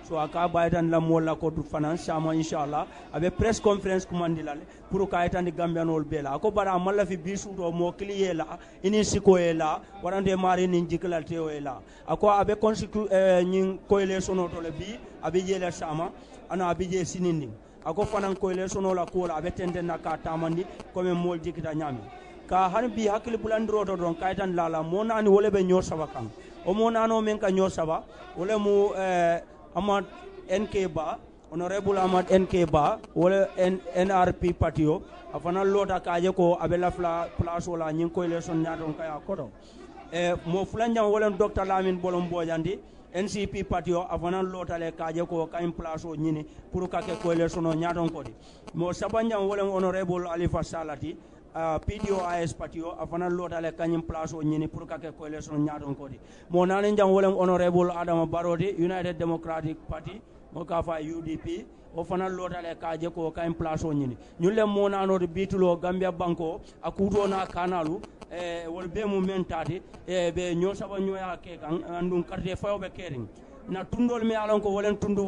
so a ka bayitan la moolu la ko du fana caman inchallah a be press conférence kumandi la le pour ka yitandi gambiyanolu bee la a ko bari a mallafi bii suutoo moo kiliye la ini niŋ ye la warante maari niŋ jikilaliteyo ye la a ko a be constitu eh, ñiŋ koyile sonoto le bi a be jee le ana a be jee sinindi a ko fanaŋ koyile sono la kuwo la a be tenten na ka tamandi comme moolu jikita ñaamiŋ ka hani bi hakkili bulandiro to ɗon kaytan lala mo nani wole ɓe ñor saba kan o mo nano men ka ñoo saba wole mo eh, Ahmad NK Ba honorable Ahmad NK Ba wala NRP party o afana lota kaje ko abela fla place wala nyin ko election nyaton kaya koto e mo fulanjam wala Dr Lamine Bolom Bojandi NCP party o afana lota le kaje ko kain place o nyini pour ka ke ko election nyaton kodi mo sabanjam wala honorable Alifa Salati uh, ah, pdo is patio afana lota le kanyim place o ñini pour ka ke coalition nyaton kodi mo nanen jang wolem honorable adama barodi united democratic party mo ka fa udp o fana lotale je ko kayen place o ñini ñun le monanode bitulo gambia banko a kuuto na kanalu e wol be mu men taati e eh, ɓe ñoo saba ñoya ke kan andum quartier fayoɓe keering na tundol me alon ko wolen tundu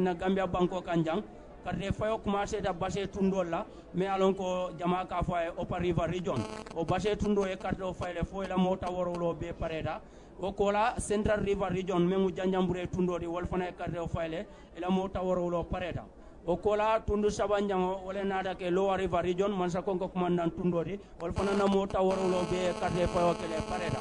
na gambia banko kan jang karte fayo commencé da basé tundo la mais alon ko jama ka fo ay upper region o basé tundo e karte o fayle fo la mota worolo be pareda o kola central river region memu janjambure tundo di wolfana e karte o fayle ila mota worolo pareda o kola tundu sabanjango wala nada ke lower river region man sa konko kumandan tundo di wol fana na mota worolo be karte fayo kele pareda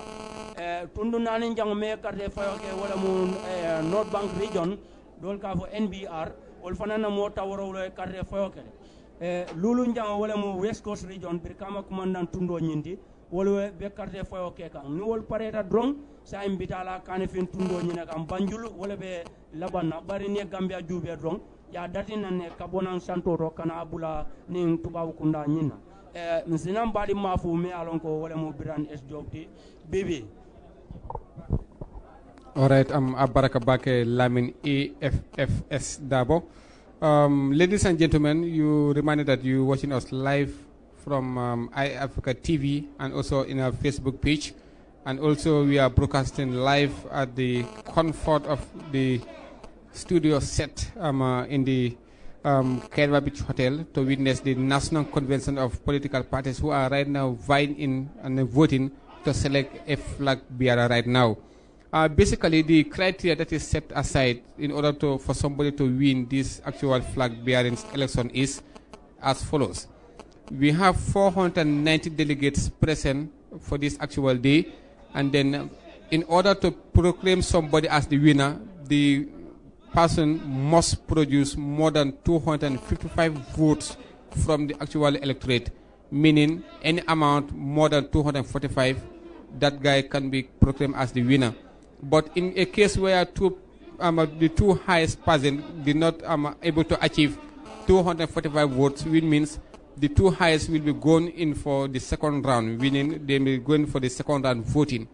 eh, tundu nani jango me karte fayo ke wala mu eh, north bank region dol ka fo nbr wol fanana mo tawrowlo e karre foyo kele e lulu njama wole mu west coast region bir kama commandant tundo nyindi wol be karre foyo ke kan ni wol pareta dron sa bitala kane fen tundo nyina kam banjul wala be labana bari ne gambia jube drong ya dati nan kabonan santoro kana abula nin tubaw kunda nyina e msinan badi mafu me alon ko wole mu biran ti bibi All right, I'm Abaraka Bake Lamin EFFS Dabo. Um, ladies and gentlemen, you reminded that you're watching us live from um, iAfrica TV and also in our Facebook page. And also, we are broadcasting live at the comfort of the studio set um, uh, in the um, Beach Hotel to witness the National Convention of Political Parties who are right now vying in and voting to select a flag bearer right now. Uh, basically, the criteria that is set aside in order to, for somebody to win this actual flag bearing election is as follows. We have 490 delegates present for this actual day, and then um, in order to proclaim somebody as the winner, the person must produce more than 255 votes from the actual electorate, meaning any amount more than 245, that guy can be proclaimed as the winner. But in a case where two, um, uh, the two highest persons did not um, uh, able to achieve 245 votes, which means the two highest will be going in for the second round, meaning they will be going for the second round voting.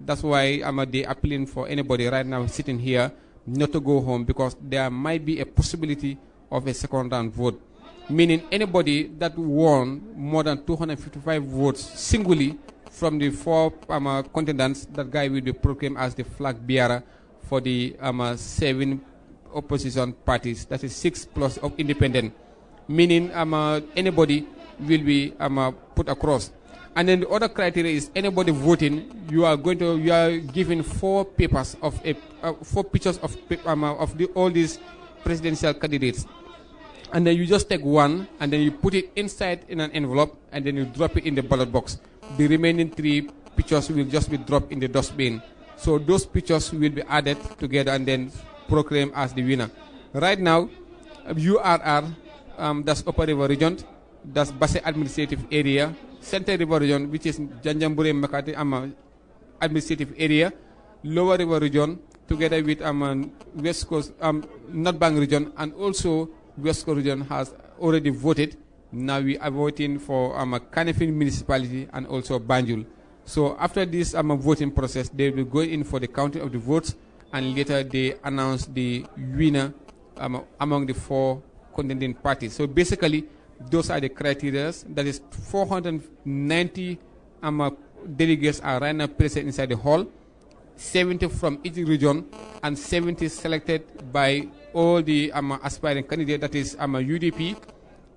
That's why I'm um, uh, they appealing for anybody right now sitting here not to go home because there might be a possibility of a second round vote. Meaning anybody that won more than 255 votes singly from the four um, uh, contenders, that guy will be proclaimed as the flag bearer for the um, uh, seven opposition parties. That is six plus of independent, meaning um, uh, anybody will be um, uh, put across. And then the other criteria is anybody voting, you are going to you are given four papers of a uh, four pictures of um, uh, of the, all these presidential candidates, and then you just take one and then you put it inside in an envelope and then you drop it in the ballot box the remaining three pictures will just be dropped in the dustbin. So those pictures will be added together and then proclaimed as the winner. Right now, URR, um, that's Upper River Region, that's Base Administrative Area, Central River Region, which is Janjambure Makati um, Administrative Area, Lower River Region, together with um, West Coast, um, North Bank Region, and also West Coast Region has already voted now we are voting for um, municipality and also Banjul. So after this um, voting process, they will go in for the counting of the votes and later they announce the winner um, among the four contending parties. So basically, those are the criteria. That is 490 um, delegates are right now present inside the hall, 70 from each region, and 70 selected by all the um, aspiring candidates, that is um, UDP,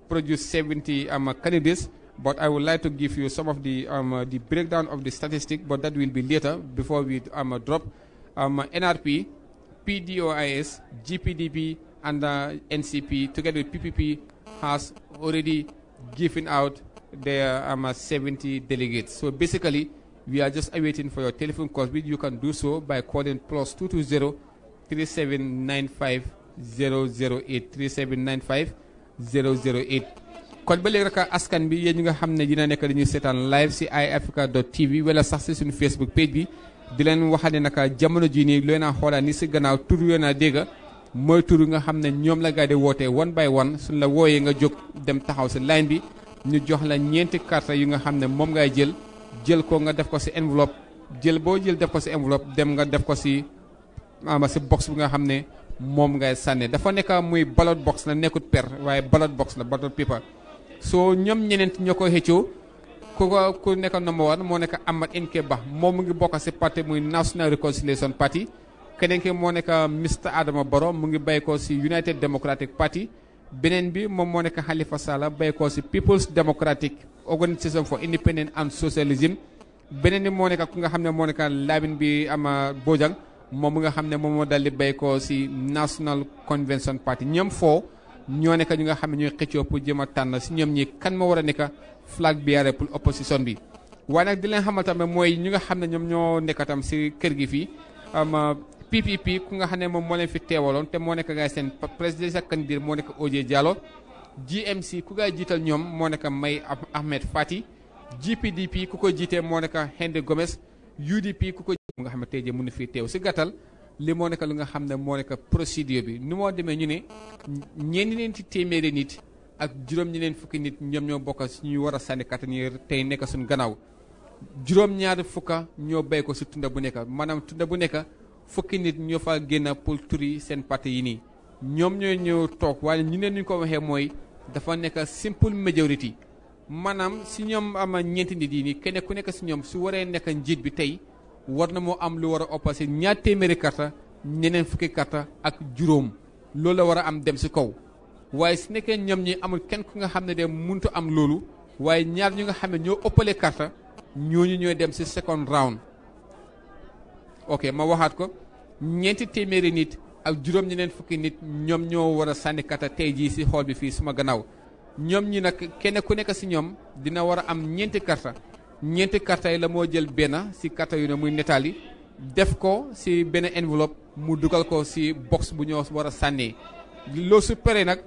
Produce 70 um, candidates but I would like to give you some of the um, uh, the breakdown of the statistic, but that will be later before we um, uh, drop um, uh, NRP, PDOIS, GPDP, and uh, NCP together with PPP has already given out their um, uh, 70 delegates. So basically, we are just awaiting for your telephone calls, which you can do so by calling plus 220 3795 0083795. 008 kon ba léegi rek askan bi yéen ñi nga xam ne dina nekk dañuy seetaan live si Eye Africa dot TV wala sax si suñu Facebook page bi di leen wax ne naka jamono jii nii loo a xoolaan ni si gannaaw tur yoo naa dégg mooy tur nga xam ne ñoom la gaa di wootee one by one suñ la wooyee nga jóg dem taxaw si line bi ñu jox la ñeenti carte yu nga xam ne moom ngay jël jël ko nga def ko si enveloppe jël boo jël def ko si enveloppe dem nga def ko si ama si box bi nga xam ne. moom ngay sànni dafa nekk muy ballot box na nekkut per waaye ballot box la ballot paper soo ñoom ñeneent ñoo ko xëccoo ku ko ku nekk number one moo nekk Amat NK Bah moom mu ngi bokk si parti muy National Reconciliation Party keneen ki moo nekk uh, Mr Adama Barrow mu ngi bay ko si United Democratic Party beneen bi moom moo nekk Halifa Sallah bay ko si People's Democratic Organisation for Independence and Socialism beneen bi moo nekk ku nga xam ne moo nekk Lamin bi ama Bojang mom nga xamne mom mo moo dal bay ko si national convention party ñoom fo ñone ka ñinga xamne xam xëccio pour jëma tan ci si ñi kan mo wara nika flag bearer pour opposition bi waaye nak di leen xamal tamé moy ñinga xamne ñom ne ñoom ñoo nekk tam kër gi am PPP uh, ku nga xamne mom mo leen fi téwalon té mo nek ngay sen président sa candidat mo nek Odie Diallo GMC ku ngay jital ñom mo nek May Ahmed Fati GPDP ku ko jité mo nek Henry Gomez UDP ku ko bu nga xam ne tey mënu fii teew si gàttal li moo nekk li nga xam ne moo nekk procédure bi ni moo demee ñu ne ñeenti neen ci téeméeri nit ak juróom ñeneen fukki nit ñoom ñoo bokk si ñuy war a sànni kàttan tey nekk suñu gannaaw juróom-ñaari fukka ñoo bay ko si tunda bu nekk maanaam tunda bu nekk fukki nit ñoo fa génn pour turi seen parti yi nii ñoom ñoo ñëw toog waaye ñu ne ñu ko waxee mooy dafa nekk simple majority maanaam si ñoom ama ñeenti nit yi nii kenn ku nekk si ñoom su waree nekk njiit bi tey war na moo am lu war a opposé ñaar téeméeri karta ñeneen fukki karta ak juróom loolu la war a am dem si kaw waaye su nekkee ñoom ñi amul kenn ku nga xam ne de mënut am loolu waaye ñaar ñu nga xam ne ñoo ëppale karta ñooñu ñooy dem si second round ok ma waxaat ko ñeenti téeméeri nit ak juróom ñeneen fukki nit ñoom ñoo war a sànni karta tey jii si xool bi fii suma gannaaw ñoom ñi nag kenn ku nekk si ñoom dina war a am ñeenti karta ñeenti karta yi la moo jël benn si karta yu ne muy netaal yi def ko si benn enveloppe mu dugal ko si box bu ñoo war a sànnee loo su paree nag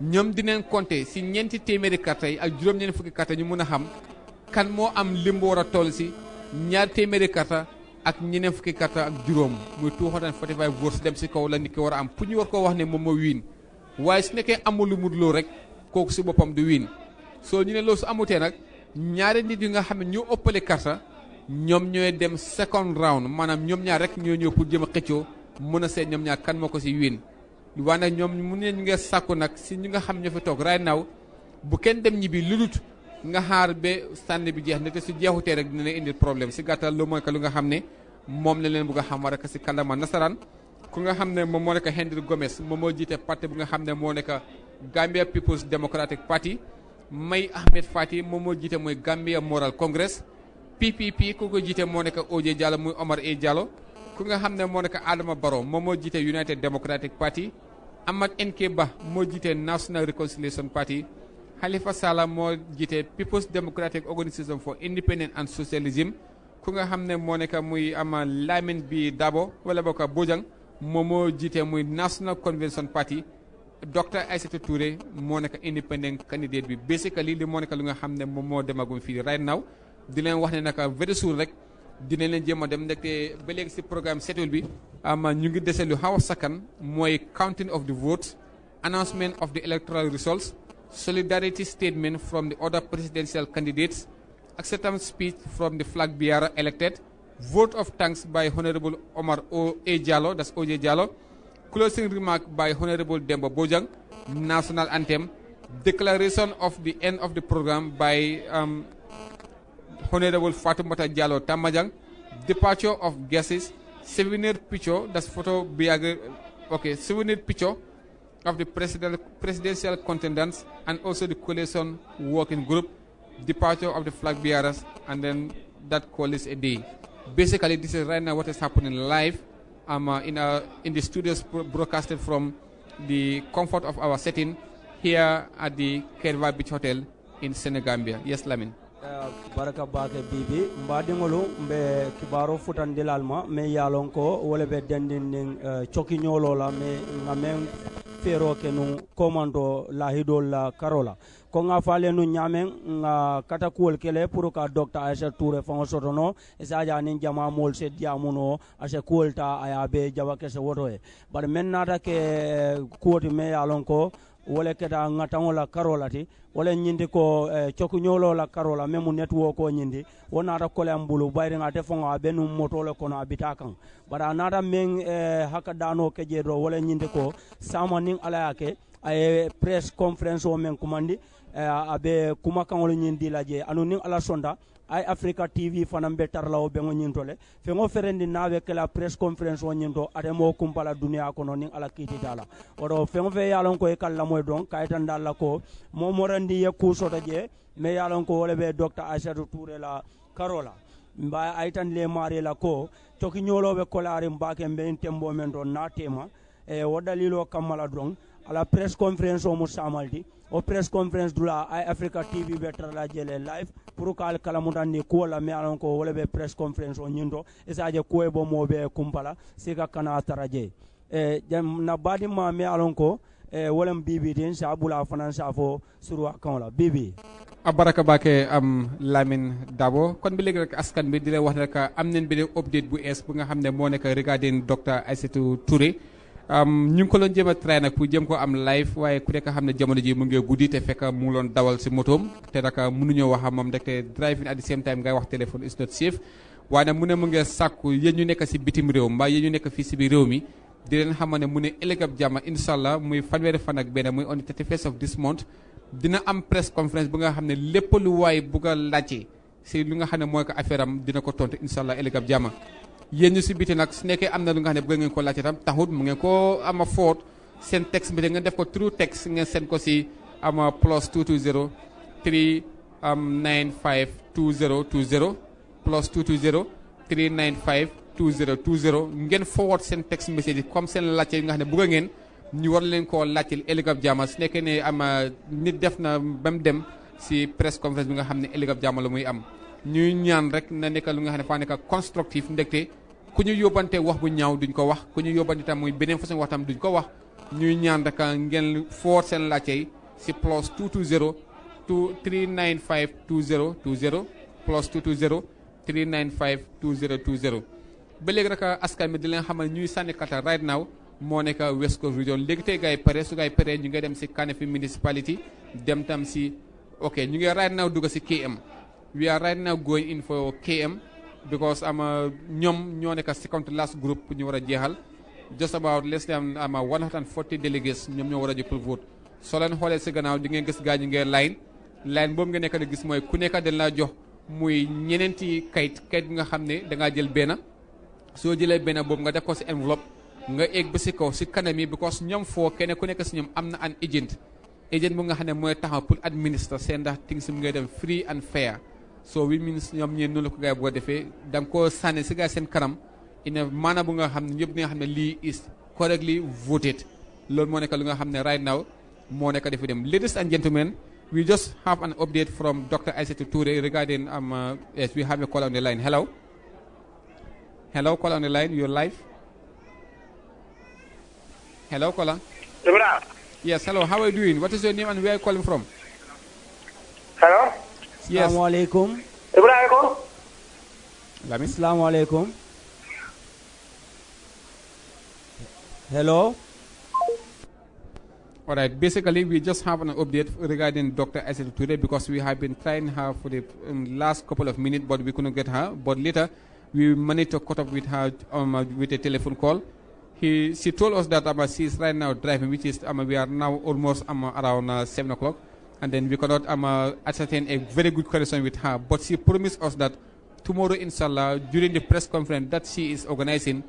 ñoom dinañ compter si ñeenti téeméeri karta yi ak juróom-ñeent fukki karta ñu mën a xam kan moo am lim bu war a toll si ñaar téeméeri karta ak ñeneen fukki karta ak juróom muy two hundred and forty dem si kaw la nit ki war a am pour ñu war koo wax ni moom moo wiin waaye su nekkee amul lu mu loolu rek kooku si boppam du wiin ñaari nit yi nga xam ne ñoo ëppale karta ñoom ñooy dem second round maanaam ñoom ñaar rek ñoo ñëw pour jëm a xëccoo mën a seet ñoom ñaar kan moo ko si win. waaye nag ñoom mu ne ñu ngee sàkku nag si ñi nga xam ñoo fi toog right now bu kenn dem ñibbi lu dut nga xaar ba sànni bi jeex na te su jeexutee rek dina indi problème si gàttal lu mooy que lu nga xam ne moom la leen bëgg a xam rek si kàllaama nasaraan. ku nga xam ne moom moo nekk Henry Gomez moom moo jiite parti bu nga xam ne moo nekk Gambia People's Democratic Party. May Ahmed Fati moom moo jiite mooy Gambia Moral Congress PPP ku ko jiite moo nekk Oje Diallo muy Omar E Diallo ku nga xam ne moo nekk Adama Barrow moom moo jiite United Democratic Party Ahmad NK ba moo jiite National Reconciliation Party Halifa Sallah moo jiite People's Democratic Organisation for Independence and Socialism ku nga xam ne moo nekk muy ama Lamin bi Dabo wala bokk Bojang moom moo jiite muy National Convention Party docteur Aïssatou Touré moo nekk independent candidate bi basically li moo nekk lu nga xam ne moom moo demagum fii right now di leen wax ne naka very soon rek dinañ leen jéem dem ndaxte ba léegi si programme setul bi ama ñu ngi dese lu xaw a sakkan counting of the votes announcement of the electoral results solidarity statement from the other presidential candidates acceptance speech from the flag bearer elected vote of thanks by honorable Omar O. A. Jallow that's O.J. Jallow Closing remark by Honorable Dembo Bojang, National Anthem. Declaration of the end of the program by um, Honorable Fatumata Diallo Tamajang. Departure of guests. Souvenir picture, that's photo okay, souvenir picture of the president, presidential contenders and also the coalition working group, departure of the flag bearers, and then that call is a day. Basically, this is right now what is happening live I'm uh, in, in the studios broadcasted from the comfort of our setting here at the Kerva Beach Hotel in Senegambia. Yes, Lamin. baraka mbe ma ko wo le be uh, la meŋ feero ke nu komando hidol la karola ko nga fale nu ñamen nga kata kuwol kele pour ka docteur aisha touré faŋo sotono ja ni jama mol se diamuno a se ta aya be jawa kese woto ye bari men nata ke kuwoti me ye ko wole keta ŋataŋo la karo la ti wole ñindi ko eh, cokuñolo la karo la memu network o ñindi wo naata kolen bulu bayri ate foŋo a be nu moto le kono a bita kaŋ bari a naata meŋ eh, haka daano ke jee do wole ñindi ko sama niŋ ala ya ke a ye presse conference o meŋ kumandi eh, a be kumakaŋolu ñindi la je anu niŋ ala sonda ay africa tv fanan be tarla o ɓeŋo ñinto le feŋo ferendi na be kela presse conference o ñinto atemo kumpala duniya kono ni ala kiitita la woto feŋo fe ye lon ko i e kal lamoy don e dal la ko mo ye ku soto je me ye lon ko wo le be docteur aissatou touré la karo la mba ayitan le maari la ko cokiñoloɓe kolaari mbake mbe tembo men to na tema e wo dalilo kammala don à ala press conference omo samaldi au presse conférence dula ay africa tv Better tarala jeele live pour que ala kalamutan ni kuwola mi alon presse conférence ɓe press conference o ñinto isaje e kuwoye bo moɓe kumpala c'est kana tara jeeye e na badimma mi alon ko e bibi din sa ɓula fanan sa fo surwa kan la bibi a baraka am Lamine Dabo kon bi léegi rek askan bi di leen wax ne rek am nañ benn update bu ees bu nga xam mo moo nekk regarding docteur Aïssatou Touré ñu ngi ko loon jéem a nag pour jéem ko am live waaye ku nekk xam ne jamono ji mu ngi guddi te fekk mu ngi doon dawal si motoom te nag ah, mënuñoo wax moom rek te driving at the same time ngay wax téléphone is not safe waaye nag mu ne mu ngi sàkku yéen ñu nekk si bitim réew mbaa yéen ñu nekk fii si bi réew mi di leen xamal ne mu ne ëllëg ab jàmm incha allah muy fanweeri fan ak benn muy on the 31st of this month dina am press conférence bu nga xam ne lépp lu waay bu nga laajte si li nga xam ne mooy ko affaire am dina ko tontu insha allah ëllëg ab jàmm yéen si biti nag su nekkee am na lu nga xam ne bëgg ngeen ko laajte tam taxut mu ngeen ko ama foot seen texte bi ngeen def ko true text ngeen seen ko si ama plus 220 3 95 20 20 plus 220 395 20 20 ngeen forward seen text message yi comme seen laajte nga xam ne bëgg ngeen ñu war leen koo laajte ëllëg ab jaama su nekkee ne ama nit def na ba mu dem si press conference bi nga xam ne ëllëg ab jaama la muy am ñuy ñaan rek na nekk lu nga xam ne faa nekk constructif ndekte ku ñu yóbbante wax bu ñaaw duñ ko wax ku ñu yóbbante tam muy beneen façon wax tam duñ ko wax ñuy ñaan rek ngeen foor seen laajte yi si plus 220 395 20 20 plus 220 395 20 20 ba léegi rek askan bi di leen xamal ñuy sànni kata right naw moo nekk West ko Region léegi tey gars yi pare su gars yi pare ñu ngi dem si Kanifing municipality dem tam si ok ñu ngi right now dugg si KM. we are right now going in for KM because I'm a ñom ñoo nekk second last group ñu wara jéxal just about less than am a 140 delegates ñom ñoo wara jëppal vote so leen xoolee si gannaaw di ngeen gis gaa ñi ngeen line line boobu nga nekk di gis mooy ku nekk dañ laa jox muy ñeneenti kayit kayit bi nga xam ne dangaa jël benn soo jëlee benn boobu nga def ko si enveloppe nga egg ba si kaw si kanam because ñoom foo kenn ku nekk si ñoom am an agent agent bu nga xam ne mooy taxaw pour administre seen ndax things mu ngay dem free and fair so wi means ñoom ñeen noonu la ko gars yi boo defee da nga koo sànni si gars seen ina mana bu nga xam ñëpp nga is correctly voted loolu moo nekk lu nga xam right now moo nekk defi dem ladies and gentlemen we just have an update from Dr. Aissatou Touré regarding um uh, yes we have a call on the line hello hello call on the line you're live hello caller Yes, hello. How are you doing? What is your name and where are you calling from? Hello? Yes. Assalamu alaikum. Ibrahim. alaikum. Hello. All right. Basically, we just have an update regarding Dr. Asil today because we have been trying her for the um, last couple of minutes, but we couldn't get her. But later, we managed to cut up with her um, uh, with a telephone call. He, she told us that um, she is right now driving, which is um, we are now almost um, around uh, seven o'clock and then we cannot. um, uh, ascertain a very good question with her. But she promised us that tomorrow, inshallah, during the press conference that she is organizing,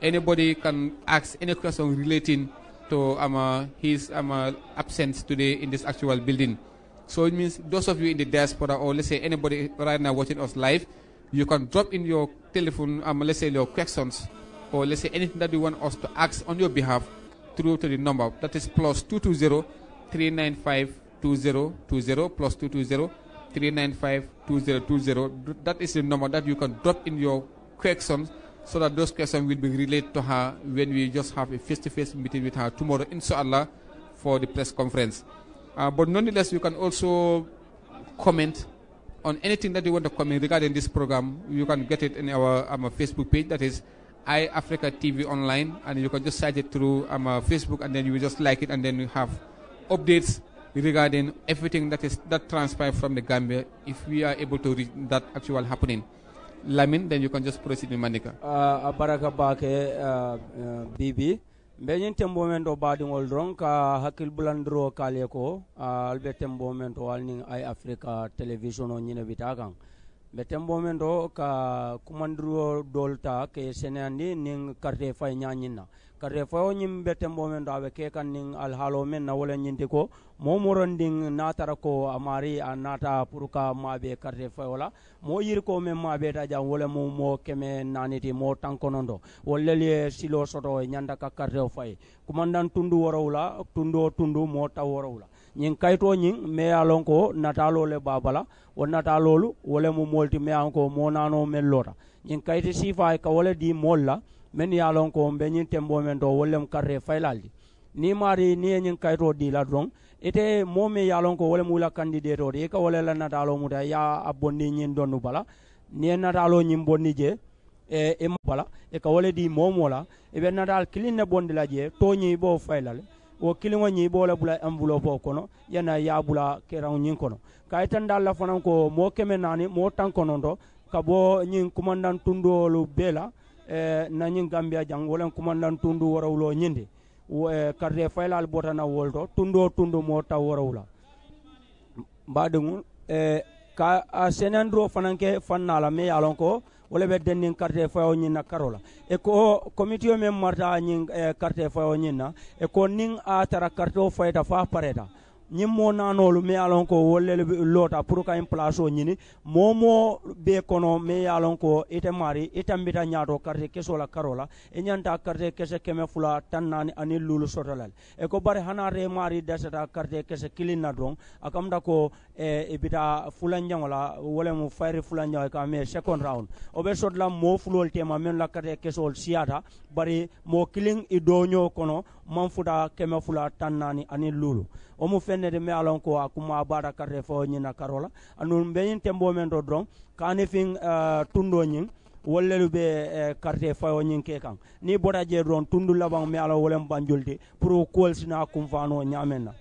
anybody can ask any question relating to um, uh, his um, uh, absence today in this actual building. So it means those of you in the diaspora, or let's say anybody right now watching us live, you can drop in your telephone, um, let's say your questions, or let's say anything that you want us to ask on your behalf through to the number that is plus 220 395 2020 plus 220 395 2020. That is the number that you can drop in your questions so that those questions will be relayed to her when we just have a face-to-face meeting with her tomorrow, inshallah, for the press conference. Uh, but nonetheless, you can also comment on anything that you want to comment regarding this program. You can get it in our, um, Facebook page, that is iAfrica TV Online, and you can just search it through our um, Facebook, and then you just like it, and then you have updates regarding everything that is that transpired from the Gambia, if we are able to reach that actual happening. Lamin, then you can just proceed in Manika. Uh, uh, baraka bake uh, uh Bibi. Mbenyin tembo mento badi ngoldron ka hakil bulandro kaleko uh, albe tembo ay Africa television on nyine bitakang. Be tembo ka kumandro dolta ke senandi ning karte fay nyanyina. kare fayo ñim be tembo men do aɓe kekan nin alhaalo men na wala ñindi ko momoron ndin natara ko a mari a nata pour ka maɓe karte fayo la mo yiri ko men maɓe ta jam wala mo mo keme naniti mo tankono do wallel ye silo soto ñanda ka karte o fayi kumandan tundu worowla tundo tundu mo taw worowla ñin kayto ñin meya lon ko natalo le babala wo natalolu wala mo molti meyan ko mo nano men lota ñin kayti sifa ka wala di mol men ya lon ko be nyin tembo men do wolu karre faylaldi ni mari ni nyin ñiŋ kayitoo dii la don ite momi ya lon ko wo lemu candidate kandideetoo de i ka wo le la nataaloo muta ye a bondi ñiŋ bala ni ye nataaloo ñiŋ bondi je e i e bala e ka wo di momo la e be nataal clean ne bondi la je to nyi i b'o fayila le wo kiliŋo ñiŋ i b'o le bula enveloppeo kono yana ye a bula keraŋo ñiŋ kono tan dal la fanaŋ ko mo kemenani mo tan taŋ kononto ka bo nyin commandant tunduwolu bee la Eh, nañin gambia jang wolen kumandan tundu warawlo ñindi karde eh, faylal botana wolto tundo tundo mo taw warawla mbaɗigol eh, ka a senandro fananke fannala me yalon ko wala ɓe dennin carte fayo na karola e ko committee men marta ñin carte fayo na e ko nin a tara carte o fayta fa pareta ñiŋ moo nanolu me ye a ko wolle lota pour ka ñiŋ palaasoo ñini moo moo bee kono me ye a ko ite maari i tambita ñaato karite kesoo la karo la i e ñanta kese keme fula tan naani aniŋ luulu soto e ko bari hanaate maari dasata karite kese kilina na doroŋ a ko eh, i e bita fulanjaŋo la wo le mu fayiri fulanjaŋo i ka mee second round wo be soto la moo fuloolu teema la karite kesoolu siyaata bari moo kiliŋ i dooñoo kono manfuta kɛmɛ fula tan naani ani lulu o mu fɛn ne de mɛ alɔn ko a kuma a baara karte fɔ ɲina karo la anu bɛ yin tɛnbo mɛn dɔ dɔrɔn k'ani fin eh, tundo ɲin wollelu be eh, fayo ñin ke kan ni boda je don tundu laban mi ala wolem banjolde pour kool sina kum fano ñamen na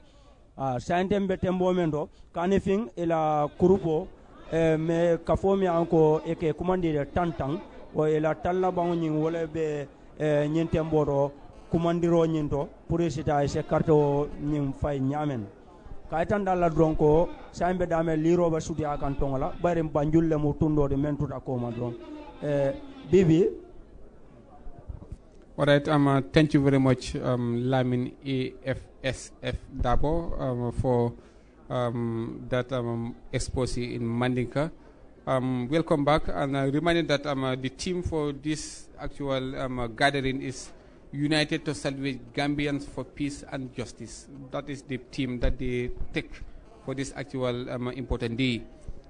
ah santem be tembo men do kane fin ila kurupo eh, me kafo mi anko e ke kumandire tantan o ila talla ban ñin wole be ñin eh, tembo kumandiro ñin to pour sita dron eh, bibi All right, um, uh, thank you very much, um, Lamin EFSF. Dabo, um, for um, that um, expose in Mandinka. Um, welcome back, and remind you that um, uh, the team for this actual um, uh, gathering is united to salvage Gambians for peace and justice. That is the team that they take for this actual um, important day.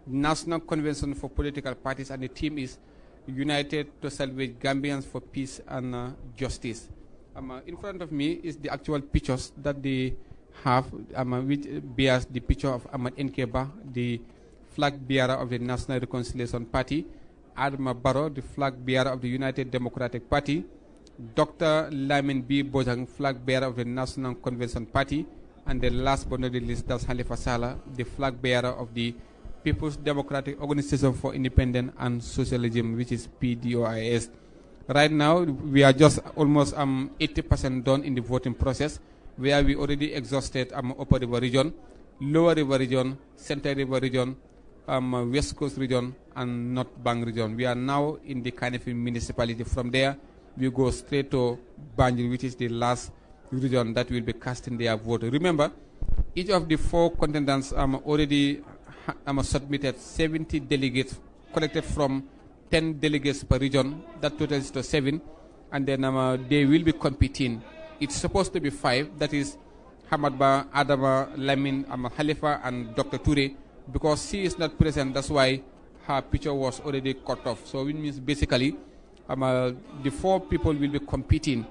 National Convention for Political Parties and the team is united to salvage Gambians for peace and uh, justice. Um, uh, in front of me is the actual pictures that they have, um, uh, which bears the picture of Ahmad Nkeba, the flag bearer of the National Reconciliation Party, Adma Barrow, the flag bearer of the United Democratic Party, Dr. Lamin B. Bojang, flag bearer of the National Convention Party, and the last but not the least, that's Halifa the flag bearer of the People's Democratic Organization for Independence and Socialism, which is PDOIS. Right now, we are just almost 80% um, done in the voting process, where we already exhausted um, Upper River Region, Lower River Region, Central River Region, um, West Coast Region, and North Bank Region. We are now in the Kanifing Municipality. From there, we go straight to Banjul, which is the last region that will be casting their vote. Remember, each of the four contenders um, already um, submitted 70 delegates collected from 10 delegates per region. That totals to seven. And then um, uh, they will be competing. It's supposed to be five. That is Hamadba, Adama, Lamin, Ahmad um, Khalifa, and Dr. Ture. Because she is not present, that's why her picture was already cut off. So it means basically um, uh, the four people will be competing.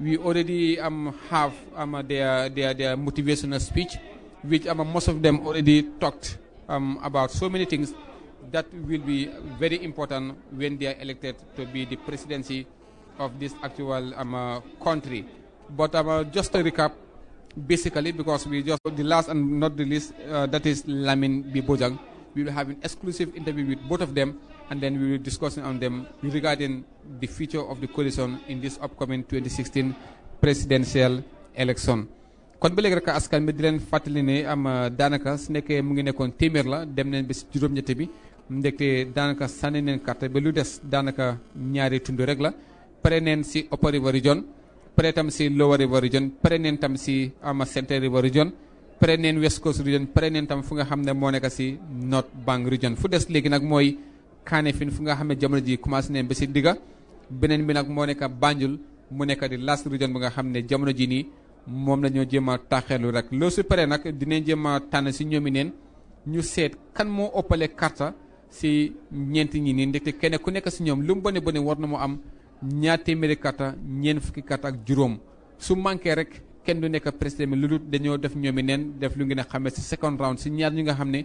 We already um, have um, their, their, their motivational speech, which um, most of them already talked um, about so many things that will be very important when they are elected to be the presidency of this actual um, uh, country. But um, uh, just to recap, basically, because we just, the last and not the least, uh, that is Lamin Bibojang, we will have an exclusive interview with both of them and then we will discuss on them regarding the future of the coalition in this upcoming 2016 presidential election. kon ba léegi rek askan bi di leen fàttali ne am euh, daanaka su nekkee mu ngi nekkoon téeméer la dem nañ ba si juróom-ñetti bi ndekkee daanaka sànni neen carte ba lu des daanaka ñaari tund rek la pare neen si Upper River Region pare tam si Lower River Region pare neen tam si ama Central River Region pare neen West Coast Region pare neen tam fu nga xam ne moo nekk si North Bank Region fu des léegi nag mooy. kane fin fu nga xam jamono ji commencé né ba si digga bi nekk banjul mu nekk di last region bi nga xam jamono ji ni mom la ñoo jéem a rek lo su paré nak dinañ tan ci neen ñu sét kan mo opalé carte si ñent ñi ni ndekte kenn ku nekk ci ñoom lu mu bone bone war na mo am ñaar téeméeri carte ñen fukki carte ak juroom su manké rek ken du nekk presté mi lu dañoo def ñoomi neen def lu ngi a xamé ci second round si ñaar ñi nga opale kasa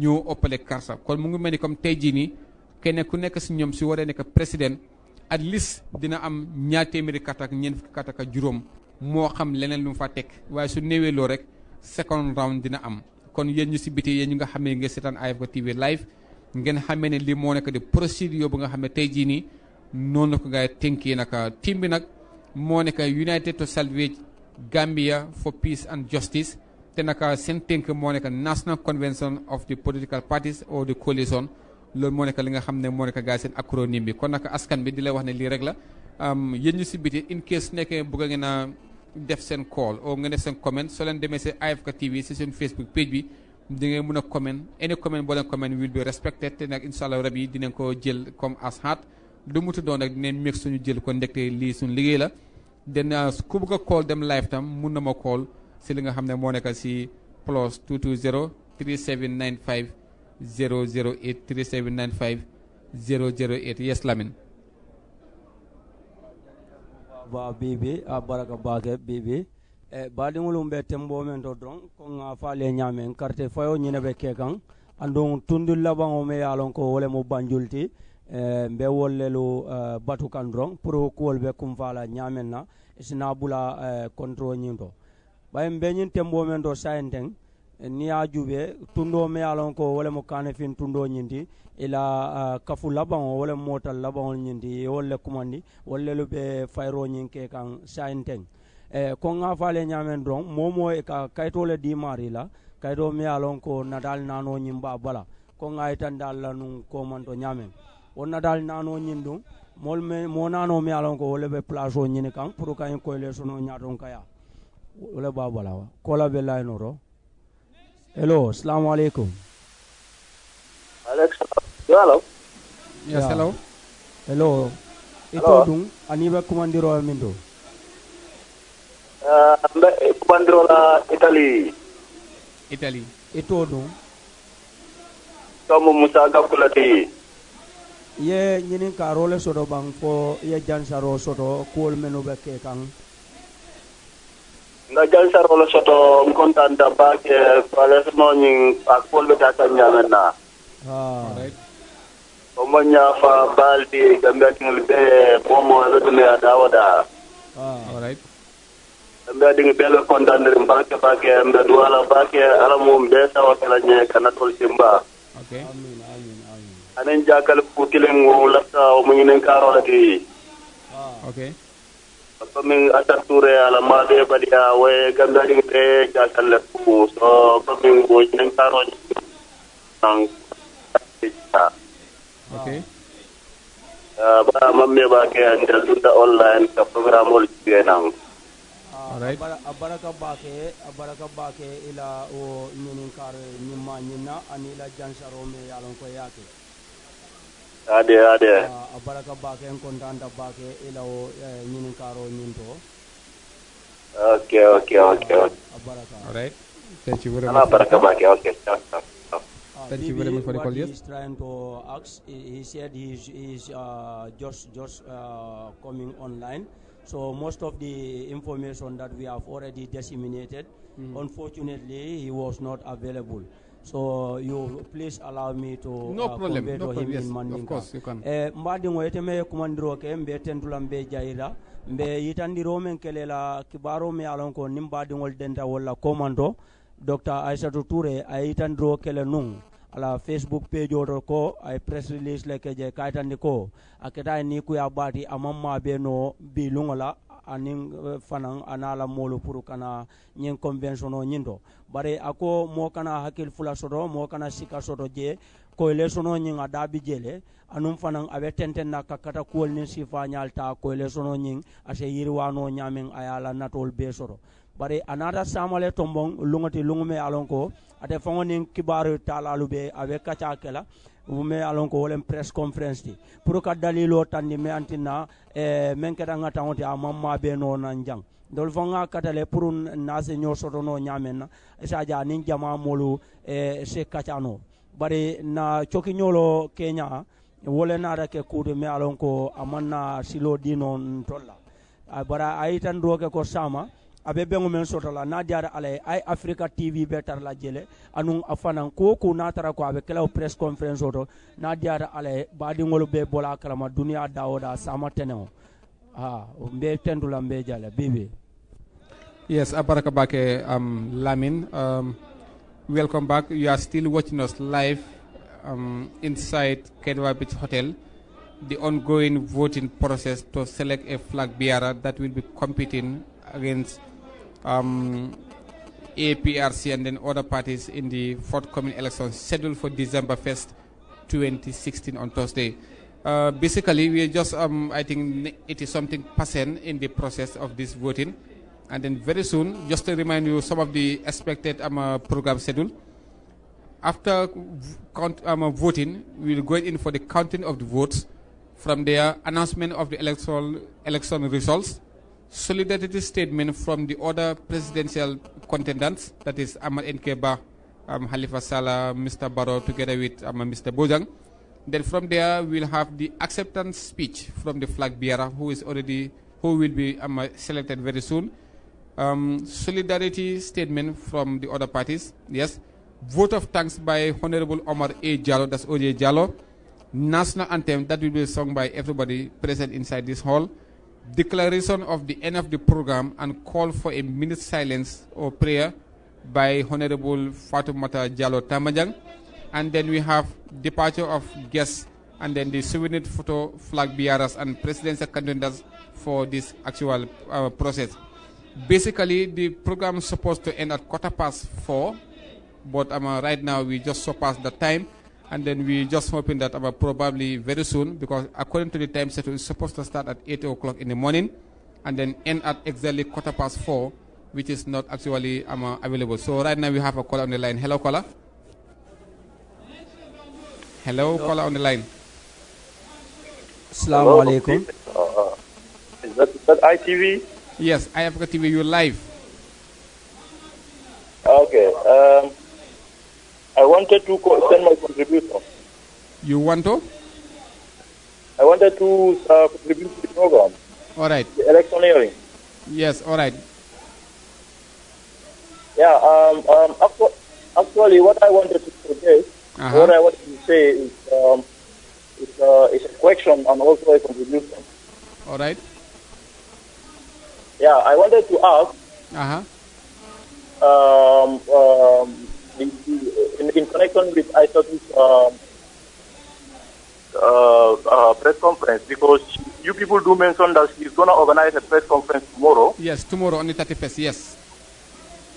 ñoo ëppale karta kon mu ngi melni comme tay ji ni kenn ku nekk si ñoom su waree nekk président at least dina am ñaar téeméeri kàtt ak ñeent fukki juróom moo xam leneen lu mu fa teg waaye su néewee rek second round dina am kon yéen ñu si biti yéen ñu nga xam ne ngeen seetaan IFK TV live ngeen xamee ne lii moo nekk di procédure bu nga xam ne tey jii nii noonu la ko ngay tënkee nag team bi nag moo nekk United to Salvage Gambia for Peace and Justice te nag seen tënk moo nekk National Convention of the Political Parties or the loolu moo nekk li nga xam ne moo nekk seen acronyme bi kon nag askan bi di lay wax ne lii rek la yéen ñu si biti in case nekkee bëgg ngeen a def seen call o nga def seen comment soo leen demee si AFK TV si seen Facebook page bi di ngeen mun a comment any comment boo leen comment will be respected te nag incha allah rab yi dinañ ko jël comme as du lu mu tuddoon rek dinañ mix suñu jël ko ndekte lii suñu liggéey la den uh, ku bëgg a call dem live tam mun na ma call si li nga xam ne moo nekk si plus 220 3795 008 3795 008 yes lamin ba bibi a baraka bake bibi e eh, baɗiŋolum ɓe tembo men to don ko ŋa faale ñamen carte fayo ñine ɓe ke kan andon tundul labaŋo me ye lon ko wole mo banjulti e mbe wollelu eh, batu kan don pour kuwol ɓe kumfala ñamen na sina bula control ñin to ɓayi mbe ñin tembo men to sayen ni a juube tundo me ye lon ko wo e, e le mo kanefin tundo ñindi ila uh, kafu labaŋo wo le mootal labaŋol ñindi ye wol le kumandi wol lelu be fayro ñiŋ ke kaŋ sayinteŋ eh, ko ŋa faale ñaamen doroŋ moo moo ka kayito le diimaari la kayito me ye lon ko naano ñiŋ ba bala ko ŋa yitandaal la nuŋ komanto ñaamen wo nadaal naano ñiŋ duŋ moolu me moo naano me ye lon wo le be placeo ñini kaŋ pour kaŋ koyle sono ñaaton kaya wo le ba bala wa kola be layinoro Hello, assalamu alaikum. Alex, hello. Yes, yeah. hello. Hello. Ito dung aniba kumandiro amindo. Uh, kumandiro la Italy. Italy. Ito dung. Kamu Musa Gakulati. Ye nyinin ka role sodo bang fo ye jansaro sodo kuol menu be kang. Dagan sa rolo sa to kontanda bag eh, pares mo ning akpol katanyangan na. Ah. Right. Omanya fa baldi gambia king be bomo ala dun ya da Ah, all right. Gambia ding belo kontanda ring bag bag eh, mbe duala bag eh, ala mum be sa wakala nye kanatol simba. Okay. amen amen amen Anen jakal kutileng wo lafta o munginen karola ti Ah, okay min asarture ala maɗe ɓaɗiya waye gandaɗin ɗe jagal lekku so komin goƴen karoji an ah, ba mamme ah, ba ke andel ɗumɗa online ka programme ol jigenan a baraka bake a baraka bake ila o ñinin kar ñimma ñinna ani ila jansaro me yalon ko yake ade ade a ah, bake en kontanta bake ila o eh, karo ñin to okay okay okay a all right thank you very much a baraka bake okay ah, Thank you very much for the call. Yes. He's trying to ask. He said he is uh, just just uh, coming online. So most of the information that we have already disseminated, mm. unfortunately, he was not available. So you please allow me to no uh, problem. no to problem. him yes, in Of course, you can. Eh, mbadingo yeteme kumandiro ke mbe tentula mbe jaira mbe yitandiro men kelela kibaro me alon nimbadi ngol denta wala komando Dr. aisha Touré ay yitandiro kele nung ala facebook page oto ko ay press release ke je kaytandi ko aketa ni kuya bati amamma be no bilungola ani eh, fana anala la molu pour kana nyen ñin no nyindo bare ako mo kana hakil fula soto mo kana sika soto je ko le sono nyinga dabi jele anum a abe tenten na kakata kuol ni sifa nyalta ko le sono nyin ase ye nyamen ayala natol be soto bari anata samale tombong lungati lungume alonko ate faŋo nin kibaru talalu be abe kacha kela me alon ko wolen press conference ti pour ka dalilo tandi me antina e men keda ngata onti a mamma be no nan jang dol fonga katale pour na se nyor soto no nyamen sa ja nin jama molu e eh, se kachano bari na choki nyolo kenya wolen ara ke kude me alon ko amanna silo dino tolla ah, bara ayitan do ke ko sama a be beŋo meŋ la n'a ala africa tv la jele ko ko n'a tara ko press conference oto n'a ala bola la bebe yes abaraka bake um, lamin um, welcome back you are still watching us live um, inside kedwa beach hotel the ongoing voting process to select a flag bearer that will be competing against um, APRC and then other parties in the forthcoming elections scheduled for December 1st, 2016 on Thursday. Uh, basically, we just, um, I think, it is something passing in the process of this voting. And then very soon, just to remind you some of the expected um, uh, program schedule. After count, um, uh, voting, we'll go in for the counting of the votes. From there, announcement of the electoral election results solidarity statement from the other presidential contenders, that is Ahmad Nkeba, um, Halifa Salah, Mr. Barrow, together with um, Mr. Bojang. Then from there, we'll have the acceptance speech from the flag bearer, who is already, who will be um, selected very soon. Um, solidarity statement from the other parties, yes. Vote of thanks by Honorable Omar A. Jallo, that's O.J. Jallo. National anthem that will be sung by everybody present inside this hall declaration of the end of the program and call for a minute silence or prayer by Honorable Fatoumata Jallo Tamajang. And then we have departure of guests and then the souvenir photo flag bearers and presidential contenders for this actual uh, process. Basically, the program is supposed to end at quarter past four, but um, right now we just surpassed the time and then we just hoping that about probably very soon because according to the time set it's supposed to start at 8 o'clock in the morning and then end at exactly quarter past 4 which is not actually um, uh, available so right now we have a caller on the line hello caller hello, hello. caller on the line assalamu alaikum uh, is, that, is that itv yes I have tv you live okay um I wanted to send my contribution. You want to? I wanted to uh, contribute to the program. All right. The electioneering. Yes, all right. Yeah, um, um, actually, what I wanted to say. uh -huh. what I wanted to say is um, it's, uh, it's a question and also a contribution. All right. Yeah, I wanted to ask uh-huh. um, um, the, in, in, connection with this, um, uh, uh, press conference because you people do mention that she's going to organize a press conference tomorrow. Yes, tomorrow on the 31st, yes.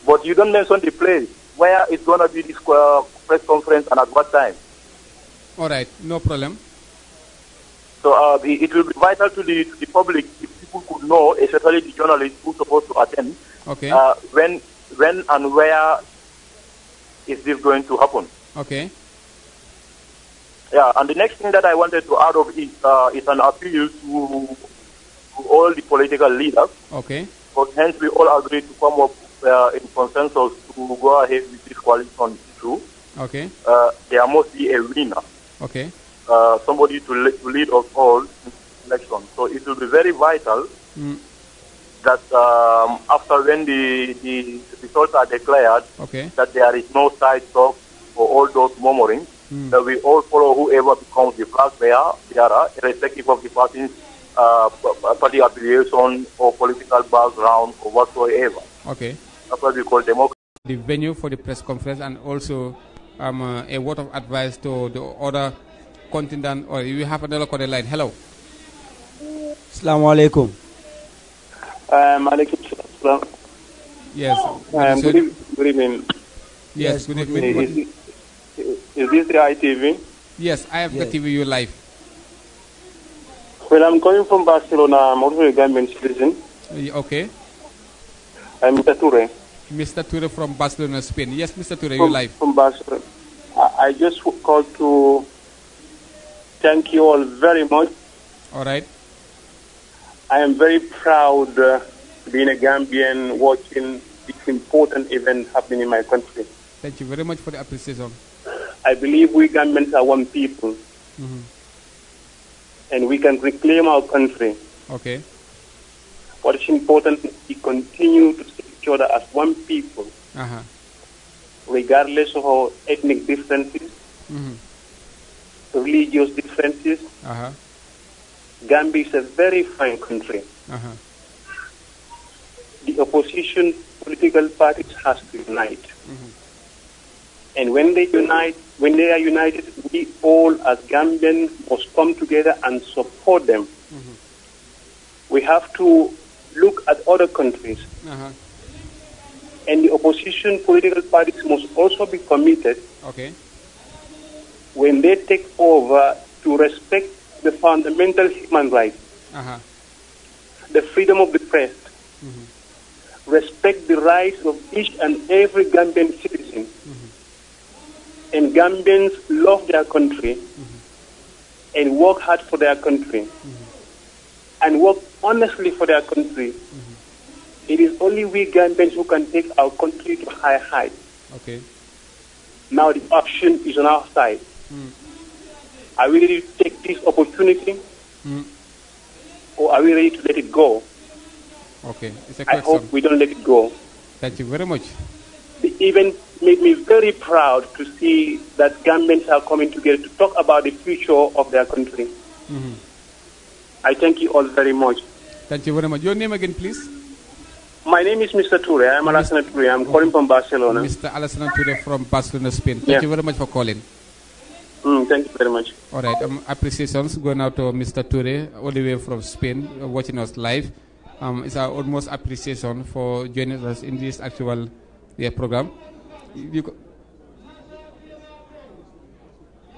But you don't mention the place. Where is going to be this uh, press conference and at what time? All right, no problem. So uh, the, it will be vital to the, to the public if people could know, especially the journalists who are supposed to attend, okay. Uh, when, when and where is this going to happen? Okay. Yeah, and the next thing that I wanted to add of is, uh, is an appeal to, to, all the political leaders. Okay. So hence we all agree to come up uh, in consensus to go ahead with this coalition too. Okay. Uh, there must be a winner. Okay. Uh, somebody to, le to lead us all in this election. So it will be very vital mm that um, after when the, the results are declared, okay. that there is no side talk for all those murmuring. mm. that we all follow whoever becomes the flag bearer, irrespective of the party's uh, party affiliation or political background or whatsoever. Okay. That's what we call democracy. The venue for the press conference and also um, uh, a word of advice to the other contendant, or you have another on the line. Hello. Assalamu alaikum. Um, Alaikum salam. Yes. Um, good, evening. good evening. Yes, good evening. Is, is this the ITV? Yes, I have yes. the TV you live. Well, I'm calling from Barcelona. I'm also a Gambian citizen. Okay. I'm Mr. Toure. Mr. Toure from Barcelona, Spain. Yes, Mr. Toure, you're live. From Barcelona. I just called to thank you all very much. All right. I am very proud uh, being a Gambian watching this important event happening in my country. Thank you very much for the appreciation. I believe we Gambians are one people. Mm -hmm. And we can reclaim our country. Okay. What is important is we continue to see each other as one people, uh -huh. regardless of our ethnic differences, mm -hmm. religious differences, uh -huh Gambia is a very fine country. Uh-huh. The opposition political parties has to unite. Mm-hmm. And when they unite, when they are united, we all as Gambians must come together and support them. Mm-hmm. We have to look at other countries. Uh-huh. And the opposition political parties must also be committed okay. when they take over to respect the fundamental human rights, uh-huh. the freedom of the press, mm-hmm. respect the rights of each and every Gambian citizen. Mm-hmm. And Gambians love their country mm-hmm. and work hard for their country mm-hmm. and work honestly for their country. Mm-hmm. It is only we Gambians who can take our country to higher heights. Okay. Now the option is on our side. Mm. Are we ready to take this opportunity? Mm. Or are we ready to let it go? Okay, it's a question. I hope we don't let it go. Thank you very much. The event made me very proud to see that governments are coming together to talk about the future of their country. Mm-hmm. I thank you all very much. Thank you very much. Your name again, please? My name is Mr. Ture. I'm Alassane Ture. I'm oh. calling from Barcelona. Mr. Alassane Ture from Barcelona, Spain. Thank yeah. you very much for calling. Mm, thank you very much. All right. Um, appreciations going out to Mr. Ture, all the way from Spain, uh, watching us live. Um, it's our utmost appreciation for joining us in this actual yeah, program.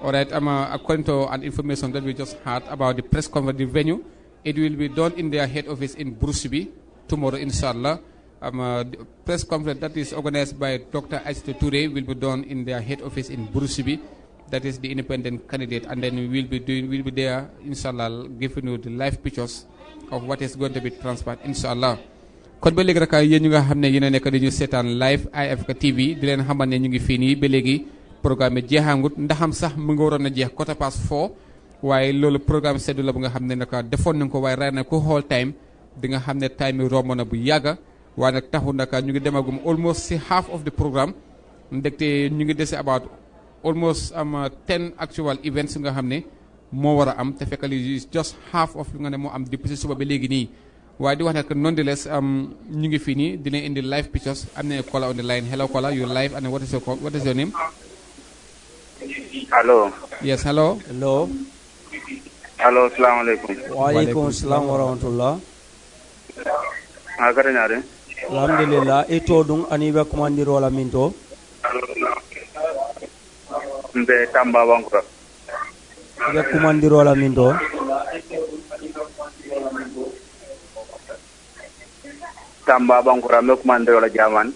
all right. Um, uh, according to an information that we just had about the press conference, the venue, it will be done in their head office in Brusby tomorrow, inshallah. Um, uh, the press conference that is organized by Dr. Aisha Ture will be done in their head office in Brusby that is the independent candidate, and then we'll be doing, we'll be there, inshallah, giving you the live pictures of what is going to be transferred, inshallah. kon ba léegi rek yéen ñi nga xam ne yéen a nekk dañu seetaan live IFK TV di leen xamal ne ñu ngi fii nii ba léegi programme bi jeexangut ndaxam sax mu nga waroon a jeex quarter past four waaye loolu programme seddu la bu nga xam ne nag defoon nañ ko waaye ray na ko xool time di nga xam ne time yi romb na bu yàgga waaye nag taxul nag ñu ngi demagum almost si half of the programme ndegte ñu ngi dese about almost am um, uh, ten actual events nga xam ne moo war a am te fekk just half of li nga ne moo am depuis si suba ba léegi nii waaye di wax ne que nonetheless um, ñu ngi fii nii dinañ indi live pictures am na caller on the line hello caller you live and what is your what is your name. Hello. yes hello. hello. Hello, salaamaaleykum. waaleykum salaam wa rahmatullah. a kata ñaade. alhamdulillah i dung ɗum ani commandiro la min nde Tamba Wangura ya kumandiro la min do Tamba Wangura me kumandiro la jaman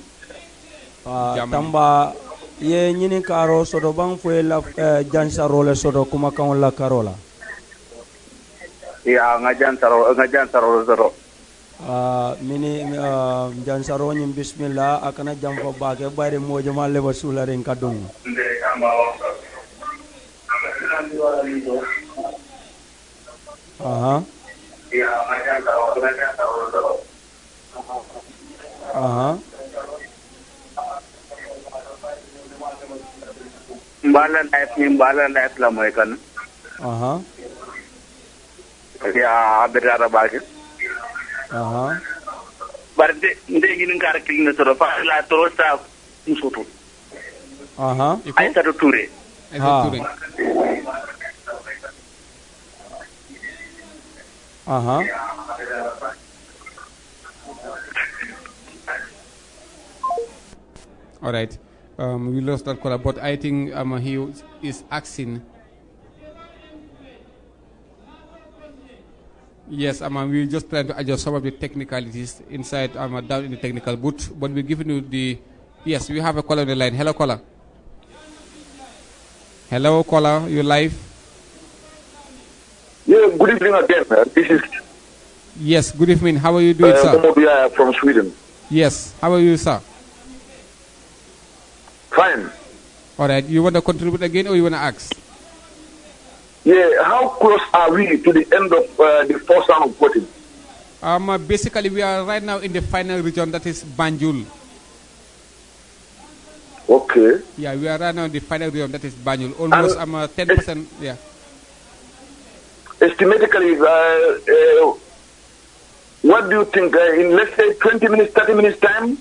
uh, ah, Tamba ye nyini karo sodo bang fo e la uh, e, jansaro le sodo kuma kan la karola ya nga saro nga saro sodo Uh, mini uh, ah, jansaro nyim bismillah akana jamfa baake bare mojo ma leba sularin kadungu Uh-huh. Uh-huh. बाला लाईफनी बाला लाईफला मय कन अहा या आदरारा बागे अहा बरदे देगिन तो तरो पाला तो सा सुटू Uh-huh. Ah. Uh-huh. All right. Um, we lost that caller, but I think um, he is asking. Yes, um, we are just trying to adjust some of the technicalities inside, um, down in the technical booth, but we're giving you the. Yes, we have a caller on the line. Hello, caller. Hello, caller, you live. Yeah, good evening again. Uh, this is. Yes, good evening. How are you doing, uh, sir? am from Sweden. Yes, how are you, sir? Fine. All right, you want to contribute again or you want to ask? Yeah, how close are we to the end of uh, the first round of voting? Um, basically, we are right now in the final region, that is Banjul. Okay. Yeah, we are right now in the final round. that is Banyul. Almost I'm uh, 10%, yeah. Estimatically, uh, uh, what do you think, uh, in let's say 20 minutes, 30 minutes time?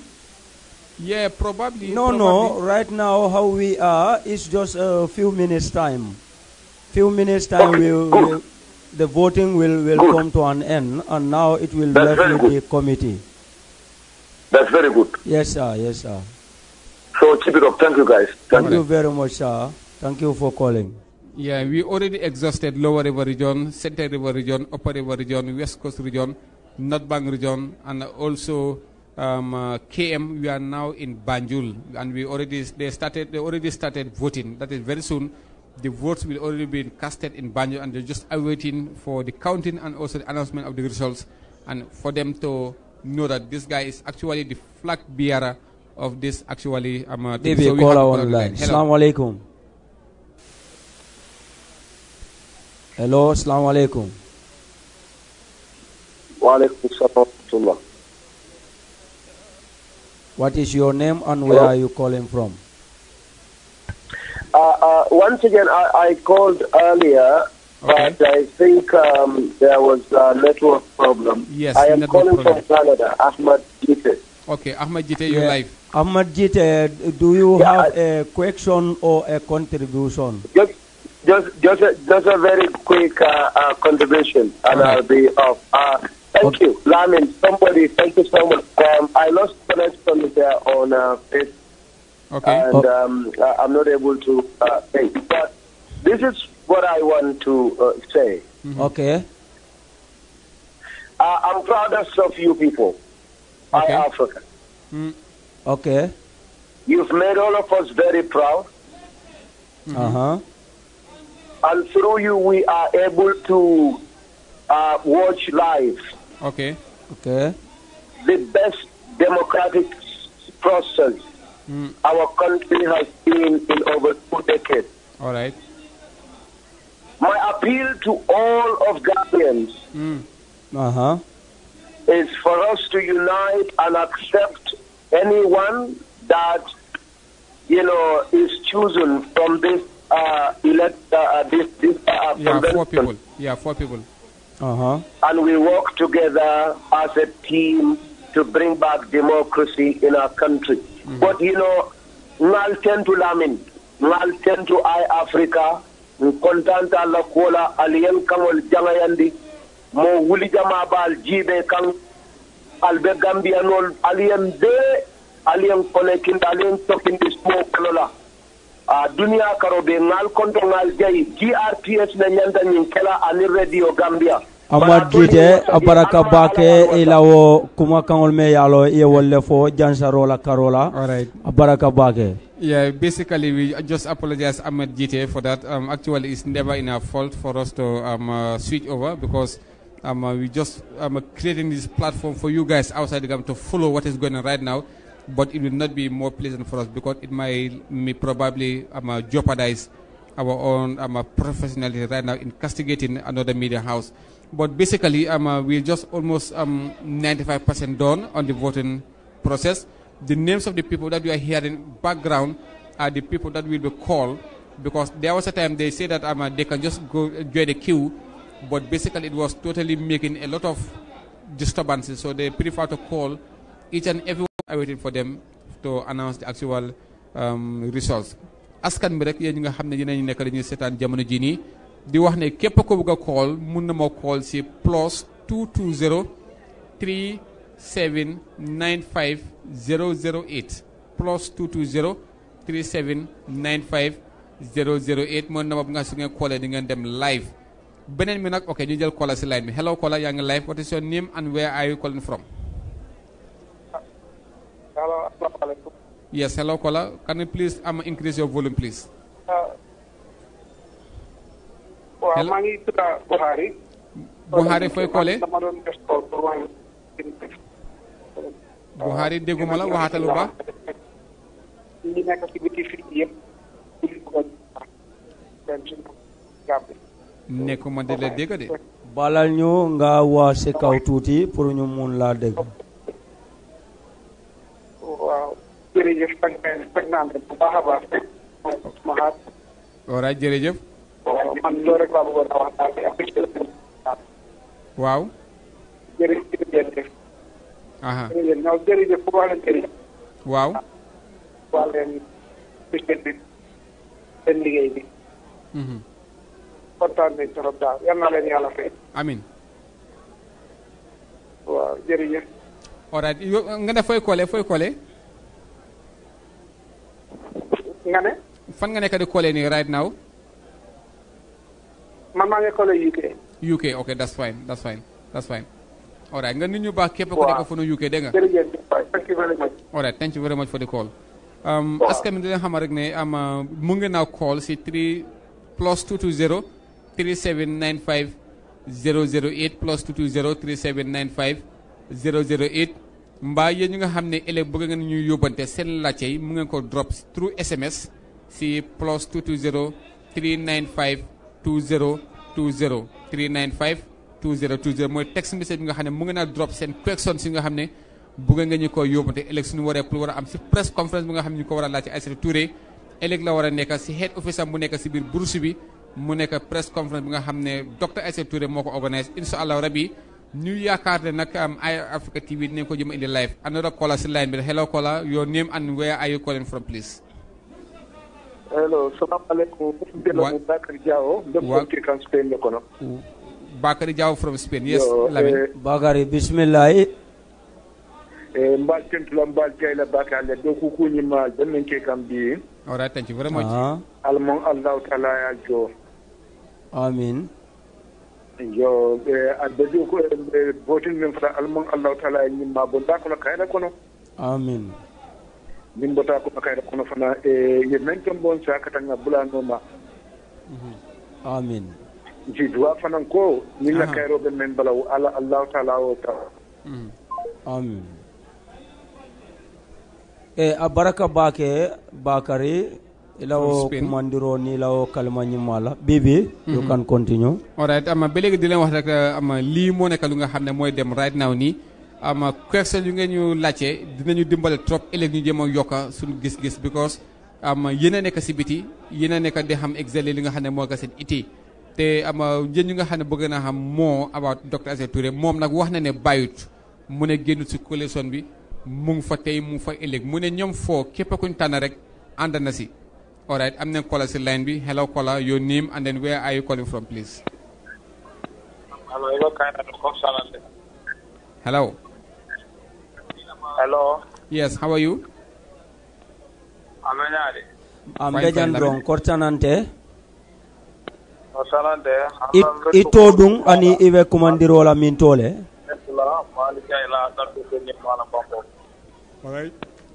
Yeah, probably. No, probably. no, right now how we are, it's just a few minutes time. Few minutes time okay. we'll, we'll, the voting will, will come to an end, and now it will be with the committee. That's very good. Yes, sir, yes, sir. So keep it up. Thank you, guys. Thank, Thank you. very much, sir. Thank you for calling. Yeah, we already exhausted Lower River Region, Central River Region, Upper River Region, West Coast Region, North Bank Region, and also um, uh, KM. We are now in Banjul, and we already they started. They already started voting. That is very soon. The votes will already be casted in Banjul, and they're just awaiting for the counting and also the announcement of the results, and for them to know that this guy is actually the flag bearer of this actually um, uh, thing. Maybe so call our line. Assalamu alaikum. Hello, assalamu alaikum. Wa alaikum What is your name and where Hello? are you calling from? Uh, uh, once again, I, I called earlier, okay. but I think um, there was a network problem. Yes, I am calling problem. from Canada, Ahmed Jite. Okay, Ahmed Jite, you're yeah. live. Ahmadjit, uh, do you yeah, have a question or a contribution? Just, just, just, a, just a very quick uh, uh, contribution, and I'll be off. Uh, thank okay. you, Lamin. Somebody, thank you so much. Um, I lost connection there on uh, Facebook, okay. and oh. um, I'm not able to uh, think. But this is what I want to uh, say. Mm-hmm. Okay. Uh, I'm proudest of you people. Okay. I Africa. Mm. Okay. You've made all of us very proud. Mm-hmm. Uh huh. And through you, we are able to uh, watch live. Okay. Okay. The best democratic process mm. our country has been in over two decades. All right. My appeal to all of Gambians mm. uh-huh. is for us to unite and accept anyone that you know is chosen from this uh, elect uh, uh this this uh, yeah four people yeah four people uh-huh and we work together as a team to bring back democracy in our country mm-hmm. but you know ngal to lamin ngal to I africa kontanta la kola aliyan kamol jangayandi mo wuli jama bal jibe kan Albert Gambianol, alien de, alien konekin, alien tokin di smoke kalola. A ah, dunia karobe ngal konto ngal jayi, GRTS na nyanda nyinkela ani Radio Gambia. Amad Jite, Abaraka Bake, Ilawo, Kuma Kangol Meyalo, Iwole for Jansarola Karola. All right. Abaraka Bake. Yeah, basically, we just apologize, Ahmed Jite, for that. Um, actually, it's never in our fault for us to um, uh, switch over because um, uh, we just um, creating this platform for you guys outside the government to follow what is going on right now, but it will not be more pleasant for us because it might may probably um, uh, jeopardize our own um, uh, professionality right now in castigating another media house. But basically, um, uh, we're just almost 95% um, done on the voting process. The names of the people that we are hearing background are the people that will be called because there was a time they say that um, uh, they can just go join the queue but basically it was totally making a lot of disturbances. So they prefer to call each and every one waiting for them to announce the actual um, results. askan bi rek yéen ñi nga xam ne dinañ nekk dañuy seetaan jamono jii nii di wax ne képp ko bëgg a call mun na moo call si plus 220 37 220 37 95 008 mooy nga su ngeen callee di ngeen dem live beneen bi nag ok ñu jël kola si line bi hello kola yaa ngi live what is your name and where are you calling from. hello asalaamaaleykum. yes hello kola can you please am um, increase your volume please. Uh, waaw maa ngi tudd Buhari. Buhari fooy koolee. Buhari dégguma la waxaatal bu baax. ñi nekk ci biti fii yëpp. nekkuma di la dégg de. balal ñu nga wax si kaw tuuti pour ñu mun laa dégg. waaw jërëjëf a baax. ma xaar. waaw. waaw. I nañ trop daal yal na leen yàlla fay. amiin. waaw jërëjëf. alright yow nga ne fooy koolee fooy koolee. nga ne. fan nga nekk di nii right now. man maa ngi UK. UK ok that's fine that's fine that's fine. alright nga nit ñu baax képp ku nekk fu nu UK dégg nga. jërëjëf thank you very much. alright thank you very much for the call. askan bi di leen xamal rek ne am mu ngi now call si 3 plus 220. 3795 008 plus 220 3795 008 mbaa yéen ñi nga xam ne élève bëgg nu ñuy yóbbante seen laajte yi mu ngeen ko drop through SMS si plus 220 395 20 20 395 20 20 mooy text message bi nga xam ne mu ngeen a drop seen question si nga xam ne bëgg ngeen ñu ko yóbbante élève suñu waree pour war a am si press conférence bi nga xam ne ñu ko war a laajte Aïssatou Touré élève war a nekk si head nekk si biir bourse bi mu nekk press conference bi nga xam ne docteur Aïssatou Touré moo ko organise incha allah rabi ñu yaakaar ne nag am um, Africa TV ko jëm indi live another caller si line bi hello caller your name and where are you calling from please. hello salaamaaleykum. wa Bakary Diaw. wa Bakary Diaw from Spain yes. Eh, Lamine Bakary bismillah. Eh, mbal tentula mbal jayla bakale do ko all right thank you very much ah. almon taala amin yo ɓe eh, addaji ko ɓe eh, botini min fota almon allahu taala e ñimma bonda kono kayra kono amin min bota kono kayra kono fana e ye men ton bon sakatanga bulanoma mhm. amin ji duwa fanan ko min la kayroɓe men balaw ala allahu taala o ta mhm. amin e a baraka bake bakari ilawo kumandiro ni ilawo kalma ñimmala bébé you mm-hmm. can continue alright ama ba léegi di leen wax rek uh, ama lii moo nekk lu nga xam ne mooy dem right now nii ama question yu ngeen ñu dina ñu dimbale trop ëllëg ñu jéem yokka suñu gis-gis because ama yéen a nekk si biti yéen a nekk di xam exactly li nga xam ne moo ka seen iti te ama jën ñu nga xam ne bëgg naa xam moo about docteur Assé Touré moom nag wax na ne bàyyut mu ne génnut si coalition bi mu fa mu fa ëllëg mu ne ñoom foo képp kuñ tànn rek ànd na si All right, I'm then caller line B. Hello, caller. Your name and then where are you calling from, please? Hello. Hello. Hello. Yes, how are you? I'm Amenyari. Ambejan dong kortanante. Osalante. Ito dung ani iwe kumandiro la mintole. All right.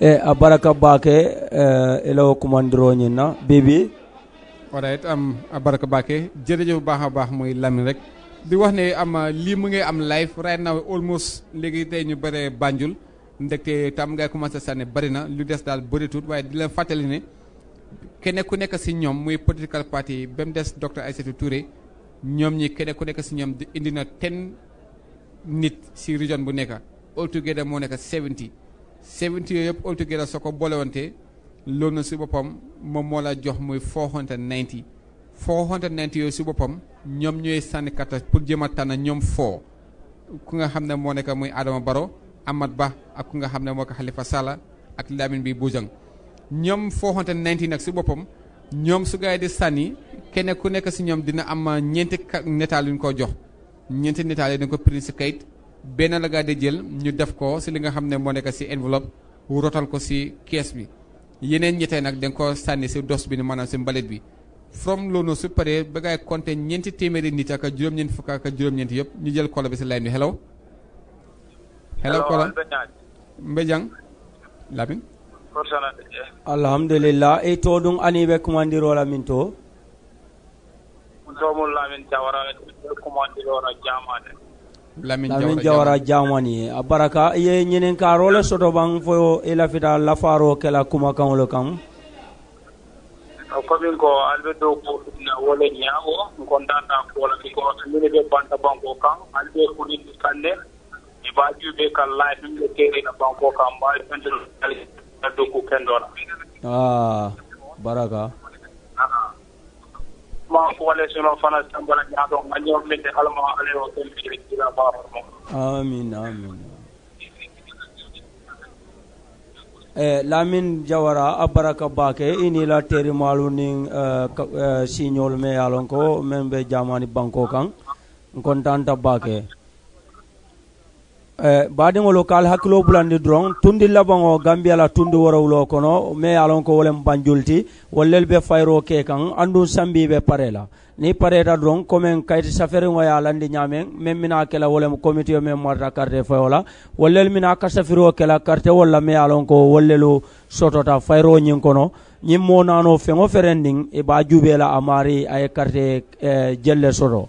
e a baake baake elewo kumandirooñin na bii alright am a baraka baake jërëjëf baax a baax muy Lamine rek di wax ne am lii mu ngi am live right now almost léegi tey ñu bare Banjul ndekte tam ngay commencé sànni bari na lu des daal bëri tuut waaye di leen fàttali ne kenn ku nekk si ñoom muy political party ba mu des docteur Aïssatou Touré ñoom ñi kenn ku nekk si ñoom di indi na ten nit si région bu nekk altogether moo nekk 70 70 yooyu yëpp altogether soo ko boolewante loolu na si boppam moom moo la jox muy 490 490 yooyu si boppam ñoom ñooy sànni kata pour jëm a tànn ñoom foo ku nga xam ne moo nekk muy Adama Barrow Amat ba ak ku nga xam ne moo ko Halifa Sallah ak Lamin bi Bojang ñoom 490 nag si boppam ñoom su gaay di sànni kenn ku nekk si ñoom dina am ñeenti netaal yu ñu ko jox. ñeenti nitaale dañ ko print si kayit benn la gaa di jël ñu def ko si li nga xam ne moo nekk si enveloppe rotal ko si kees bi yeneen ñettee nag dañ ko sànni si dos bi maanaam si mbalit bi. from loolu su paree ba ngay compter ñeenti téeméeri nit ak juróom-ñeenti fukk ak juróom-ñeenti yëpp ñu jël kolo bi si line bi hello. hello kolo Mbejang alhamdulillah e to ɗum ani ɓe kumandirola min doomu Lamine Jawara commande yɔrɔ jamane lamin jawara jamani a baraka i ye ɲininkaro e le sotoban fo i lafita lafaro kɛla kumakan le kan komin ko albe do ko na wole nyaago ngon danda ko la ko mini be banta banko kan albe ko ni kande e baaju be kan live be kere na banko kan ba e fentel ali do ko kendora ah baraka ma fɔlen sɔnna fana lamin jawara a baraka bake ini la teri nin eh, eh, siñol me yalon ko men be jamani banko kan n kontanta bake Eh, baadiŋolu ka ali hakkiloo bulandi doroŋ tundi labaŋo gambiya la tundi worowulo kono me ye a loŋ ko wo lem banjulti wolu be fayiroo kee kaŋ anduŋ sambi be pare la niŋ pareeta doroŋ komeŋ kayiti saferiŋo ye a landi ñaameŋ meŋ mina ke la wo lem comitiyo meŋ marata karte fayo la wolu lelu mina ka safiroo ke la karte wolu la me ye a loŋ ko wolu sotota fayiroo ñiŋ kono ñiŋ moo naanoo feŋo ferendiŋ i e be a jubee la a maari a ye karte eh, jelle soto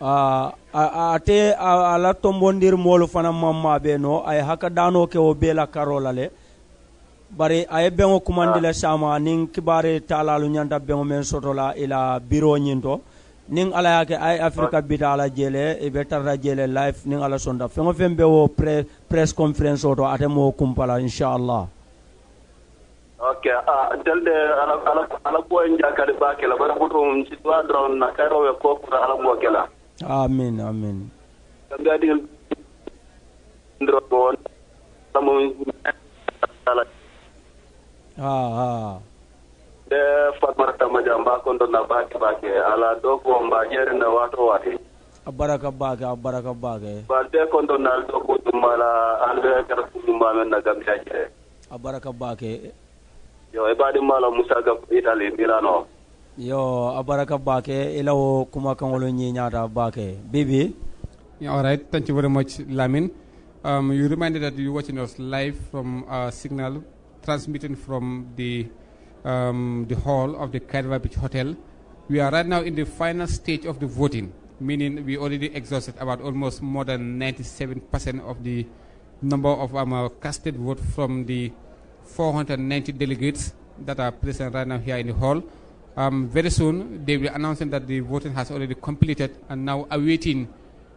a te a la tombondir moolu fana mamma ɓe no a ye haka dano ke wo bee la karo la le bari a ye beŋo kumandi le sama niŋ kibaari taalalu ñanta beŋo meŋ soto la i la biro ñiŋ to niŋ ala ye ke a ye afirika bita a la jeele i be tarata jeele life niŋ ala sonta feŋo feŋ be wo pre, press conference o to ate moo kumpa la inchallah ok ntelde ala ala kuwo en jakadi baake la bari butum si duwa doroŋ na kayrowe ko kuta ala moo ke la amin amin gambia ah, digal ndiro won de fatmata mba kondo na bake baki ala ah. do ko mba jere na wato wati baraka bake a ah, baraka bake balde kondo na do ko dumala albe kar na gambia jere a baraka bake yo e badi mala musa itali milano Yo, Abaraka Bake, Elao Kumakangolo Nyada Bake. Baby? Yeah, all right. Thank you very much, Lamin. Um, you reminded that you're watching us live from a uh, signal transmitting from the, um, the hall of the Kadiva Beach Hotel. We are right now in the final stage of the voting, meaning we already exhausted about almost more than 97% of the number of um, casted vote from the 490 delegates that are present right now here in the hall. Um, very soon, they will announce that the voting has already completed and now awaiting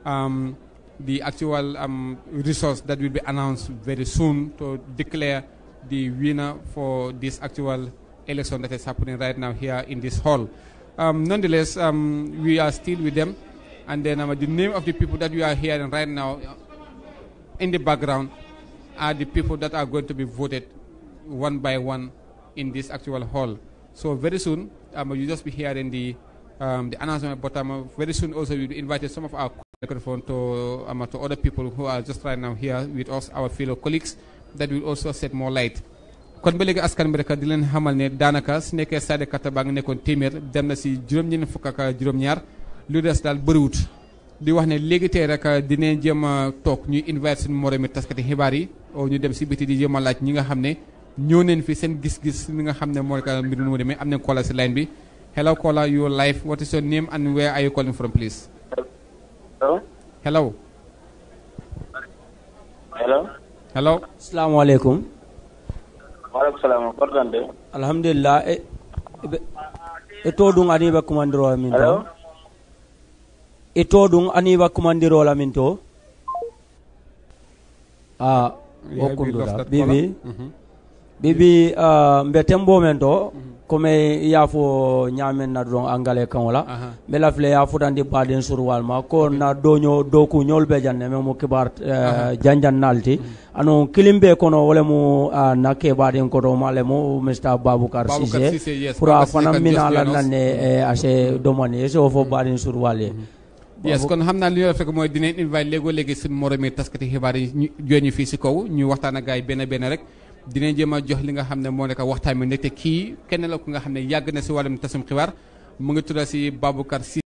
um, the actual um, results that will be announced very soon to declare the winner for this actual election that is happening right now here in this hall. Um, nonetheless, um, we are still with them. And then um, the name of the people that we are hearing right now in the background are the people that are going to be voted one by one in this actual hall. So very soon, um, you just be hearing the um, the announcement. But um, very soon also we'll be inviting some of our microphone to um, to other people who are just right now here with us, our fellow colleagues, that will also set more light. kon ba léegi askan bi rek di leen xamal ne daanaka su nekkee Sadio Kata baa ngi nekkoon téeméer dem na si juróom-ñeent fukk ak juróom-ñaar lu des daal bëriwut di wax ne léegi tey rek uh, dinañ jéem a toog ñuy invite suñu moromi taskati xibaar yi ñu dem si biti di jéem a laaj ñi nga xam ne. ñëw nañ fi seen gis-gis li nga xam ne mooy ka mbir mu demee am nañ Kola si line bi hello Kola your life what is your name and where are you calling from please. hello. hello. hello. salaamaaleykum. maaleykum salaam. alhamdulilah. e, e, e toɗum ani ɓe commandiro min to e toɗum ani ɓe commandirola min to a ah, wokkumduɗa bibi bibi uh, mbete mbomen to kome ya fo ñamen na don angale kan wala uh be la fle ya fo baden sur walma ko na doño doku ñol be janne me mo kibar janjan nalti mhm. ano kilimbe kono wala mu uh, na ke baden ko do male mo mr babukar sise pour afana mina la nanne mhm. eh, ase mhm. domane so fo baden sur wal ye yes kon xamna li ñoo fek moy dinañ invite lego legi sun moromi taskati xibaar yi ñu jooñu fii si kaw ñu waxtana ak gars yi rek dinañ jéem a jox li nga xam ne moo nekk waxtaan bi nekk te kii kenn la ku nga xam ne yàgg na si wàllum tasum xibaar mu ngi tudd si Babacar Cissé